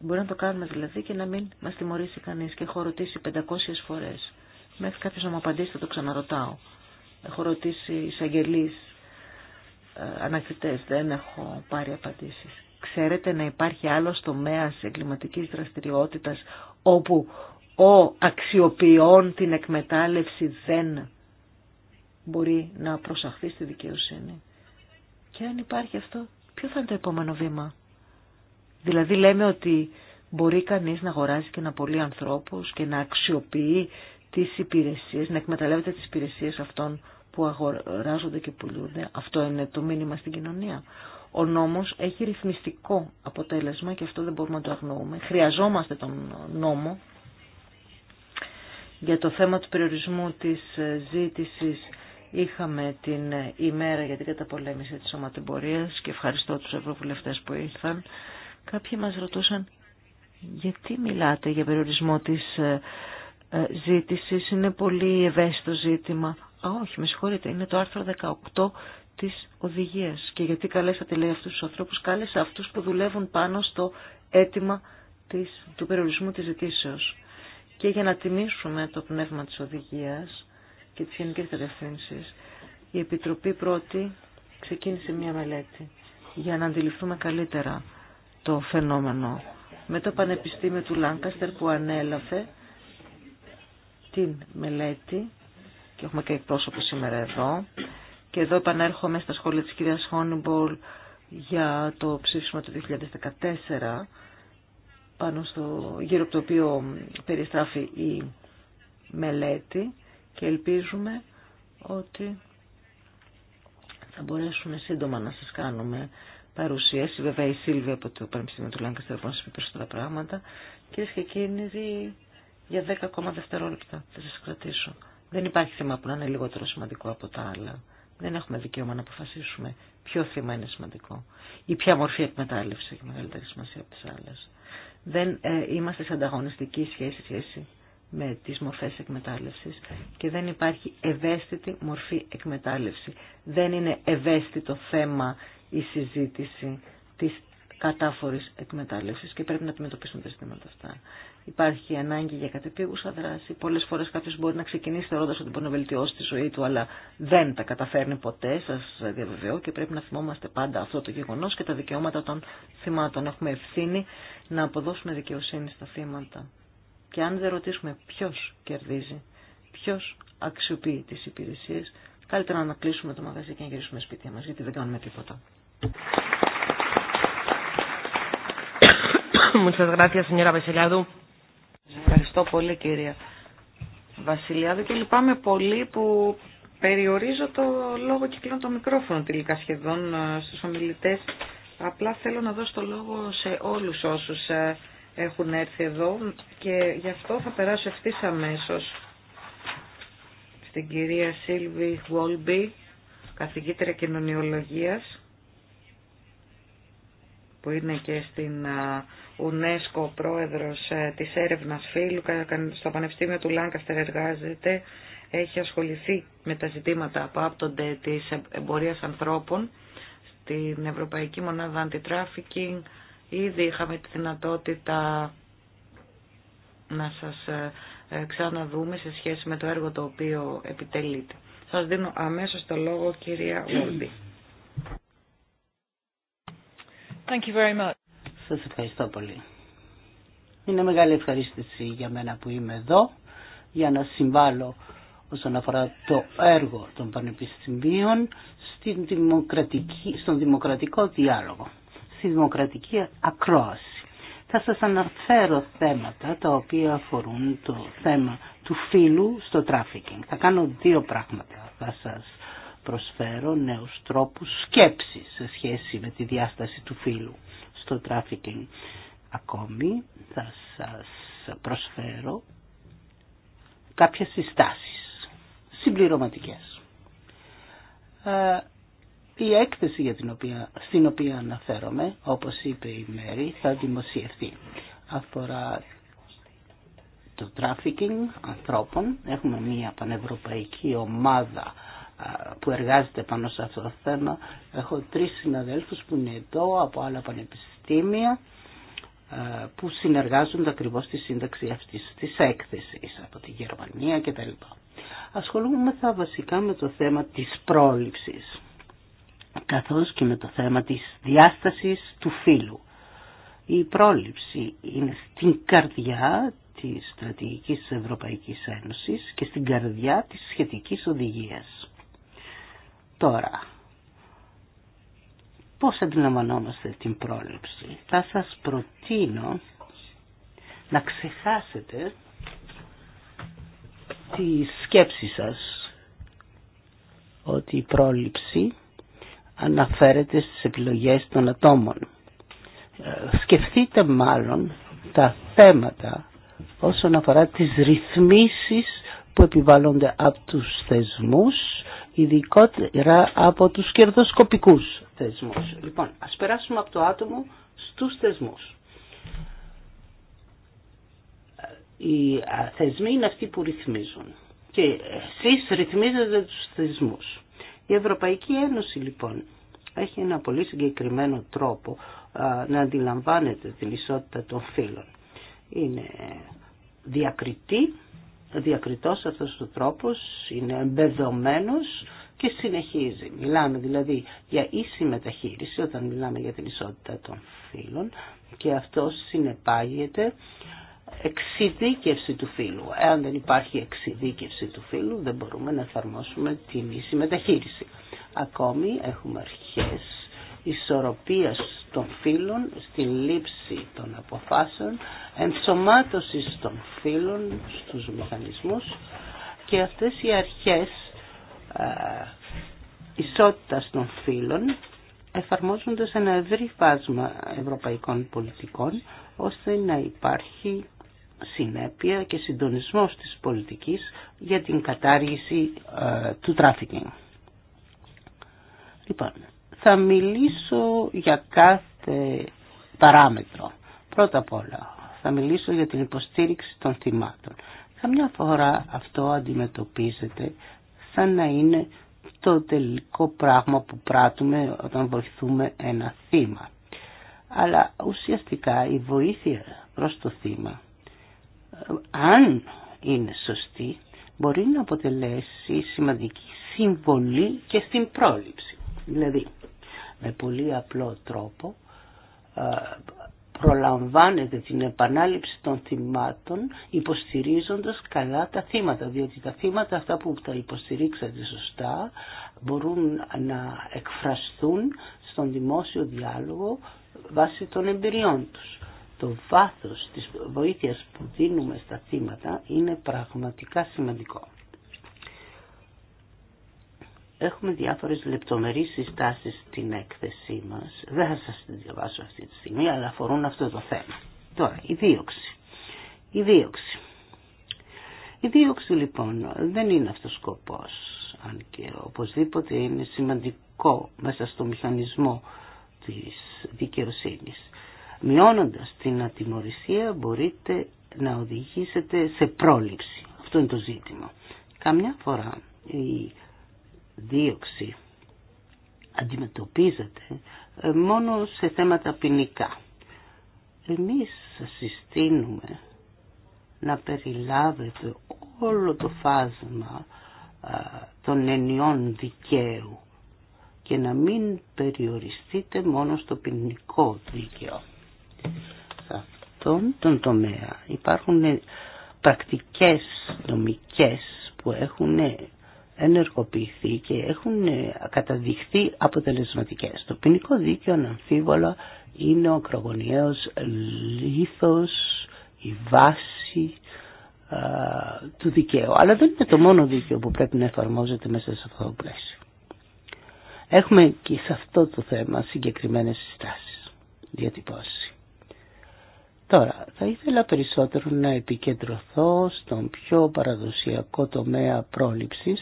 Μπορεί να το κάνουμε δηλαδή και να μην μας τιμωρήσει κανείς και έχω ρωτήσει 500 φορές. Μέχρι κάποιο να μου απαντήσει θα το ξαναρωτάω. Έχω ρωτήσει εισαγγελείς, ε, ανακριτές, δεν έχω πάρει απαντήσεις. Ξέρετε να υπάρχει άλλο τομέα εγκληματική δραστηριότητα όπου ο αξιοποιών την εκμετάλλευση δεν μπορεί να προσαχθεί στη δικαιοσύνη. Και αν υπάρχει αυτό, ποιο θα είναι το επόμενο βήμα. Δηλαδή λέμε ότι μπορεί κανείς να αγοράζει και να πολλοί ανθρώπους και να αξιοποιεί τις υπηρεσίες, να εκμεταλλεύεται τις υπηρεσίες αυτών που αγοράζονται και πουλούνται. Αυτό είναι το μήνυμα στην κοινωνία. Ο νόμος έχει ρυθμιστικό αποτέλεσμα και αυτό δεν μπορούμε να το αγνοούμε. Χρειαζόμαστε τον νόμο για το θέμα του περιορισμού της ε, ζήτησης είχαμε την ε, ημέρα για την καταπολέμηση της σωματεμπορίας και ευχαριστώ τους ευρωβουλευτές που ήρθαν. Κάποιοι μας ρωτούσαν γιατί μιλάτε για περιορισμό της ε, ζήτησης, είναι πολύ ευαίσθητο ζήτημα. Α, όχι, με συγχωρείτε, είναι το άρθρο 18 της οδηγίας. Και γιατί καλέσατε, λέει, αυτούς τους ανθρώπους, κάλεσα αυτούς που δουλεύουν πάνω στο αίτημα της, του περιορισμού της ζητήσεως και για να τιμήσουμε το πνεύμα της οδηγίας και της γενικές κατευθύνσεις, η Επιτροπή πρώτη ξεκίνησε μία μελέτη για να αντιληφθούμε καλύτερα το φαινόμενο με το Πανεπιστήμιο του Λάνκαστερ που ανέλαβε την μελέτη και έχουμε και εκπρόσωπο σήμερα εδώ και εδώ επανέρχομαι στα σχόλια της κυρίας Χόνιμπολ για το ψήφισμα του 2014 πάνω στο, γύρω από το οποίο περιστράφει η μελέτη και ελπίζουμε ότι θα μπορέσουμε σύντομα να σας κάνουμε παρουσίαση. Βέβαια η Σίλβια από το Πανεπιστήμιο του Λάγκαστερ να σας πει περισσότερα πράγματα. Κυρίες και κύριοι, για 10 ακόμα δευτερόλεπτα θα σας κρατήσω. Δεν υπάρχει θέμα που να είναι λιγότερο σημαντικό από τα άλλα. Δεν έχουμε δικαίωμα να αποφασίσουμε ποιο θέμα είναι σημαντικό ή ποια μορφή εκμετάλλευση έχει μεγαλύτερη σημασία από τι δεν ε, είμαστε σε ανταγωνιστική σχέση, σχέση με τις μορφές εκμετάλλευσης και δεν υπάρχει ευαίσθητη μορφή εκμετάλλευση. Δεν είναι ευαίσθητο θέμα η συζήτηση της κατάφορης εκμετάλλευσης και πρέπει να αντιμετωπίσουμε τα ζητήματα αυτά υπάρχει ανάγκη για κατεπίγουσα δράση. Πολλέ φορέ κάποιο μπορεί να ξεκινήσει θεωρώντα ότι μπορεί να βελτιώσει τη ζωή του, αλλά δεν τα καταφέρνει ποτέ, σα διαβεβαιώ, και πρέπει να θυμόμαστε πάντα αυτό το γεγονό και τα δικαιώματα των θυμάτων. Έχουμε ευθύνη να αποδώσουμε δικαιοσύνη στα θύματα. Και αν δεν ρωτήσουμε ποιο κερδίζει, ποιο αξιοποιεί τι υπηρεσίε, καλύτερα να κλείσουμε το μαγαζί και να γυρίσουμε σπίτια μα, γιατί δεν κάνουμε τίποτα. Muchas gracias, señora Ευχαριστώ πολύ κυρία Βασιλιάδη και λυπάμαι πολύ που περιορίζω το λόγο και κλείνω το μικρόφωνο τελικά σχεδόν ε, στους ομιλητές. Απλά θέλω να δώσω το λόγο σε όλους όσους ε, έχουν έρθει εδώ και γι' αυτό θα περάσω ευθύ αμέσω στην κυρία Σίλβη Γουόλμπι, καθηγήτρια κοινωνιολογίας που είναι και στην ε, UNESCO, πρόεδρος ε, της έρευνας φίλου, στο Πανεπιστήμιο του Λάγκαστερ εργάζεται, έχει ασχοληθεί με τα ζητήματα που άπτονται της εμπορίας ανθρώπων στην Ευρωπαϊκή Μονάδα Αντιτράφικινγκ. Ήδη είχαμε τη δυνατότητα να σας ε, ε, ξαναδούμε σε σχέση με το έργο το οποίο επιτελείται. Σας δίνω αμέσως το λόγο κυρία Βόρντι. Thank σας ευχαριστώ πολύ. Είναι μεγάλη ευχαρίστηση για μένα που είμαι εδώ για να συμβάλλω όσον αφορά το έργο των πανεπιστημίων στην δημοκρατική, στον δημοκρατικό διάλογο, στη δημοκρατική ακρόαση. Θα σας αναφέρω θέματα τα οποία αφορούν το θέμα του φύλου στο τράφικινγκ. Θα κάνω δύο πράγματα. Θα σας προσφέρω νέους τρόπους σκέψης σε σχέση με τη διάσταση του φύλου στο τράφικινγκ. Ακόμη θα σας προσφέρω κάποιες συστάσεις συμπληρωματικές. Ε, η έκθεση για την οποία, στην οποία αναφέρομαι, όπως είπε η Μέρη, θα δημοσιευθεί. Αφορά το τράφικινγκ ανθρώπων. Έχουμε μια πανευρωπαϊκή ομάδα που εργάζεται πάνω σε αυτό το θέμα. Έχω τρεις συναδέλφους που είναι εδώ από άλλα πανεπιστήμια ε, που συνεργάζονται ακριβώς στη σύνταξη αυτής της έκθεσης από τη Γερμανία κτλ. Ασχολούμαστε βασικά με το θέμα της πρόληψης καθώς και με το θέμα της διάστασης του φύλου. Η πρόληψη είναι στην καρδιά της Στρατηγικής Ευρωπαϊκής Ένωσης και στην καρδιά της σχετικής οδηγίας. Τώρα, πώς αντιλαμβανόμαστε την πρόληψη. Θα σας προτείνω να ξεχάσετε τη σκέψη σας ότι η πρόληψη αναφέρεται στις επιλογές των ατόμων. Ε, σκεφτείτε μάλλον τα θέματα όσον αφορά τις ρυθμίσεις που επιβάλλονται από τους θεσμούς, ειδικότερα από τους κερδοσκοπικούς θεσμούς. Λοιπόν, ας περάσουμε από το άτομο στους θεσμούς. Ε, οι θεσμοί είναι αυτοί που ρυθμίζουν και εσείς ρυθμίζετε τους θεσμούς. Η Ευρωπαϊκή Ένωση λοιπόν έχει ένα πολύ συγκεκριμένο τρόπο να αντιλαμβάνεται την ισότητα των φύλων. Είναι διακριτή διακριτός αυτός ο τρόπος, είναι εμπεδωμένος και συνεχίζει. Μιλάμε δηλαδή για ίση μεταχείριση όταν μιλάμε για την ισότητα των φύλων και αυτό συνεπάγεται εξειδίκευση του φύλου. Εάν δεν υπάρχει εξειδίκευση του φύλου δεν μπορούμε να εφαρμόσουμε την ίση μεταχείριση. Ακόμη έχουμε αρχές ισορροπίας των φύλων, στη λήψη των αποφάσεων, ενσωμάτωσης των φύλων στους μηχανισμούς και αυτές οι αρχές ισότητας των φύλων εφαρμόζονται σε ένα ευρύ φάσμα ευρωπαϊκών πολιτικών ώστε να υπάρχει συνέπεια και συντονισμός της πολιτικής για την κατάργηση του τράφικινγκ. Λοιπόν, θα μιλήσω για κάθε παράμετρο. Πρώτα απ' όλα θα μιλήσω για την υποστήριξη των θυμάτων. Καμιά φορά αυτό αντιμετωπίζεται σαν να είναι το τελικό πράγμα που πράττουμε όταν βοηθούμε ένα θύμα. Αλλά ουσιαστικά η βοήθεια προς το θύμα, αν είναι σωστή, μπορεί να αποτελέσει σημαντική συμβολή και στην πρόληψη. Δηλαδή, με πολύ απλό τρόπο ε, προλαμβάνεται την επανάληψη των θυμάτων υποστηρίζοντας καλά τα θύματα διότι τα θύματα αυτά που τα υποστηρίξατε σωστά μπορούν να εκφραστούν στον δημόσιο διάλογο βάσει των εμπειριών τους. Το βάθος της βοήθειας που δίνουμε στα θύματα είναι πραγματικά σημαντικό. Έχουμε διάφορες λεπτομερείς συστάσεις στην έκθεσή μας. Δεν θα σας την διαβάσω αυτή τη στιγμή, αλλά αφορούν αυτό το θέμα. Τώρα, η δίωξη. Η δίωξη. Η δίωξη λοιπόν δεν είναι αυτός ο σκοπός, αν και οπωσδήποτε είναι σημαντικό μέσα στο μηχανισμό της δικαιοσύνης. Μειώνοντας την ατιμορρησία μπορείτε να οδηγήσετε σε πρόληψη. Αυτό είναι το ζήτημα. Καμιά φορά η δίωξη αντιμετωπίζεται ε, μόνο σε θέματα ποινικά. Εμείς συστήνουμε να περιλάβετε όλο το φάσμα των ενιών δικαίου και να μην περιοριστείτε μόνο στο ποινικό δίκαιο. Σε αυτόν τον τομέα υπάρχουν ε, πρακτικές νομικές που έχουν ενεργοποιηθεί και έχουν ε, καταδειχθεί αποτελεσματικές. Το ποινικό δίκαιο αναμφίβολα είναι ο ακρογωνιαίος λήθος, η βάση του δικαίου. Αλλά δεν είναι το μόνο δίκαιο που πρέπει να εφαρμόζεται μέσα σε αυτό το πλαίσιο. Έχουμε και σε αυτό το θέμα συγκεκριμένες συστάσεις, διατυπώσεις. Τώρα, θα ήθελα περισσότερο να επικεντρωθώ στον πιο παραδοσιακό τομέα πρόληψης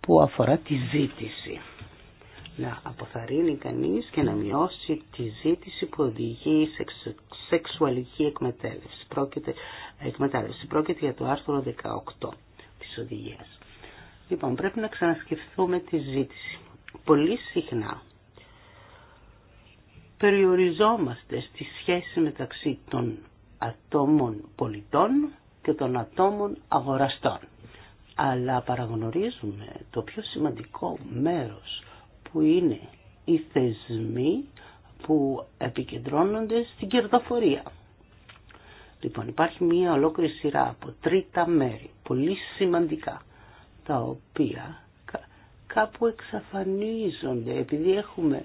που αφορά τη ζήτηση. Να αποθαρρύνει κανείς και να μειώσει τη ζήτηση που οδηγεί σε σεξουαλική εκμετάλλευση. Πρόκειται, Πρόκειται για το άρθρο 18 της οδηγίας. Λοιπόν, πρέπει να ξανασκεφτούμε τη ζήτηση. Πολύ συχνά περιοριζόμαστε στη σχέση μεταξύ των ατόμων πολιτών και των ατόμων αγοραστών. Αλλά παραγνωρίζουμε το πιο σημαντικό μέρος που είναι οι θεσμοί που επικεντρώνονται στην κερδοφορία. Λοιπόν, υπάρχει μία ολόκληρη σειρά από τρίτα μέρη, πολύ σημαντικά, τα οποία κάπου εξαφανίζονται επειδή έχουμε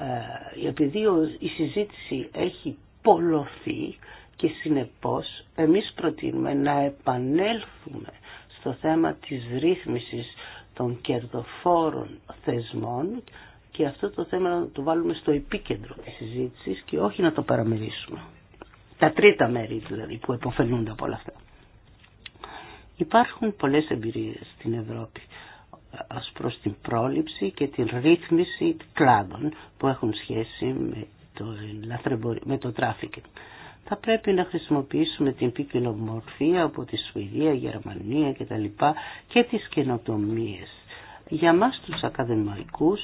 ε, επειδή η συζήτηση έχει πολλωθεί και συνεπώς εμείς προτείνουμε να επανέλθουμε στο θέμα της ρύθμισης των κερδοφόρων θεσμών και αυτό το θέμα να το βάλουμε στο επίκεντρο της συζήτησης και όχι να το παραμερίσουμε. Τα τρίτα μέρη δηλαδή που επωφελούνται από όλα αυτά. Υπάρχουν πολλές εμπειρίες στην Ευρώπη ως προς την πρόληψη και την ρύθμιση κλάδων που έχουν σχέση με το, με το Θα πρέπει να χρησιμοποιήσουμε την ποικιλομορφία από τη Σουηδία, Γερμανία κτλ. και τις καινοτομίες. Για μας τους ακαδημαϊκούς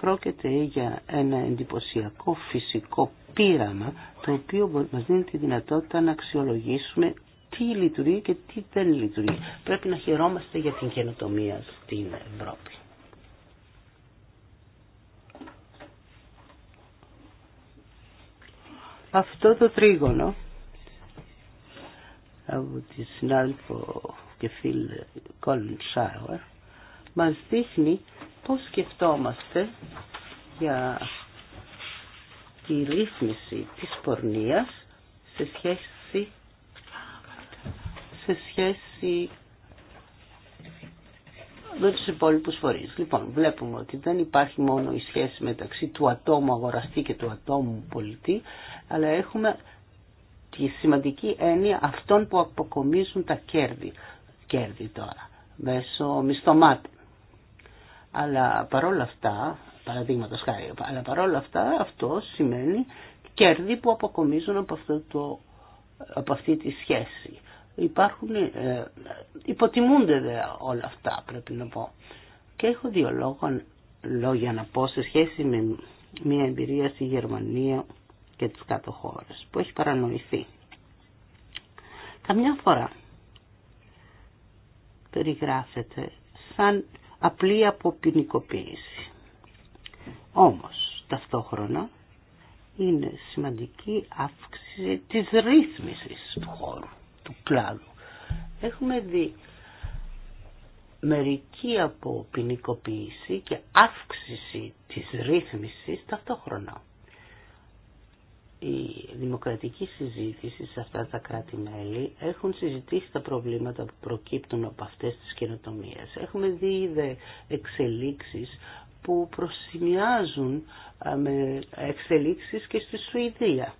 πρόκειται για ένα εντυπωσιακό φυσικό πείραμα το οποίο μας δίνει τη δυνατότητα να αξιολογήσουμε τι λειτουργεί και τι δεν λειτουργεί. Πρέπει να χαιρόμαστε για την καινοτομία στην Ευρώπη. Αυτό το τρίγωνο από τη συνάδελφο και φίλ Colin Σάουερ μας δείχνει πώς σκεφτόμαστε για τη ρύθμιση της πορνείας σε σχέση σε σχέση με τους υπόλοιπους φορείς. Λοιπόν, βλέπουμε ότι δεν υπάρχει μόνο η σχέση μεταξύ του ατόμου αγοραστή και του ατόμου πολιτή, αλλά έχουμε τη σημαντική έννοια αυτών που αποκομίζουν τα κέρδη, κέρδη τώρα, μέσω μισθωμάτων. Αλλά παρόλα αυτά, παραδείγματο χάρη, αλλά παρόλα αυτά αυτό σημαίνει κέρδη που αποκομίζουν από, αυτό από αυτή τη σχέση. Υπάρχουν, ε, υποτιμούνται όλα αυτά πρέπει να πω. Και έχω δύο λόγια να πω σε σχέση με μια εμπειρία στη Γερμανία και τις κάτω χώρες που έχει παρανοηθεί. Καμιά φορά περιγράφεται σαν απλή αποποινικοποίηση. Όμως ταυτόχρονα είναι σημαντική αύξηση της ρύθμισης του χώρου του Έχουμε δει μερική από ποινικοποίηση και αύξηση της ρύθμισης ταυτόχρονα. Η δημοκρατική συζήτηση σε αυτά τα κράτη-μέλη έχουν συζητήσει τα προβλήματα που προκύπτουν από αυτές τις καινοτομίε. Έχουμε δει ήδη εξελίξεις που προσημιάζουν με εξελίξεις και στη Σουηδία.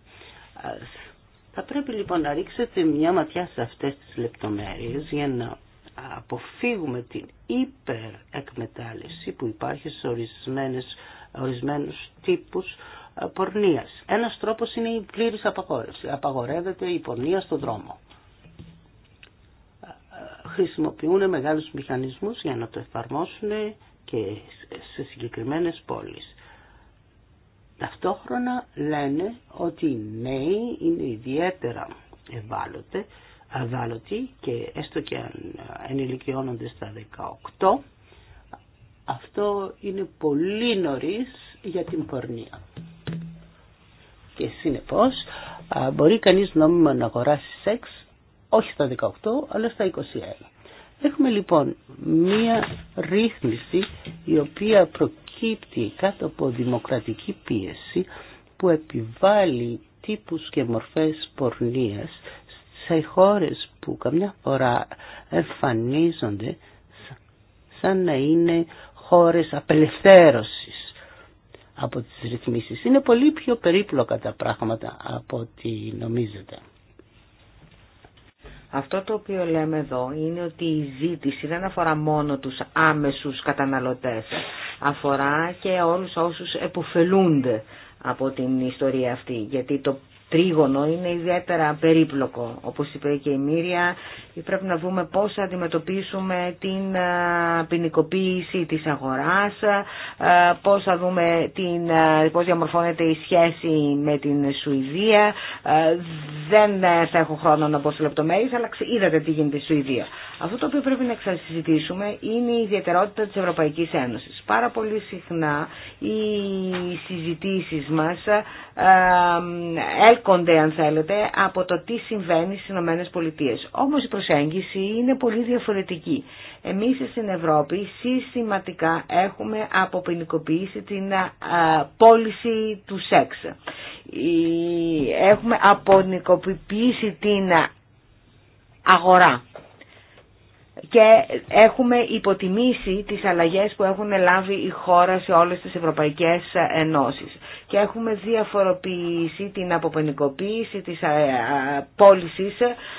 Θα πρέπει λοιπόν να ρίξετε μια ματιά σε αυτές τις λεπτομέρειες για να αποφύγουμε την υπερεκμετάλλευση που υπάρχει σε ορισμένες, ορισμένους τύπους ε, πορνείας. Ένας τρόπος είναι η πλήρης απαγόρευση. Απαγορεύεται η πορνεία στον δρόμο. Ε, ε, χρησιμοποιούν μεγάλους μηχανισμούς για να το εφαρμόσουν και σε συγκεκριμένες πόλεις. Ταυτόχρονα λένε ότι οι νέοι είναι ιδιαίτερα ευάλωτε, ευάλωτοι και έστω και αν ενηλικιώνονται στα 18, αυτό είναι πολύ νωρίς για την πορνεία. Και συνεπώς μπορεί κανείς νόμιμα να αγοράσει σεξ όχι στα 18 αλλά στα 21. Έχουμε λοιπόν μία ρύθμιση η οποία προκύπτει προκύπτει κάτω από δημοκρατική πίεση που επιβάλλει τύπους και μορφές πορνείας σε χώρες που καμιά φορά εμφανίζονται σαν να είναι χώρες απελευθέρωσης από τις ρυθμίσεις. Είναι πολύ πιο περίπλοκα τα πράγματα από ό,τι νομίζετε. Αυτό το οποίο λέμε εδώ είναι ότι η ζήτηση δεν αφορά μόνο τους άμεσους καταναλωτές, αφορά και όλους όσους εποφελούνται από την ιστορία αυτή, γιατί το τρίγωνο είναι ιδιαίτερα περίπλοκο. Όπως είπε και η Μύρια, Πρέπει να δούμε πώς θα αντιμετωπίσουμε την ποινικοποίηση της αγοράς, πώς θα δούμε την, πώς διαμορφώνεται η σχέση με την Σουηδία. Δεν θα έχω χρόνο να πω σε λεπτομέρειες, αλλά είδατε τι γίνεται στη Σουηδία. Αυτό το οποίο πρέπει να ξανασυζητήσουμε είναι η ιδιαιτερότητα της Ευρωπαϊκής Ένωσης. Πάρα πολύ συχνά οι συζητήσεις μας έλκονται, αν θέλετε, από το τι συμβαίνει στις ΗΠΑ. Πολιτείες. Όμως προσέγγιση είναι πολύ διαφορετική. Εμείς στην Ευρώπη συστηματικά έχουμε αποποινικοποιήσει την πώληση του σεξ. Έχουμε αποποινικοποιήσει την αγορά και έχουμε υποτιμήσει τις αλλαγές που έχουν λάβει η χώρα σε όλες τις ευρωπαϊκές ενώσεις και έχουμε διαφοροποιήσει την αποπενικοποίηση της ε, ε, πώληση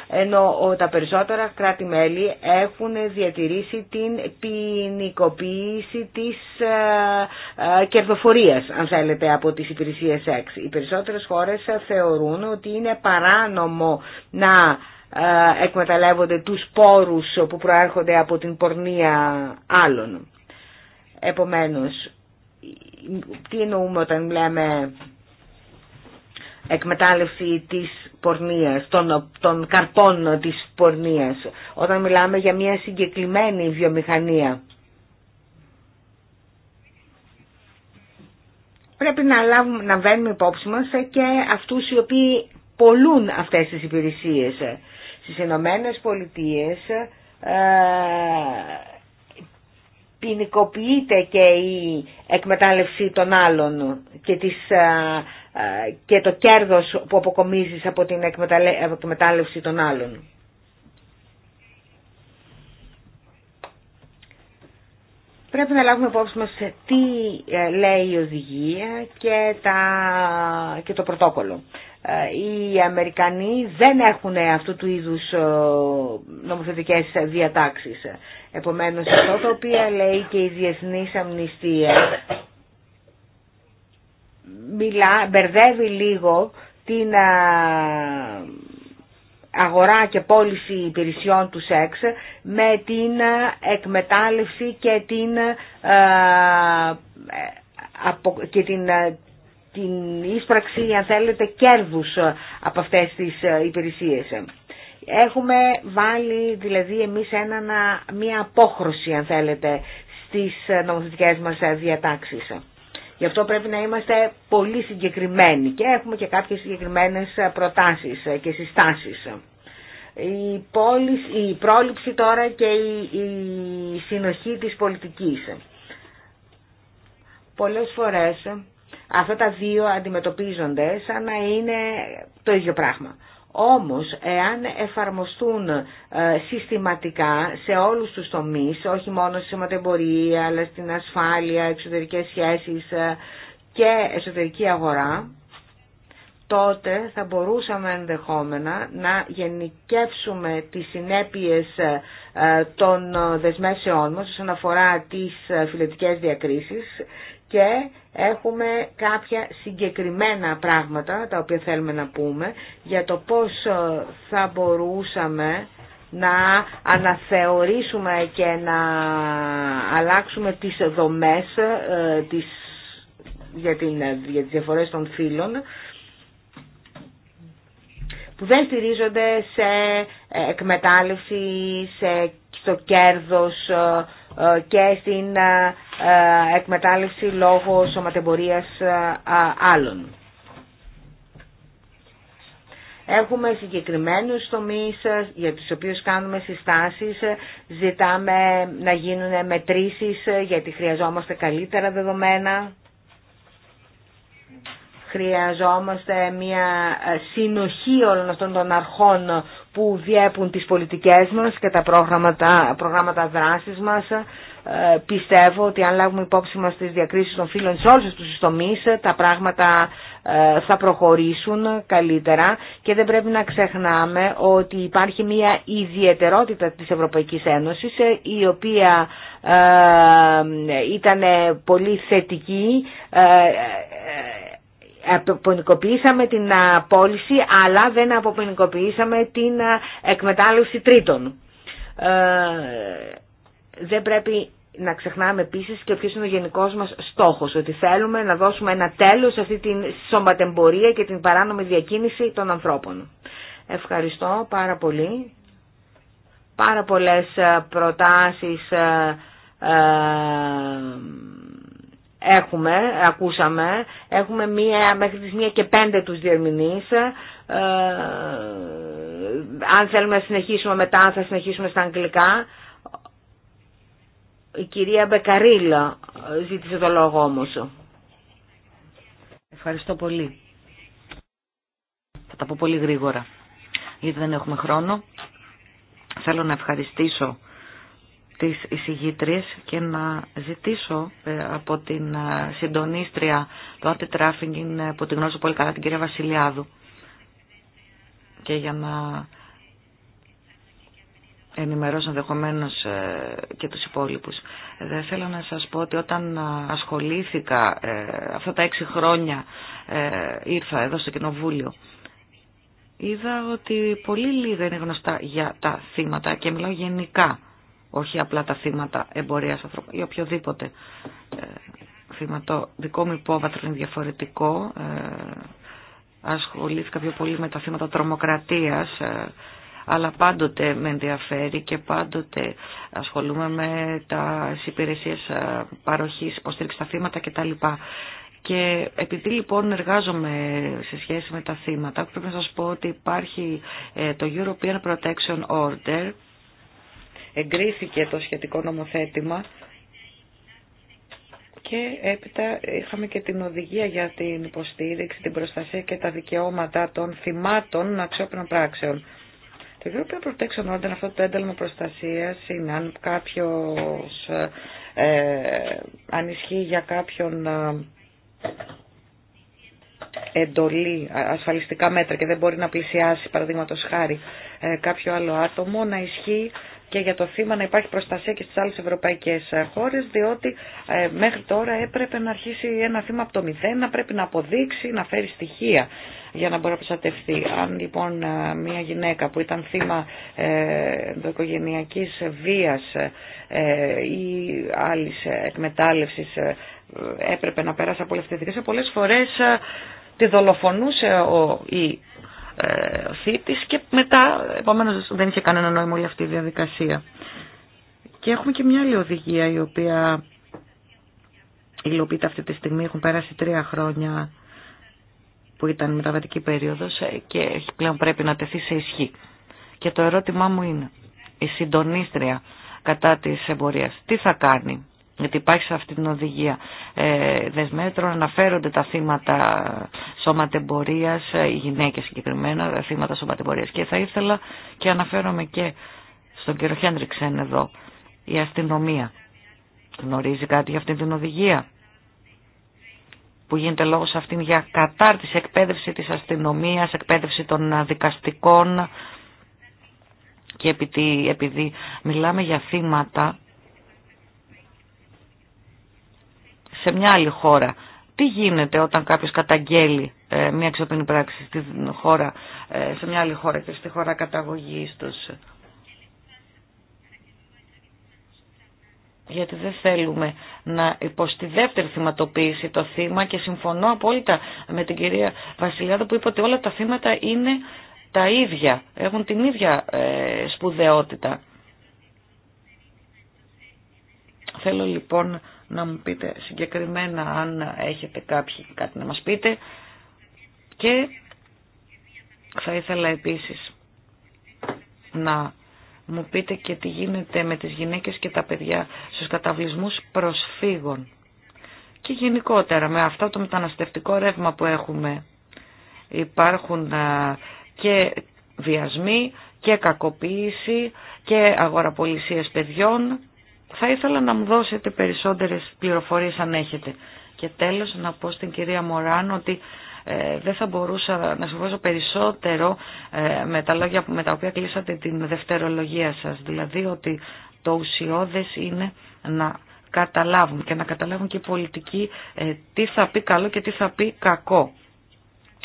ενώ τα περισσότερα κράτη-μέλη έχουν διατηρήσει την ποινικοποίηση της ε, κερδοφορίας αν θέλετε από τις υπηρεσίες ΕΞ. Οι περισσότερες χώρες θεωρούν ότι είναι παράνομο να ε, εκμεταλλεύονται τους πόρους που προέρχονται από την πορνεία άλλων. Επομένως, τι εννοούμε όταν λέμε εκμετάλλευση της πορνείας, των, των καρτών της πορνείας, όταν μιλάμε για μια συγκεκριμένη βιομηχανία. Πρέπει να, λάβουμε, να βαίνουμε υπόψη μας και αυτούς οι οποίοι πολλούν αυτές τις υπηρεσίες. Στις Ηνωμένε Πολιτείες ε, ποινικοποιείται και η εκμετάλλευση των άλλων και, ε, ε, και το κέρδος που αποκομίζεις από την εκμετάλλευση των άλλων. Πρέπει να λάβουμε υπόψη μας τι λέει η οδηγία και, τα, και το πρωτόκολλο. Ε, οι Αμερικανοί δεν έχουν αυτού του είδους ε, νομοθετικές διατάξεις. Επομένως αυτό το οποίο λέει και η Διεθνής Αμνηστία μιλά, μπερδεύει λίγο την ε, αγορά και πώληση υπηρεσιών του σεξ με την εκμετάλλευση και την, και την την ίσπραξη, αν θέλετε, κέρδους από αυτές τις ε, υπηρεσίες. Έχουμε βάλει δηλαδή εμείς ένα, μια απόχρωση, αν θέλετε, στις ε, νομοθετικές μας ε, διατάξεις. Γι' αυτό πρέπει να είμαστε πολύ συγκεκριμένοι και έχουμε και κάποιες συγκεκριμένες προτάσεις και συστάσεις. Η, πόλη, η πρόληψη τώρα και η, η συνοχή της πολιτικής. Πολλές φορές Αυτά τα δύο αντιμετωπίζονται σαν να είναι το ίδιο πράγμα. Όμως, εάν εφαρμοστούν ε, συστηματικά σε όλους τους τομείς, όχι μόνο στη σωματεμπορία, αλλά στην ασφάλεια, εξωτερικές σχέσεις ε, και εσωτερική αγορά, τότε θα μπορούσαμε ενδεχόμενα να γενικεύσουμε τις συνέπειες ε, των δεσμεύσεών μας όσον αφορά τις φιλετικές διακρίσεις και έχουμε κάποια συγκεκριμένα πράγματα τα οποία θέλουμε να πούμε για το πώς ε, θα μπορούσαμε να αναθεωρήσουμε και να αλλάξουμε τις δομές ε, της, για, την, ε, για τις διαφορές των φύλων που δεν στηρίζονται σε εκμετάλλευση, σε, στο κέρδος, ε, και στην ε, ε, εκμετάλλευση λόγω σωματεμπορίας άλλων. Έχουμε συγκεκριμένους τομείς για τους οποίους κάνουμε συστάσεις, ζητάμε να γίνουν μετρήσεις γιατί χρειαζόμαστε καλύτερα δεδομένα, χρειαζόμαστε μια συνοχή όλων αυτών των αρχών που διέπουν τις πολιτικές μας και τα προγράμματα, προγράμματα δράσης μας. Ε, πιστεύω ότι αν λάβουμε υπόψη μας τις διακρίσεις των φίλων σε όλους τους τομείς, τα πράγματα ε, θα προχωρήσουν καλύτερα και δεν πρέπει να ξεχνάμε ότι υπάρχει μια ιδιαιτερότητα της Ευρωπαϊκής Ένωσης, ε, η οποία ήταν πολύ θετική αποποινικοποιήσαμε την πώληση αλλά δεν αποποινικοποιήσαμε την εκμετάλλευση τρίτων. Ε, δεν πρέπει να ξεχνάμε επίσης και ποιος είναι ο γενικός μας στόχος, ότι θέλουμε να δώσουμε ένα τέλος σε αυτή την σωματεμπορία και την παράνομη διακίνηση των ανθρώπων. Ευχαριστώ πάρα πολύ. Πάρα πολλές ε, προτάσεις ε, έχουμε, ακούσαμε, έχουμε μία, μέχρι τις μία και πέντε τους διερμηνείς. Ε, αν θέλουμε να συνεχίσουμε μετά, θα συνεχίσουμε στα αγγλικά. Η κυρία Μπεκαρίλα ζήτησε το λόγο όμως. Ευχαριστώ πολύ. Θα τα πω πολύ γρήγορα, γιατί δεν έχουμε χρόνο. Θέλω να ευχαριστήσω της εισηγήτριες και να ζητήσω ε, από την ε, συντονίστρια του anti-trafficking ε, που την γνώριζω πολύ καλά, την κυρία Βασιλιάδου. Και για να ενημερώσω ενδεχομένω και τους υπόλοιπους. Δεν θέλω να σας πω ότι όταν ασχολήθηκα αυτά τα έξι χρόνια ήρθα εδώ στο Κοινοβούλιο είδα ότι πολύ λίγα είναι γνωστά για τα θύματα και μιλάω γενικά όχι απλά τα θύματα εμπορίας ανθρώπων ή οποιοδήποτε ε, θύμα. Το δικό μου υπόβαθρο είναι διαφορετικό. Ε, ασχολήθηκα πιο πολύ με τα θύματα τρομοκρατίας, ε, αλλά πάντοτε με ενδιαφέρει και πάντοτε ασχολούμαι με τα υπηρεσίες παροχής, υποστήριξη στα θύματα κτλ. Και επειδή λοιπόν εργάζομαι σε σχέση με τα θύματα, πρέπει να σας πω ότι υπάρχει το European Protection Order, εγκρίθηκε το σχετικό νομοθέτημα και έπειτα είχαμε και την οδηγία για την υποστήριξη, την προστασία και τα δικαιώματα των θυμάτων αξιόπινων πράξεων. Το European Protection Order, αυτό το ένταλμα προστασίας, είναι αν κάποιος ε, για κάποιον ε, εντολή, ασφαλιστικά μέτρα και δεν μπορεί να πλησιάσει, παραδείγματο χάρη, ε, κάποιο άλλο άτομο, να ισχύει και για το θύμα να υπάρχει προστασία και στις άλλες ευρωπαϊκές ε, χώρες, διότι ε, μέχρι τώρα έπρεπε να αρχίσει ένα θύμα από το μηδέν, να πρέπει να αποδείξει, να φέρει στοιχεία για να μπορεί να προστατευτεί. Αν λοιπόν ε, μια γυναίκα που ήταν θύμα ενδοοικογενειακής βίας ή άλλης εκμετάλλευσης έπρεπε να περάσει από δικασία, Πολλές φορές τη δολοφονούσε ο, η ε, θήτης και μετά, επομένως δεν είχε κανένα νόημα όλη αυτή η διαδικασία. Και έχουμε και μια άλλη οδηγία η οποία υλοποιείται αυτή τη στιγμή, έχουν πέρασει τρία χρόνια που ήταν μεταβατική περίοδος ε, και πλέον πρέπει να τεθεί σε ισχύ. Και το ερώτημά μου είναι, η συντονίστρια κατά της εμπορίας, τι θα κάνει γιατί υπάρχει σε αυτή την οδηγία ε, δεσμέτρων, αναφέρονται τα θύματα σωματεμπορίας, ε, οι γυναίκες συγκεκριμένα, τα θύματα σωματεμπορίας. Και θα ήθελα και αναφέρομαι και στον κύριο Χέντριξεν εδώ, η αστυνομία. Γνωρίζει κάτι για αυτή την οδηγία που γίνεται λόγος αυτήν για κατάρτιση, εκπαίδευση της αστυνομίας, εκπαίδευση των δικαστικών και επειδή μιλάμε για θύματα σε μια άλλη χώρα. Τι γίνεται όταν κάποιος καταγγέλει ε, μια εξωτερική πράξη χώρα, ε, σε μια άλλη χώρα και στη χώρα καταγωγής τους. γιατί δεν θέλουμε να υποστεί δεύτερη θυματοποίηση το θύμα και συμφωνώ απόλυτα με την κυρία Βασιλιάδου που είπε ότι όλα τα θύματα είναι τα ίδια, έχουν την ίδια ε, σπουδαιότητα. Θέλω λοιπόν να μου πείτε συγκεκριμένα αν έχετε κάποιοι κάτι να μας πείτε και θα ήθελα επίσης να μου πείτε και τι γίνεται με τις γυναίκες και τα παιδιά στους καταβλισμούς προσφύγων και γενικότερα με αυτό το μεταναστευτικό ρεύμα που έχουμε υπάρχουν και βιασμοί και κακοποίηση και αγοραπολισίες παιδιών θα ήθελα να μου δώσετε περισσότερες πληροφορίες αν έχετε. Και τέλος να πω στην κυρία Μωράν ότι ε, δεν θα μπορούσα να δώσω περισσότερο ε, με τα λόγια με τα οποία κλείσατε την δευτερολογία σας. Δηλαδή ότι το ουσιώδες είναι να καταλάβουν και να καταλάβουν και οι πολιτικοί ε, τι θα πει καλό και τι θα πει κακό.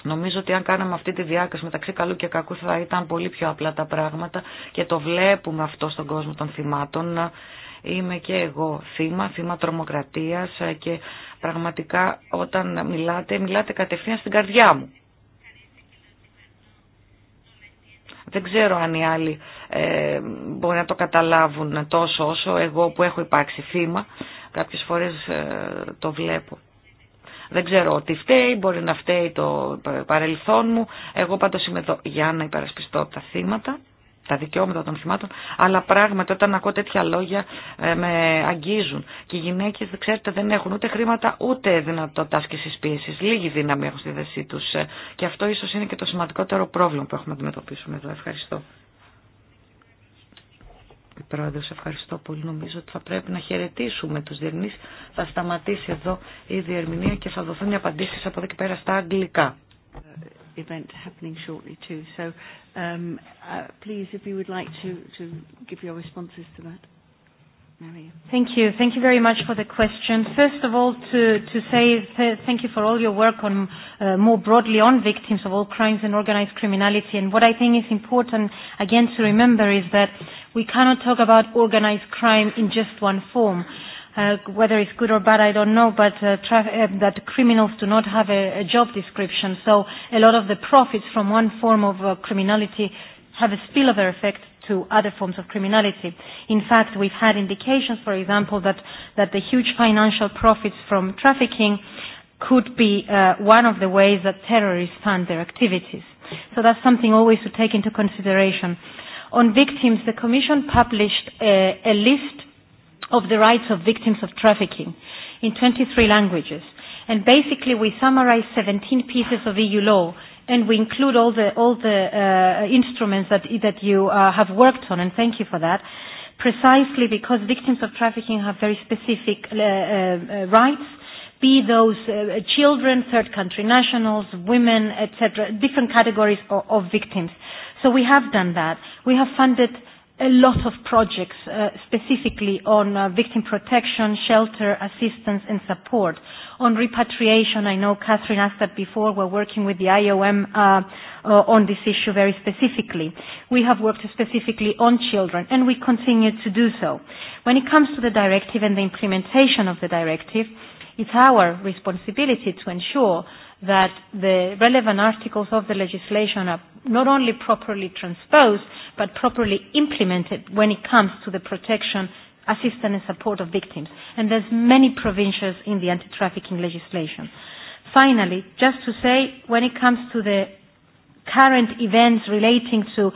Νομίζω ότι αν κάναμε αυτή τη διάκριση μεταξύ καλού και κακού θα ήταν πολύ πιο απλά τα πράγματα και το βλέπουμε αυτό στον κόσμο των θυμάτων. Είμαι και εγώ θύμα, θύμα τρομοκρατίας και πραγματικά όταν μιλάτε, μιλάτε κατευθείαν στην καρδιά μου. Δεν ξέρω αν οι άλλοι ε, μπορεί να το καταλάβουν τόσο όσο εγώ που έχω υπάρξει θύμα. Κάποιες φορές ε, το βλέπω. Δεν ξέρω τι φταίει, μπορεί να φταίει το παρελθόν μου. Εγώ πάντως είμαι εδώ για να υπερασπιστώ τα θύματα τα δικαιώματα των θυμάτων, αλλά πράγματι όταν ακούω τέτοια λόγια ε, με αγγίζουν. Και οι γυναίκε, ξέρετε, δεν έχουν ούτε χρήματα ούτε δυνατότητα άσκηση πίεση. Λίγη δύναμη έχουν στη δεσή του. Ε. Και αυτό ίσω είναι και το σημαντικότερο πρόβλημα που έχουμε να αντιμετωπίσουμε εδώ. Ευχαριστώ. Πρόεδρο, ευχαριστώ πολύ. Νομίζω ότι θα πρέπει να χαιρετήσουμε του διερμηνεί. Θα σταματήσει εδώ η διερμηνία και θα δοθούν οι απαντήσει από εδώ και πέρα στα αγγλικά event happening shortly too. So um, uh, please, if you would like to, to give your responses to that. Maria. Thank you. Thank you very much for the question. First of all, to, to say th thank you for all your work on uh, more broadly on victims of all crimes and organized criminality. And what I think is important, again, to remember is that we cannot talk about organized crime in just one form whether it's good or bad, I don't know, but that criminals do not have a job description. So a lot of the profits from one form of criminality have a spillover effect to other forms of criminality. In fact, we've had indications, for example, that that the huge financial profits from trafficking could be one of the ways that terrorists fund their activities. So that's something always to take into consideration. On victims, the Commission published a list of the rights of victims of trafficking in 23 languages. And basically we summarize 17 pieces of EU law and we include all the, all the uh, instruments that, that you uh, have worked on and thank you for that precisely because victims of trafficking have very specific uh, uh, rights be those uh, children, third country nationals, women, etc., different categories of victims. So we have done that. We have funded a lot of projects specifically on victim protection, shelter, assistance and support. On repatriation, I know Catherine asked that before, we're working with the IOM on this issue very specifically. We have worked specifically on children and we continue to do so. When it comes to the directive and the implementation of the directive, it's our responsibility to ensure that the relevant articles of the legislation are not only properly transposed, but properly implemented when it comes to the protection, assistance and support of victims. And there's many provincials in the anti-trafficking legislation. Finally, just to say, when it comes to the current events relating to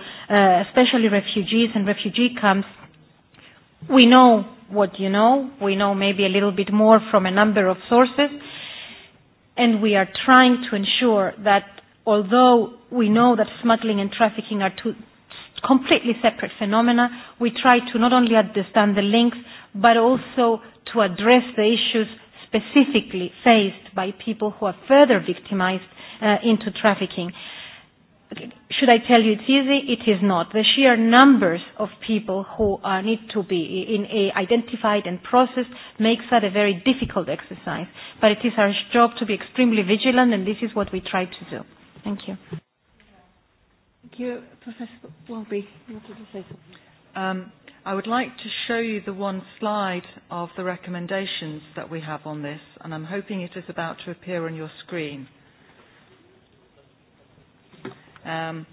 especially refugees and refugee camps, we know what you know. We know maybe a little bit more from a number of sources. And we are trying to ensure that although we know that smuggling and trafficking are too completely separate phenomena. We try to not only understand the links, but also to address the issues specifically faced by people who are further victimized into trafficking. Should I tell you it's easy? It is not. The sheer numbers of people who need to be in identified and processed makes that a very difficult exercise. But it is our job to be extremely vigilant, and this is what we try to do. Thank you you, Professor Welby, say Um, I would like to show you the one slide of the recommendations that we have on this, and I'm hoping it is about to appear on your screen. Um,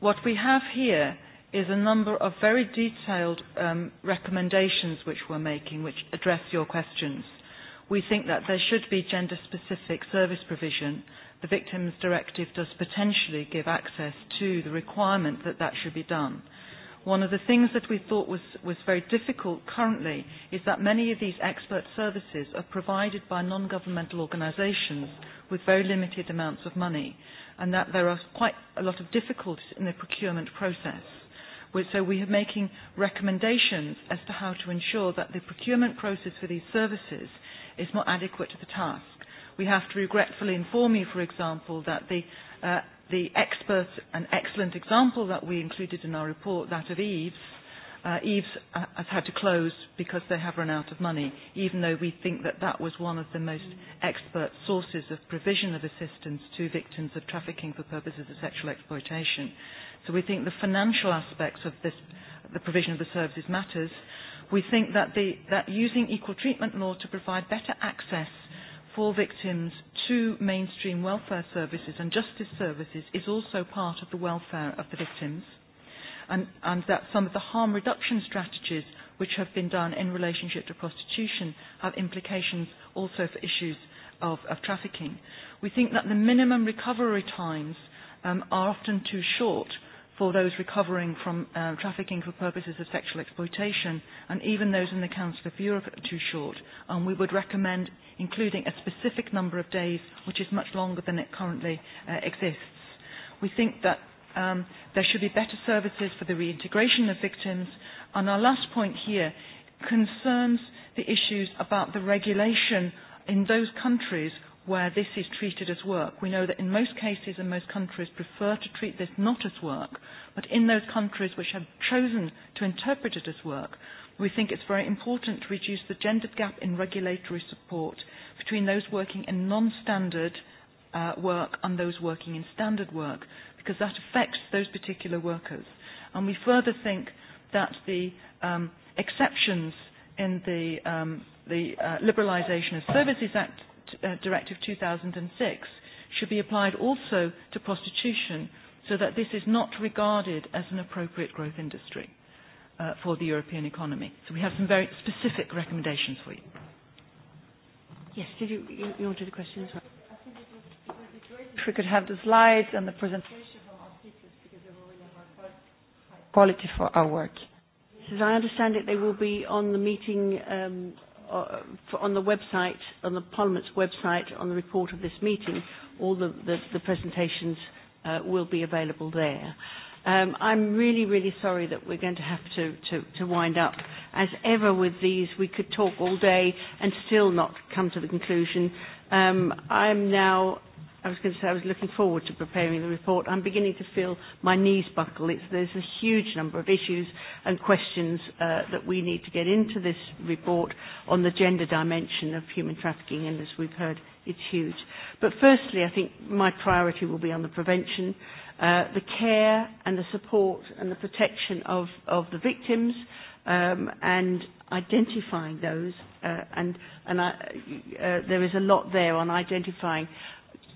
what we have here is a number of very detailed um, recommendations which we're making, which address your questions. We think that there should be gender-specific service provision the Victims Directive does potentially give access to the requirement that that should be done. One of the things that we thought was, was very difficult currently is that many of these expert services are provided by non-governmental organisations with very limited amounts of money and that there are quite a lot of difficulties in the procurement process. So we are making recommendations as to how to ensure that the procurement process for these services is more adequate to the task we have to regretfully inform you, for example, that the the expert and excellent example that we included in our report, that of Eves, Eves has had to close because they have run out of money, even though we think that that was one of the most expert sources of provision of assistance to victims of trafficking for purposes of sexual exploitation. So we think the financial aspects of this, the provision of the services matters. We think that, the, that using equal treatment law to provide better access for victims to mainstream welfare services and justice services is also part of the welfare of the victims and, and that some of the harm reduction strategies which have been done in relationship to prostitution have implications also for issues of, of trafficking. We think that the minimum recovery times um, are often too short for those recovering from trafficking for purposes of sexual exploitation and even those in the Council of Europe are too short and we would recommend including a specific number of days which is much longer than it currently exists. We think that um, there should be better services for the reintegration of victims and our last point here concerns the issues about the regulation in those countries where this is treated as work. We know that in most cases and most countries prefer to treat this not as work, but in those countries which have chosen to interpret it as work, we think it's very important to reduce the gender gap in regulatory support between those working in non-standard work and those working in standard work, because that affects those particular workers. And we further think that the exceptions in the Liberalisation of Services Act Directive 2006 should be applied also to prostitution so that this is not regarded as an appropriate growth industry for the European economy. So we have some very specific recommendations for you. Yes, did you, you, you do the question as well? If we could have the slides and the presentation because quality for our work. As I understand it, they will be on the meeting um, on the website, on the Parliament's website, on the report of this meeting, all the, the, presentations will be available there. Um, I'm really, really sorry that we're going to have to, to, to wind up. As ever with these, we could talk all day and still not come to the conclusion. Um, I'm now I was going to say I was looking forward to preparing the report. I'm beginning to feel my knees buckle. It's, there's a huge number of issues and questions that we need to get into this report on the gender dimension of human trafficking, and as we've heard, it's huge. But firstly, I think my priority will be on the prevention, the care and the support and the protection of, of the victims, um, and identifying those and and there is a lot there on identifying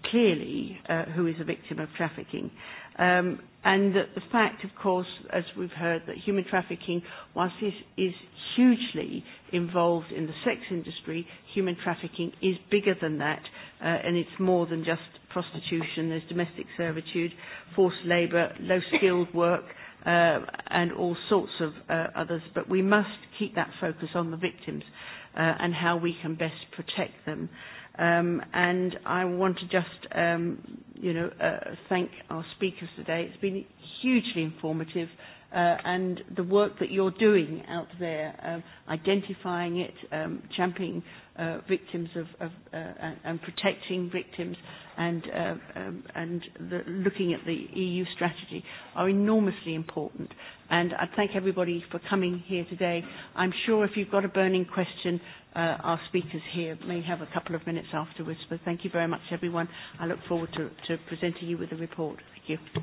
clearly who is a victim of trafficking. Um, and the fact, of course, as we've heard, that human trafficking, whilst this is hugely involved in the sex industry, human trafficking is bigger than that, and it's more than just prostitution. There's domestic servitude, forced labour, low-skilled work, and all sorts of others. But we must keep that focus on the victims and how we can best protect them. Um, and I want to just, um, you know, uh, thank our speakers today. It's been hugely informative, uh, and the work that you're doing out there, identifying it, um, championing victims of of and protecting victims and and the looking at the EU strategy are enormously important and I thank everybody for coming here today I'm sure if you've got a burning question our speakers here may have a couple of minutes afterwards but thank you very much everyone I look forward to to presenting you with the report thank you